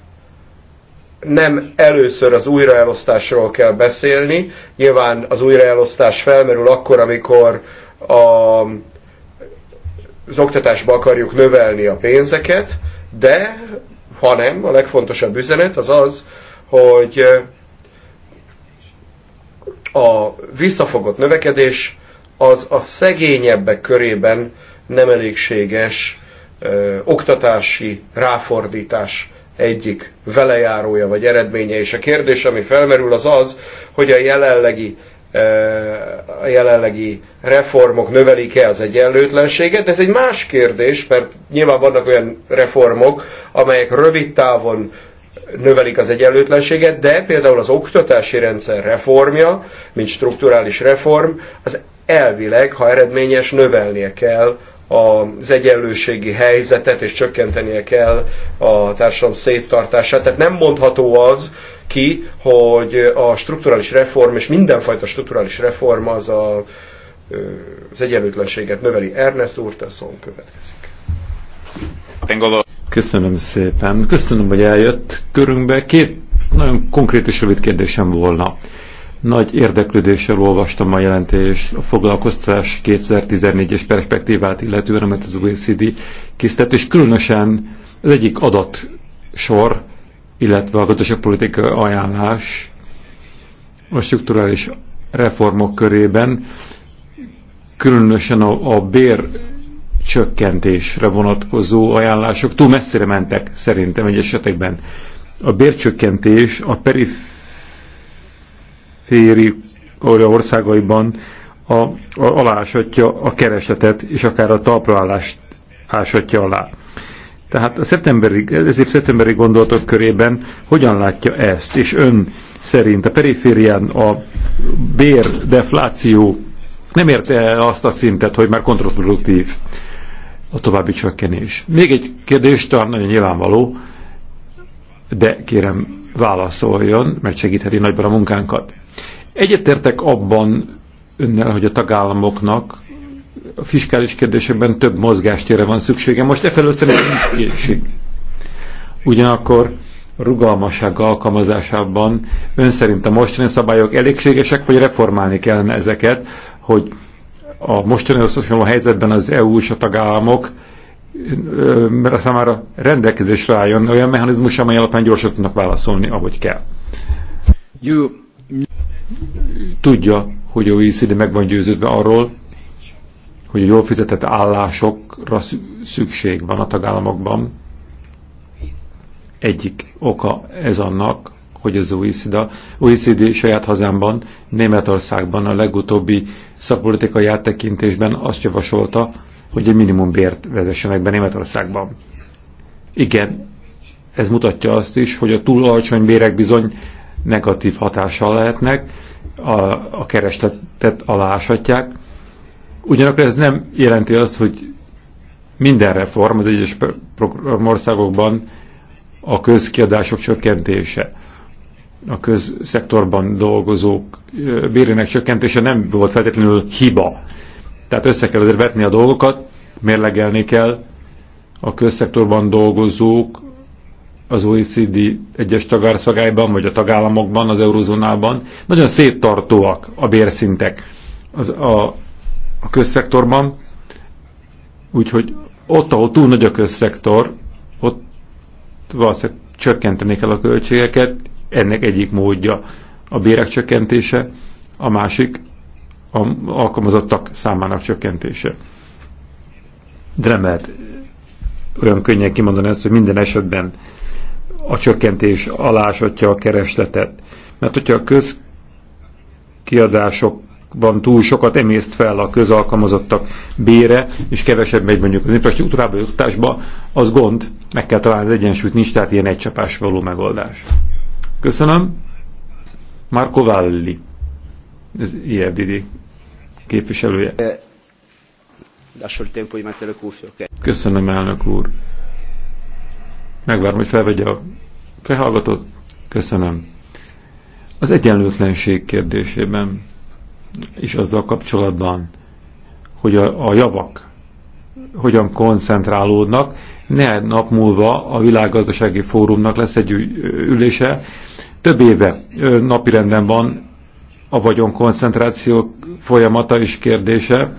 nem először az újraelosztásról kell beszélni. Nyilván az újraelosztás felmerül akkor, amikor a, az oktatásba akarjuk növelni a pénzeket, de hanem a legfontosabb üzenet az az, hogy eh, a visszafogott növekedés az a szegényebbek körében nem elégséges ö, eh, oktatási ráfordítás egyik velejárója vagy eredménye. És a kérdés, ami felmerül, az az, hogy a jelenlegi e, a jelenlegi reformok növelik-e az egyenlőtlenséget. Ez egy más kérdés, mert nyilván vannak olyan reformok, amelyek rövid távon növelik az egyenlőtlenséget, de például az oktatási rendszer reformja, mint strukturális reform, az elvileg, ha eredményes, növelnie kell az egyenlőségi helyzetet, és csökkentenie kell a társadalom széttartását. Tehát nem mondható az ki, hogy a strukturális reform, és mindenfajta strukturális reform az a, az egyenlőtlenséget növeli. Ernest Urteszon következik. Köszönöm szépen. Köszönöm, hogy eljött körünkbe. Két nagyon konkrét és rövid kérdésem volna. Nagy érdeklődéssel olvastam a jelentést a foglalkoztatás 2014-es perspektívát illetően, amit az OECD készített, és különösen az egyik adatsor, illetve a gazdaság politika ajánlás a strukturális reformok körében, különösen a, a bér csökkentésre vonatkozó ajánlások túl messzire mentek szerintem egy esetekben. A bércsökkentés a perif periféri országaiban a, a, alásatja a keresletet, és akár a talpraállást ásatja alá. Tehát a szeptemberi, ez év szeptemberi gondolatok körében hogyan látja ezt, és ön szerint a periférián a bér defláció nem érte el azt a szintet, hogy már kontraproduktív a további csökkenés. Még egy kérdés, talán nagyon nyilvánvaló, de kérem válaszoljon, mert segítheti nagyban a munkánkat. Egyetértek abban önnel, hogy a tagállamoknak a fiskális kérdésekben több mozgástére van szüksége. Most e felől szerintem nincs Ugyanakkor rugalmasság alkalmazásában ön szerint a mostani szabályok elégségesek, vagy reformálni kellene ezeket, hogy a mostani hasonló helyzetben az EU és a tagállamok mert számára rendelkezésre álljon olyan mechanizmus, amely alapján gyorsan tudnak válaszolni, ahogy kell. You tudja, hogy OECD meg van győződve arról, hogy a jól fizetett állásokra szükség van a tagállamokban. Egyik oka ez annak, hogy az OECD, OECD saját hazámban, Németországban a legutóbbi szakpolitikai áttekintésben azt javasolta, hogy egy minimumbért vezessenek be Németországban. Igen, ez mutatja azt is, hogy a túl alacsony bérek bizony negatív hatással lehetnek, a, a keresletet aláshatják. Ugyanakkor ez nem jelenti azt, hogy minden reform az egyes országokban a közkiadások csökkentése, a közszektorban dolgozók bérének csökkentése nem volt feltétlenül hiba. Tehát össze kell vetni a dolgokat, mérlegelni kell a közszektorban dolgozók az OECD egyes tagárszagályban, vagy a tagállamokban, az eurozónában. Nagyon széttartóak a bérszintek az, a, a közszektorban, úgyhogy ott, ahol túl nagy a közszektor, ott valószínűleg csökkenteni kell a költségeket, ennek egyik módja a bérek csökkentése, a másik a alkalmazottak számának csökkentése. De nem lehet olyan könnyen kimondani ezt, hogy minden esetben a csökkentés alásatja a keresletet. Mert hogyha a közkiadásokban túl sokat emészt fel a közalkalmazottak bére, és kevesebb megy mondjuk az infrastruktúrába, jutásba, az gond, meg kell találni az egyensúlyt, nincs tehát ilyen egycsapás való megoldás. Köszönöm. Marco Valli, az IFDD képviselője. Köszönöm, elnök úr. Megvárom, hogy felvegye a felhallgatót. Köszönöm. Az egyenlőtlenség kérdésében és azzal kapcsolatban, hogy a, a javak hogyan koncentrálódnak, ne nap múlva a világgazdasági fórumnak lesz egy ülése, több éve napirenden van a vagyon koncentráció folyamata és kérdése,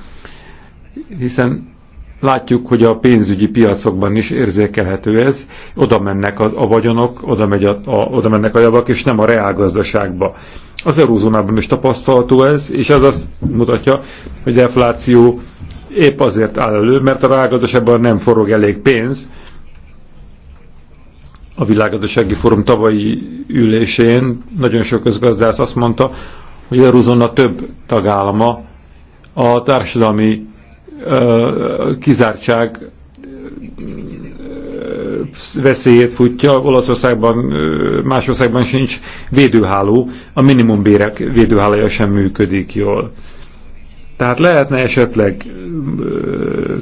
hiszen Látjuk, hogy a pénzügyi piacokban is érzékelhető ez, oda mennek a, a vagyonok, oda, megy a, a, oda mennek a javak, és nem a reálgazdaságba. Az eurózónában is tapasztalható ez, és ez azt mutatja, hogy defláció épp azért áll elő, mert a reálgazdaságban nem forog elég pénz. A világgazdasági fórum tavalyi ülésén nagyon sok közgazdász azt mondta, hogy az eurózóna több tagállama a társadalmi kizártság veszélyét futja. Olaszországban, más országban sincs védőháló, a minimumbérek védőhálója sem működik jól. Tehát lehetne esetleg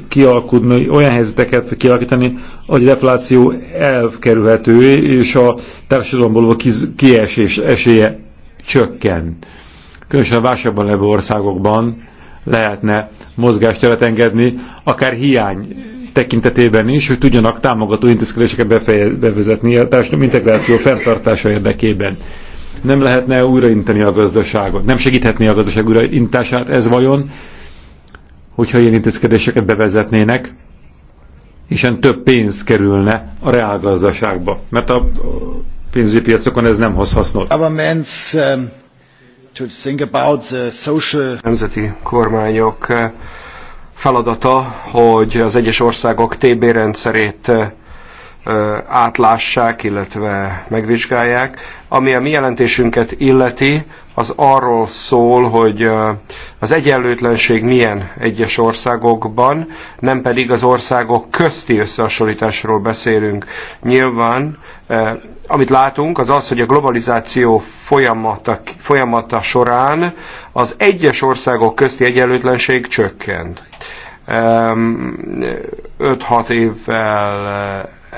kialkudni, olyan helyzeteket kialakítani, hogy a defláció elkerülhető, és a társadalomból való kiesés esélye csökken. Különösen a válságban levő országokban lehetne teret engedni, akár hiány tekintetében is, hogy tudjanak támogató intézkedéseket bevezetni a társadalom integráció fenntartása érdekében. Nem lehetne újraintani a gazdaságot, nem segíthetné a gazdaság újraintását ez vajon, hogyha ilyen intézkedéseket bevezetnének, hiszen több pénz kerülne a reálgazdaságba, mert a pénzügyi piacokon ez nem hoz hasznot. Aber Nemzeti kormányok eh, feladata, hogy az egyes országok TB rendszerét eh, átlássák, illetve megvizsgálják. Ami a mi jelentésünket illeti, az arról szól, hogy az egyenlőtlenség milyen egyes országokban, nem pedig az országok közti összehasonlításról beszélünk. Nyilván, amit látunk, az az, hogy a globalizáció folyamata, folyamata során az egyes országok közti egyenlőtlenség csökkent. 5-6 évvel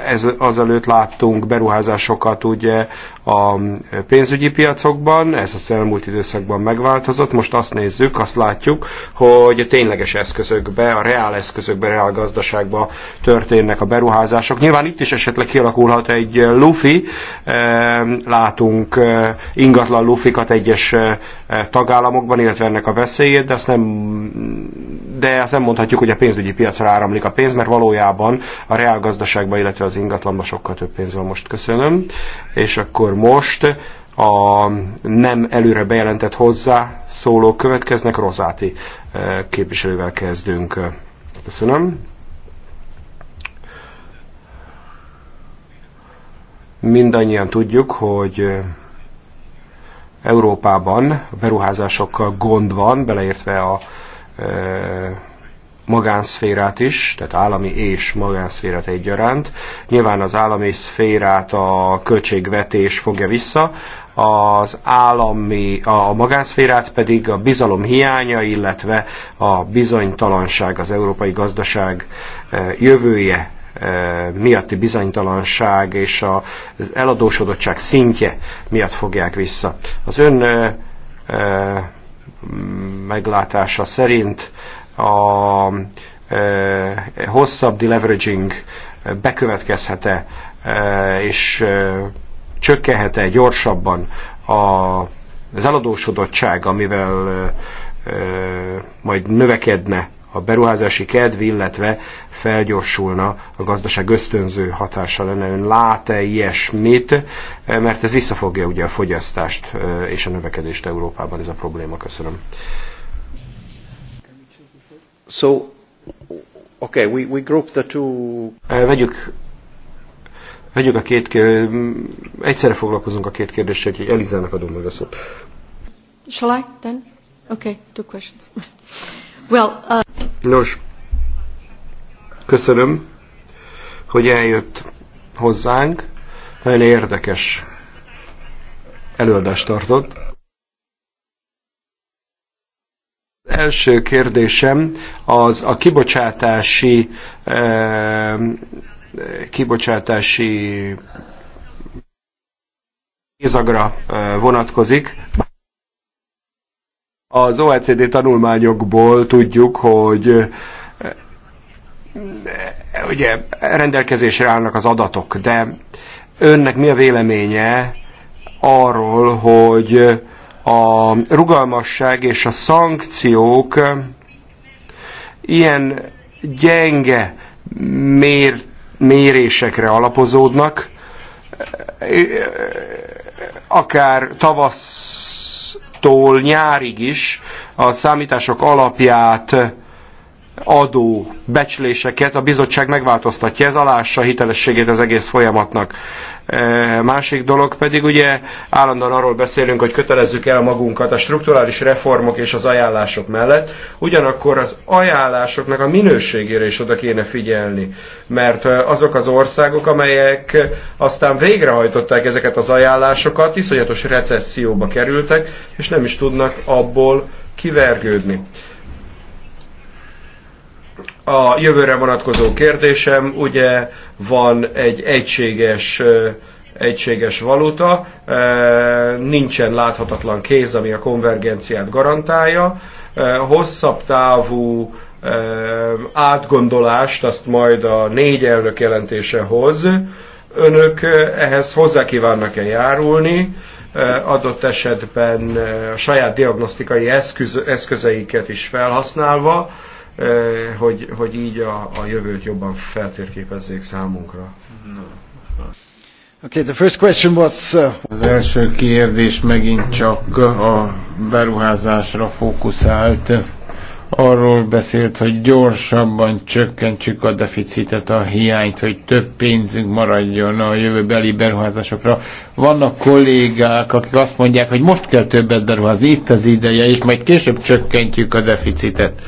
ez, azelőtt láttunk beruházásokat ugye a pénzügyi piacokban, ez az elmúlt időszakban megváltozott, most azt nézzük, azt látjuk, hogy a tényleges eszközökbe, a reál eszközökbe, a reál gazdaságba történnek a beruházások. Nyilván itt is esetleg kialakulhat egy lufi, ehm, látunk eh, ingatlan lufikat egyes eh, tagállamokban, illetve ennek a veszélyét, de azt nem de azt nem mondhatjuk, hogy a pénzügyi piacra áramlik a pénz, mert valójában a reálgazdaságban, illetve az ingatlanban sokkal több pénz van most. Köszönöm. És akkor most a nem előre bejelentett hozzá szóló következnek, Rozáti eh, képviselővel kezdünk. Köszönöm. Mindannyian tudjuk, hogy eh, Európában beruházásokkal gond van, beleértve a magánszférát is, tehát állami és magánszférát egyaránt. Nyilván az állami szférát a költségvetés fogja vissza, az állami, a magánszférát pedig a bizalom hiánya, illetve a bizonytalanság, az európai gazdaság jövője miatti bizonytalanság és az eladósodottság szintje miatt fogják vissza. Az ön meglátása szerint a e, hosszabb deleveraging bekövetkezhet-e e, és e, csökkenhet-e gyorsabban az eladósodottság, amivel majd növekedne a beruházási kedv, illetve felgyorsulna a gazdaság ösztönző hatása lenne. Ön lát-e ilyesmit? Mert ez visszafogja ugye a fogyasztást és a növekedést Európában ez a probléma. Köszönöm. So, okay, we, we group the two... Vegyük Vegyük a két, egyszerre foglalkozunk a két kérdéssel, hogy Elizának adom meg a szót. Shall I then? Okay, two questions. Well, uh... Nos, köszönöm, hogy eljött hozzánk. Nagyon érdekes előadást tartott. Első kérdésem az a kibocsátási eh, kibocsátási kézagra eh, vonatkozik. Az OECD tanulmányokból tudjuk, hogy eh, ugye rendelkezésre állnak az adatok, de önnek mi a véleménye arról, hogy a rugalmasság és a szankciók eh, ilyen gyenge mér, mérésekre alapozódnak, eh, akár tavasz tavasztól nyárig is a számítások alapját adó becsléseket a bizottság megváltoztatja. Ez alássa hitelességét az egész folyamatnak. Másik dolog pedig ugye állandóan arról beszélünk, hogy kötelezzük el magunkat a strukturális reformok és az ajánlások mellett, ugyanakkor az ajánlásoknak a minőségére is oda kéne figyelni, mert azok az országok, amelyek aztán végrehajtották ezeket az ajánlásokat, iszonyatos recesszióba kerültek, és nem is tudnak abból kivergődni a jövőre vonatkozó kérdésem, ugye van egy egységes egységes valuta, nincsen láthatatlan kéz, ami a konvergenciát garantálja, hosszabb távú átgondolást azt majd a négy elnök jelentése hoz. Önök ehhez hozzá kívánnak-e járulni, adott esetben a saját diagnosztikai eszköz, eszközeiket is felhasználva, Eh, hogy, hogy így a, a jövőt jobban feltérképezzék számunkra. Okay, the first question was, uh... Az első kérdés megint csak a beruházásra fókuszált. Arról beszélt, hogy gyorsabban csökkentsük a deficitet, a hiányt, hogy több pénzünk maradjon a jövőbeli beruházásokra. Vannak kollégák, akik azt mondják, hogy most kell többet beruházni, itt az ideje, és majd később csökkentjük a deficitet. Uh,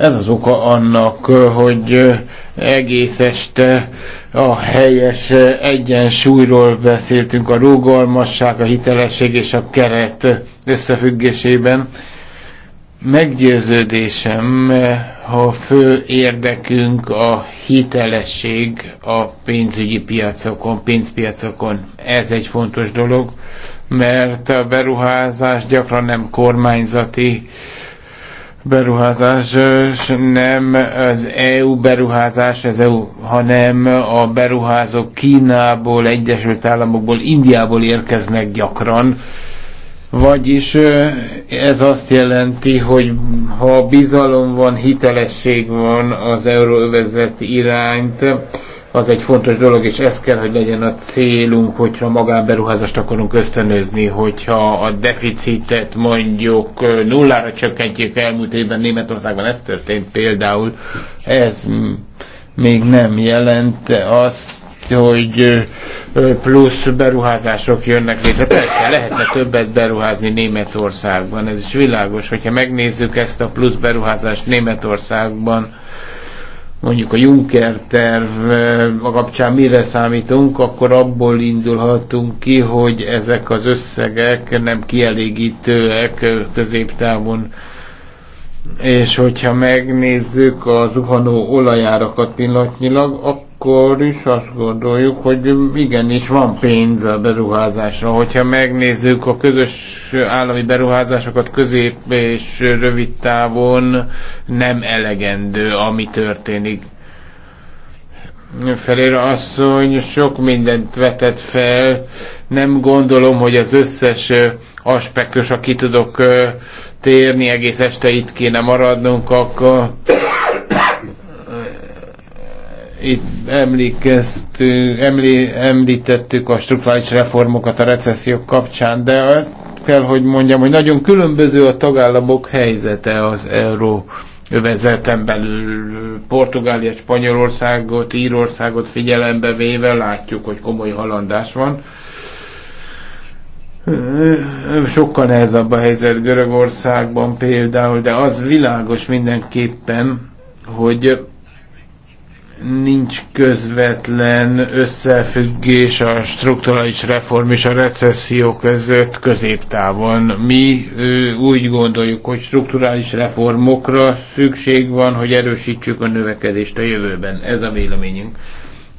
ez az oka annak, hogy egész este a helyes egyensúlyról beszéltünk, a rugalmasság, a hitelesség és a keret összefüggésében. Meggyőződésem, ha fő érdekünk a hitelesség a pénzügyi piacokon, pénzpiacokon. Ez egy fontos dolog, mert a beruházás gyakran nem kormányzati, beruházás és nem az EU beruházás, az EU, hanem a beruházók Kínából, Egyesült Államokból, Indiából érkeznek gyakran. Vagyis ez azt jelenti, hogy ha bizalom van, hitelesség van az euróövezet irányt, az egy fontos dolog, és ez kell, hogy legyen a célunk, hogyha magánberuházást akarunk ösztönözni, hogyha a deficitet mondjuk nullára csökkentjük elmúlt évben Németországban, ez történt például, ez még nem jelent azt, hogy plusz beruházások jönnek létre. Persze lehetne többet beruházni Németországban, ez is világos, hogyha megnézzük ezt a plusz beruházást Németországban, mondjuk a Juncker terv eh, a kapcsán mire számítunk, akkor abból indulhatunk ki, hogy ezek az összegek nem kielégítőek eh, középtávon. És hogyha megnézzük a zuhanó olajárakat pillanatnyilag, akkor akkor is azt gondoljuk, hogy igenis van pénz a beruházásra. Hogyha megnézzük a közös állami beruházásokat közép és rövid távon, nem elegendő, ami történik. Felér asszony sok mindent vetett fel, nem gondolom, hogy az összes aspektusra aki tudok térni, egész este itt kéne maradnunk, akkor itt emlékeztünk, emlé, említettük a strukturális reformokat a recessziók kapcsán, de kell, hogy mondjam, hogy nagyon különböző a tagállamok helyzete az euró övezeten belül Portugália, Spanyolországot, Írországot figyelembe véve látjuk, hogy komoly halandás van. Sokkal nehezebb a helyzet Görögországban például, de az világos mindenképpen, hogy nincs közvetlen összefüggés a strukturális reform és a recesszió között középtávon. Mi úgy gondoljuk, hogy strukturális reformokra szükség van, hogy erősítsük a növekedést a jövőben. Ez a véleményünk.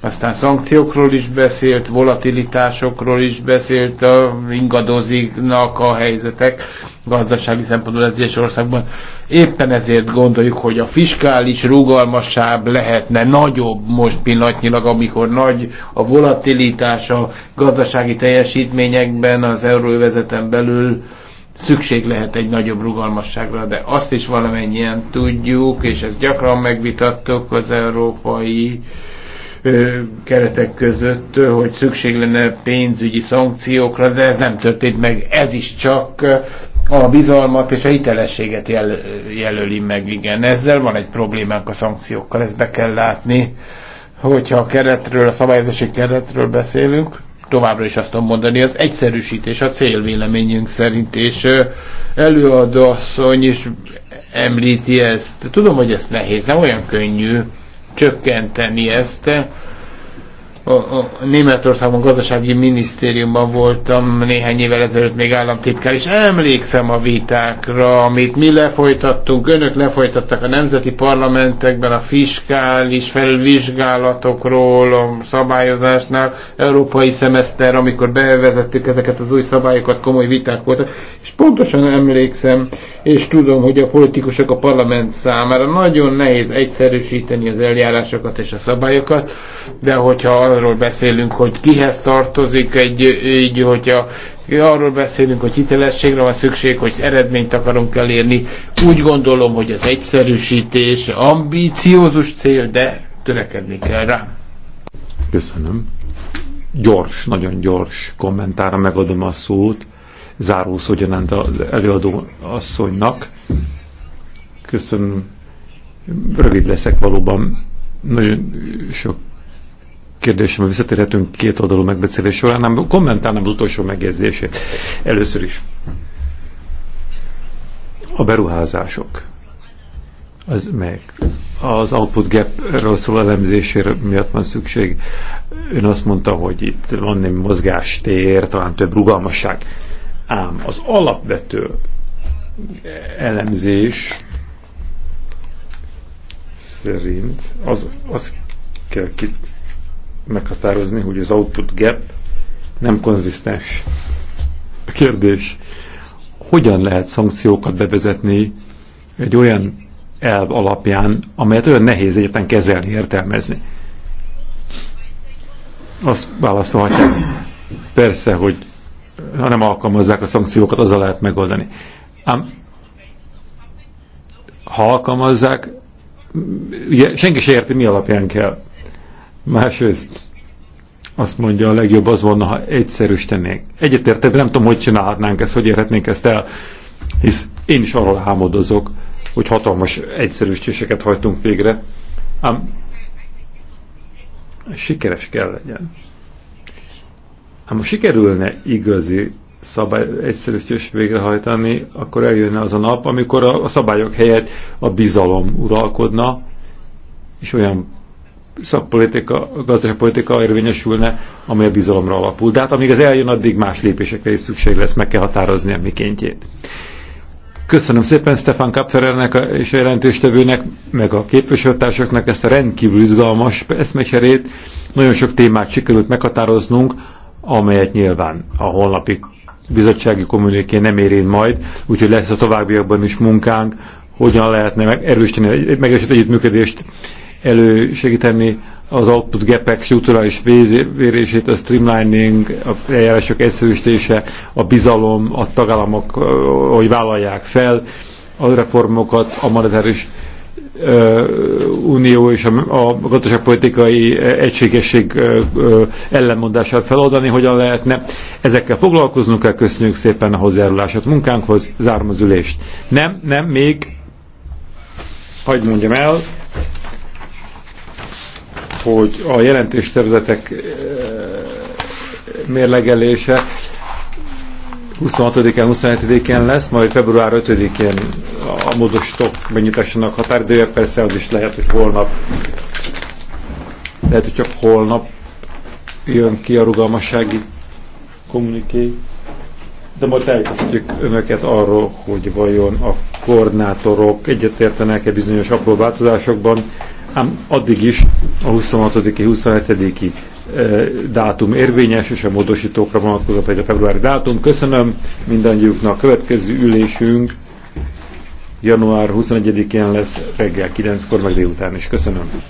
Aztán szankciókról is beszélt, volatilitásokról is beszélt, a ingadoziknak a helyzetek gazdasági szempontból az egyes országban. Éppen ezért gondoljuk, hogy a fiskális rugalmasság lehetne nagyobb most pillanatnyilag, amikor nagy a volatilitás a gazdasági teljesítményekben az euróvezeten belül szükség lehet egy nagyobb rugalmasságra, de azt is valamennyien tudjuk, és ezt gyakran megvitattuk az európai keretek között, hogy szükség lenne pénzügyi szankciókra, de ez nem történt meg. Ez is csak a bizalmat és a hitelességet jel, jelöli meg, igen. Ezzel van egy problémánk a szankciókkal, ezt be kell látni. Hogyha a keretről, a szabályozási keretről beszélünk, továbbra is azt tudom mondani, az egyszerűsítés a célvéleményünk szerint, és előadó asszony is említi ezt. Tudom, hogy ez nehéz, nem olyan könnyű, csökkenteni ezt a, a Németországban gazdasági minisztériumban voltam néhány évvel ezelőtt még államtitkár, és emlékszem a vitákra, amit mi lefolytattunk, önök lefolytattak a nemzeti parlamentekben a fiskális felvizsgálatokról, a szabályozásnál, európai szemeszter, amikor bevezettük ezeket az új szabályokat, komoly viták voltak, és pontosan emlékszem, és tudom, hogy a politikusok a parlament számára nagyon nehéz egyszerűsíteni az eljárásokat és a szabályokat, de hogyha arról beszélünk, hogy kihez tartozik egy ügy, hogyha arról beszélünk, hogy hitelességre van szükség, hogy eredményt akarunk elérni. Úgy gondolom, hogy az egyszerűsítés ambíciózus cél, de törekedni kell rá. Köszönöm. Gyors, nagyon gyors kommentára megadom a szót. Zárósz hogy az előadó asszonynak. Köszönöm. Rövid leszek valóban. Nagyon sok kérdésemre visszatérhetünk két oldalú megbeszélés során, hanem kommentálnám az utolsó megjegyzését. Először is. A beruházások, az meg az output gap-ről szól elemzésére miatt van szükség. Ön azt mondta, hogy itt van némi mozgástér, talán több rugalmasság. Ám az alapvető elemzés szerint az, az kell ki meghatározni, hogy az output gap nem konzisztens. A kérdés, hogyan lehet szankciókat bevezetni egy olyan elv alapján, amelyet olyan nehéz egyetlen kezelni, értelmezni. Azt válaszolhatják, persze, hogy ha nem alkalmazzák a szankciókat, azzal lehet megoldani. Ám ha alkalmazzák, ugye senki se érti, mi alapján kell Másrészt azt mondja, a legjobb az volna, ha egyszerűsítenék. Egyetértek, nem tudom, hogy csinálhatnánk ezt, hogy érhetnénk ezt el, hisz én is arról hámodozok, hogy hatalmas egyszerűsítéseket hajtunk végre, ám sikeres kell legyen. Ám ha sikerülne igazi szabály egyszerűsítés végrehajtani, akkor eljönne az a nap, amikor a, a szabályok helyett a bizalom uralkodna, és olyan szakpolitika, gazdaságpolitika érvényesülne, amely a bizalomra alapul. De hát amíg ez eljön, addig más lépésekre is szükség lesz, meg kell határozni a mikéntjét. Köszönöm szépen Stefan Kapferernek és a jelentőstevőnek, meg a képviselőtársaknak ezt a rendkívül izgalmas eszmecserét. Nagyon sok témát sikerült meghatároznunk, amelyet nyilván a holnapi bizottsági kommuniké nem érint majd, úgyhogy lesz a továbbiakban is munkánk, hogyan lehetne megerősíteni, erősíteni, megerősíteni együttműködést elősegíteni az output gapek strukturális vérését, a streamlining, a eljárások egyszerűsítése, a bizalom, a tagállamok, hogy vállalják fel a reformokat, a monetáris unió és a, a gazdaságpolitikai egységesség ellenmondását feladani, hogyan lehetne. Ezekkel foglalkoznunk kell, köszönjük szépen a hozzájárulását munkánkhoz, zárom az ülést. Nem, nem, még, hagyd mondjam el, hogy a jelentéstervezetek eh, mérlegelése 26-án, 27-én lesz, majd február 5-én a módosítók megnyitásának határidője, persze az is lehet, hogy holnap lehet, hogy csak holnap jön ki a rugalmassági kommuniké, de majd tájékoztatjuk önöket arról, hogy vajon a koordinátorok egyetértenek-e bizonyos apró változásokban, ám addig is a 26 27-i e, dátum érvényes, és a módosítókra vonatkozó pedig a februári dátum. Köszönöm mindannyiuknak. A következő ülésünk január 21-én lesz reggel 9-kor, meg délután is. Köszönöm.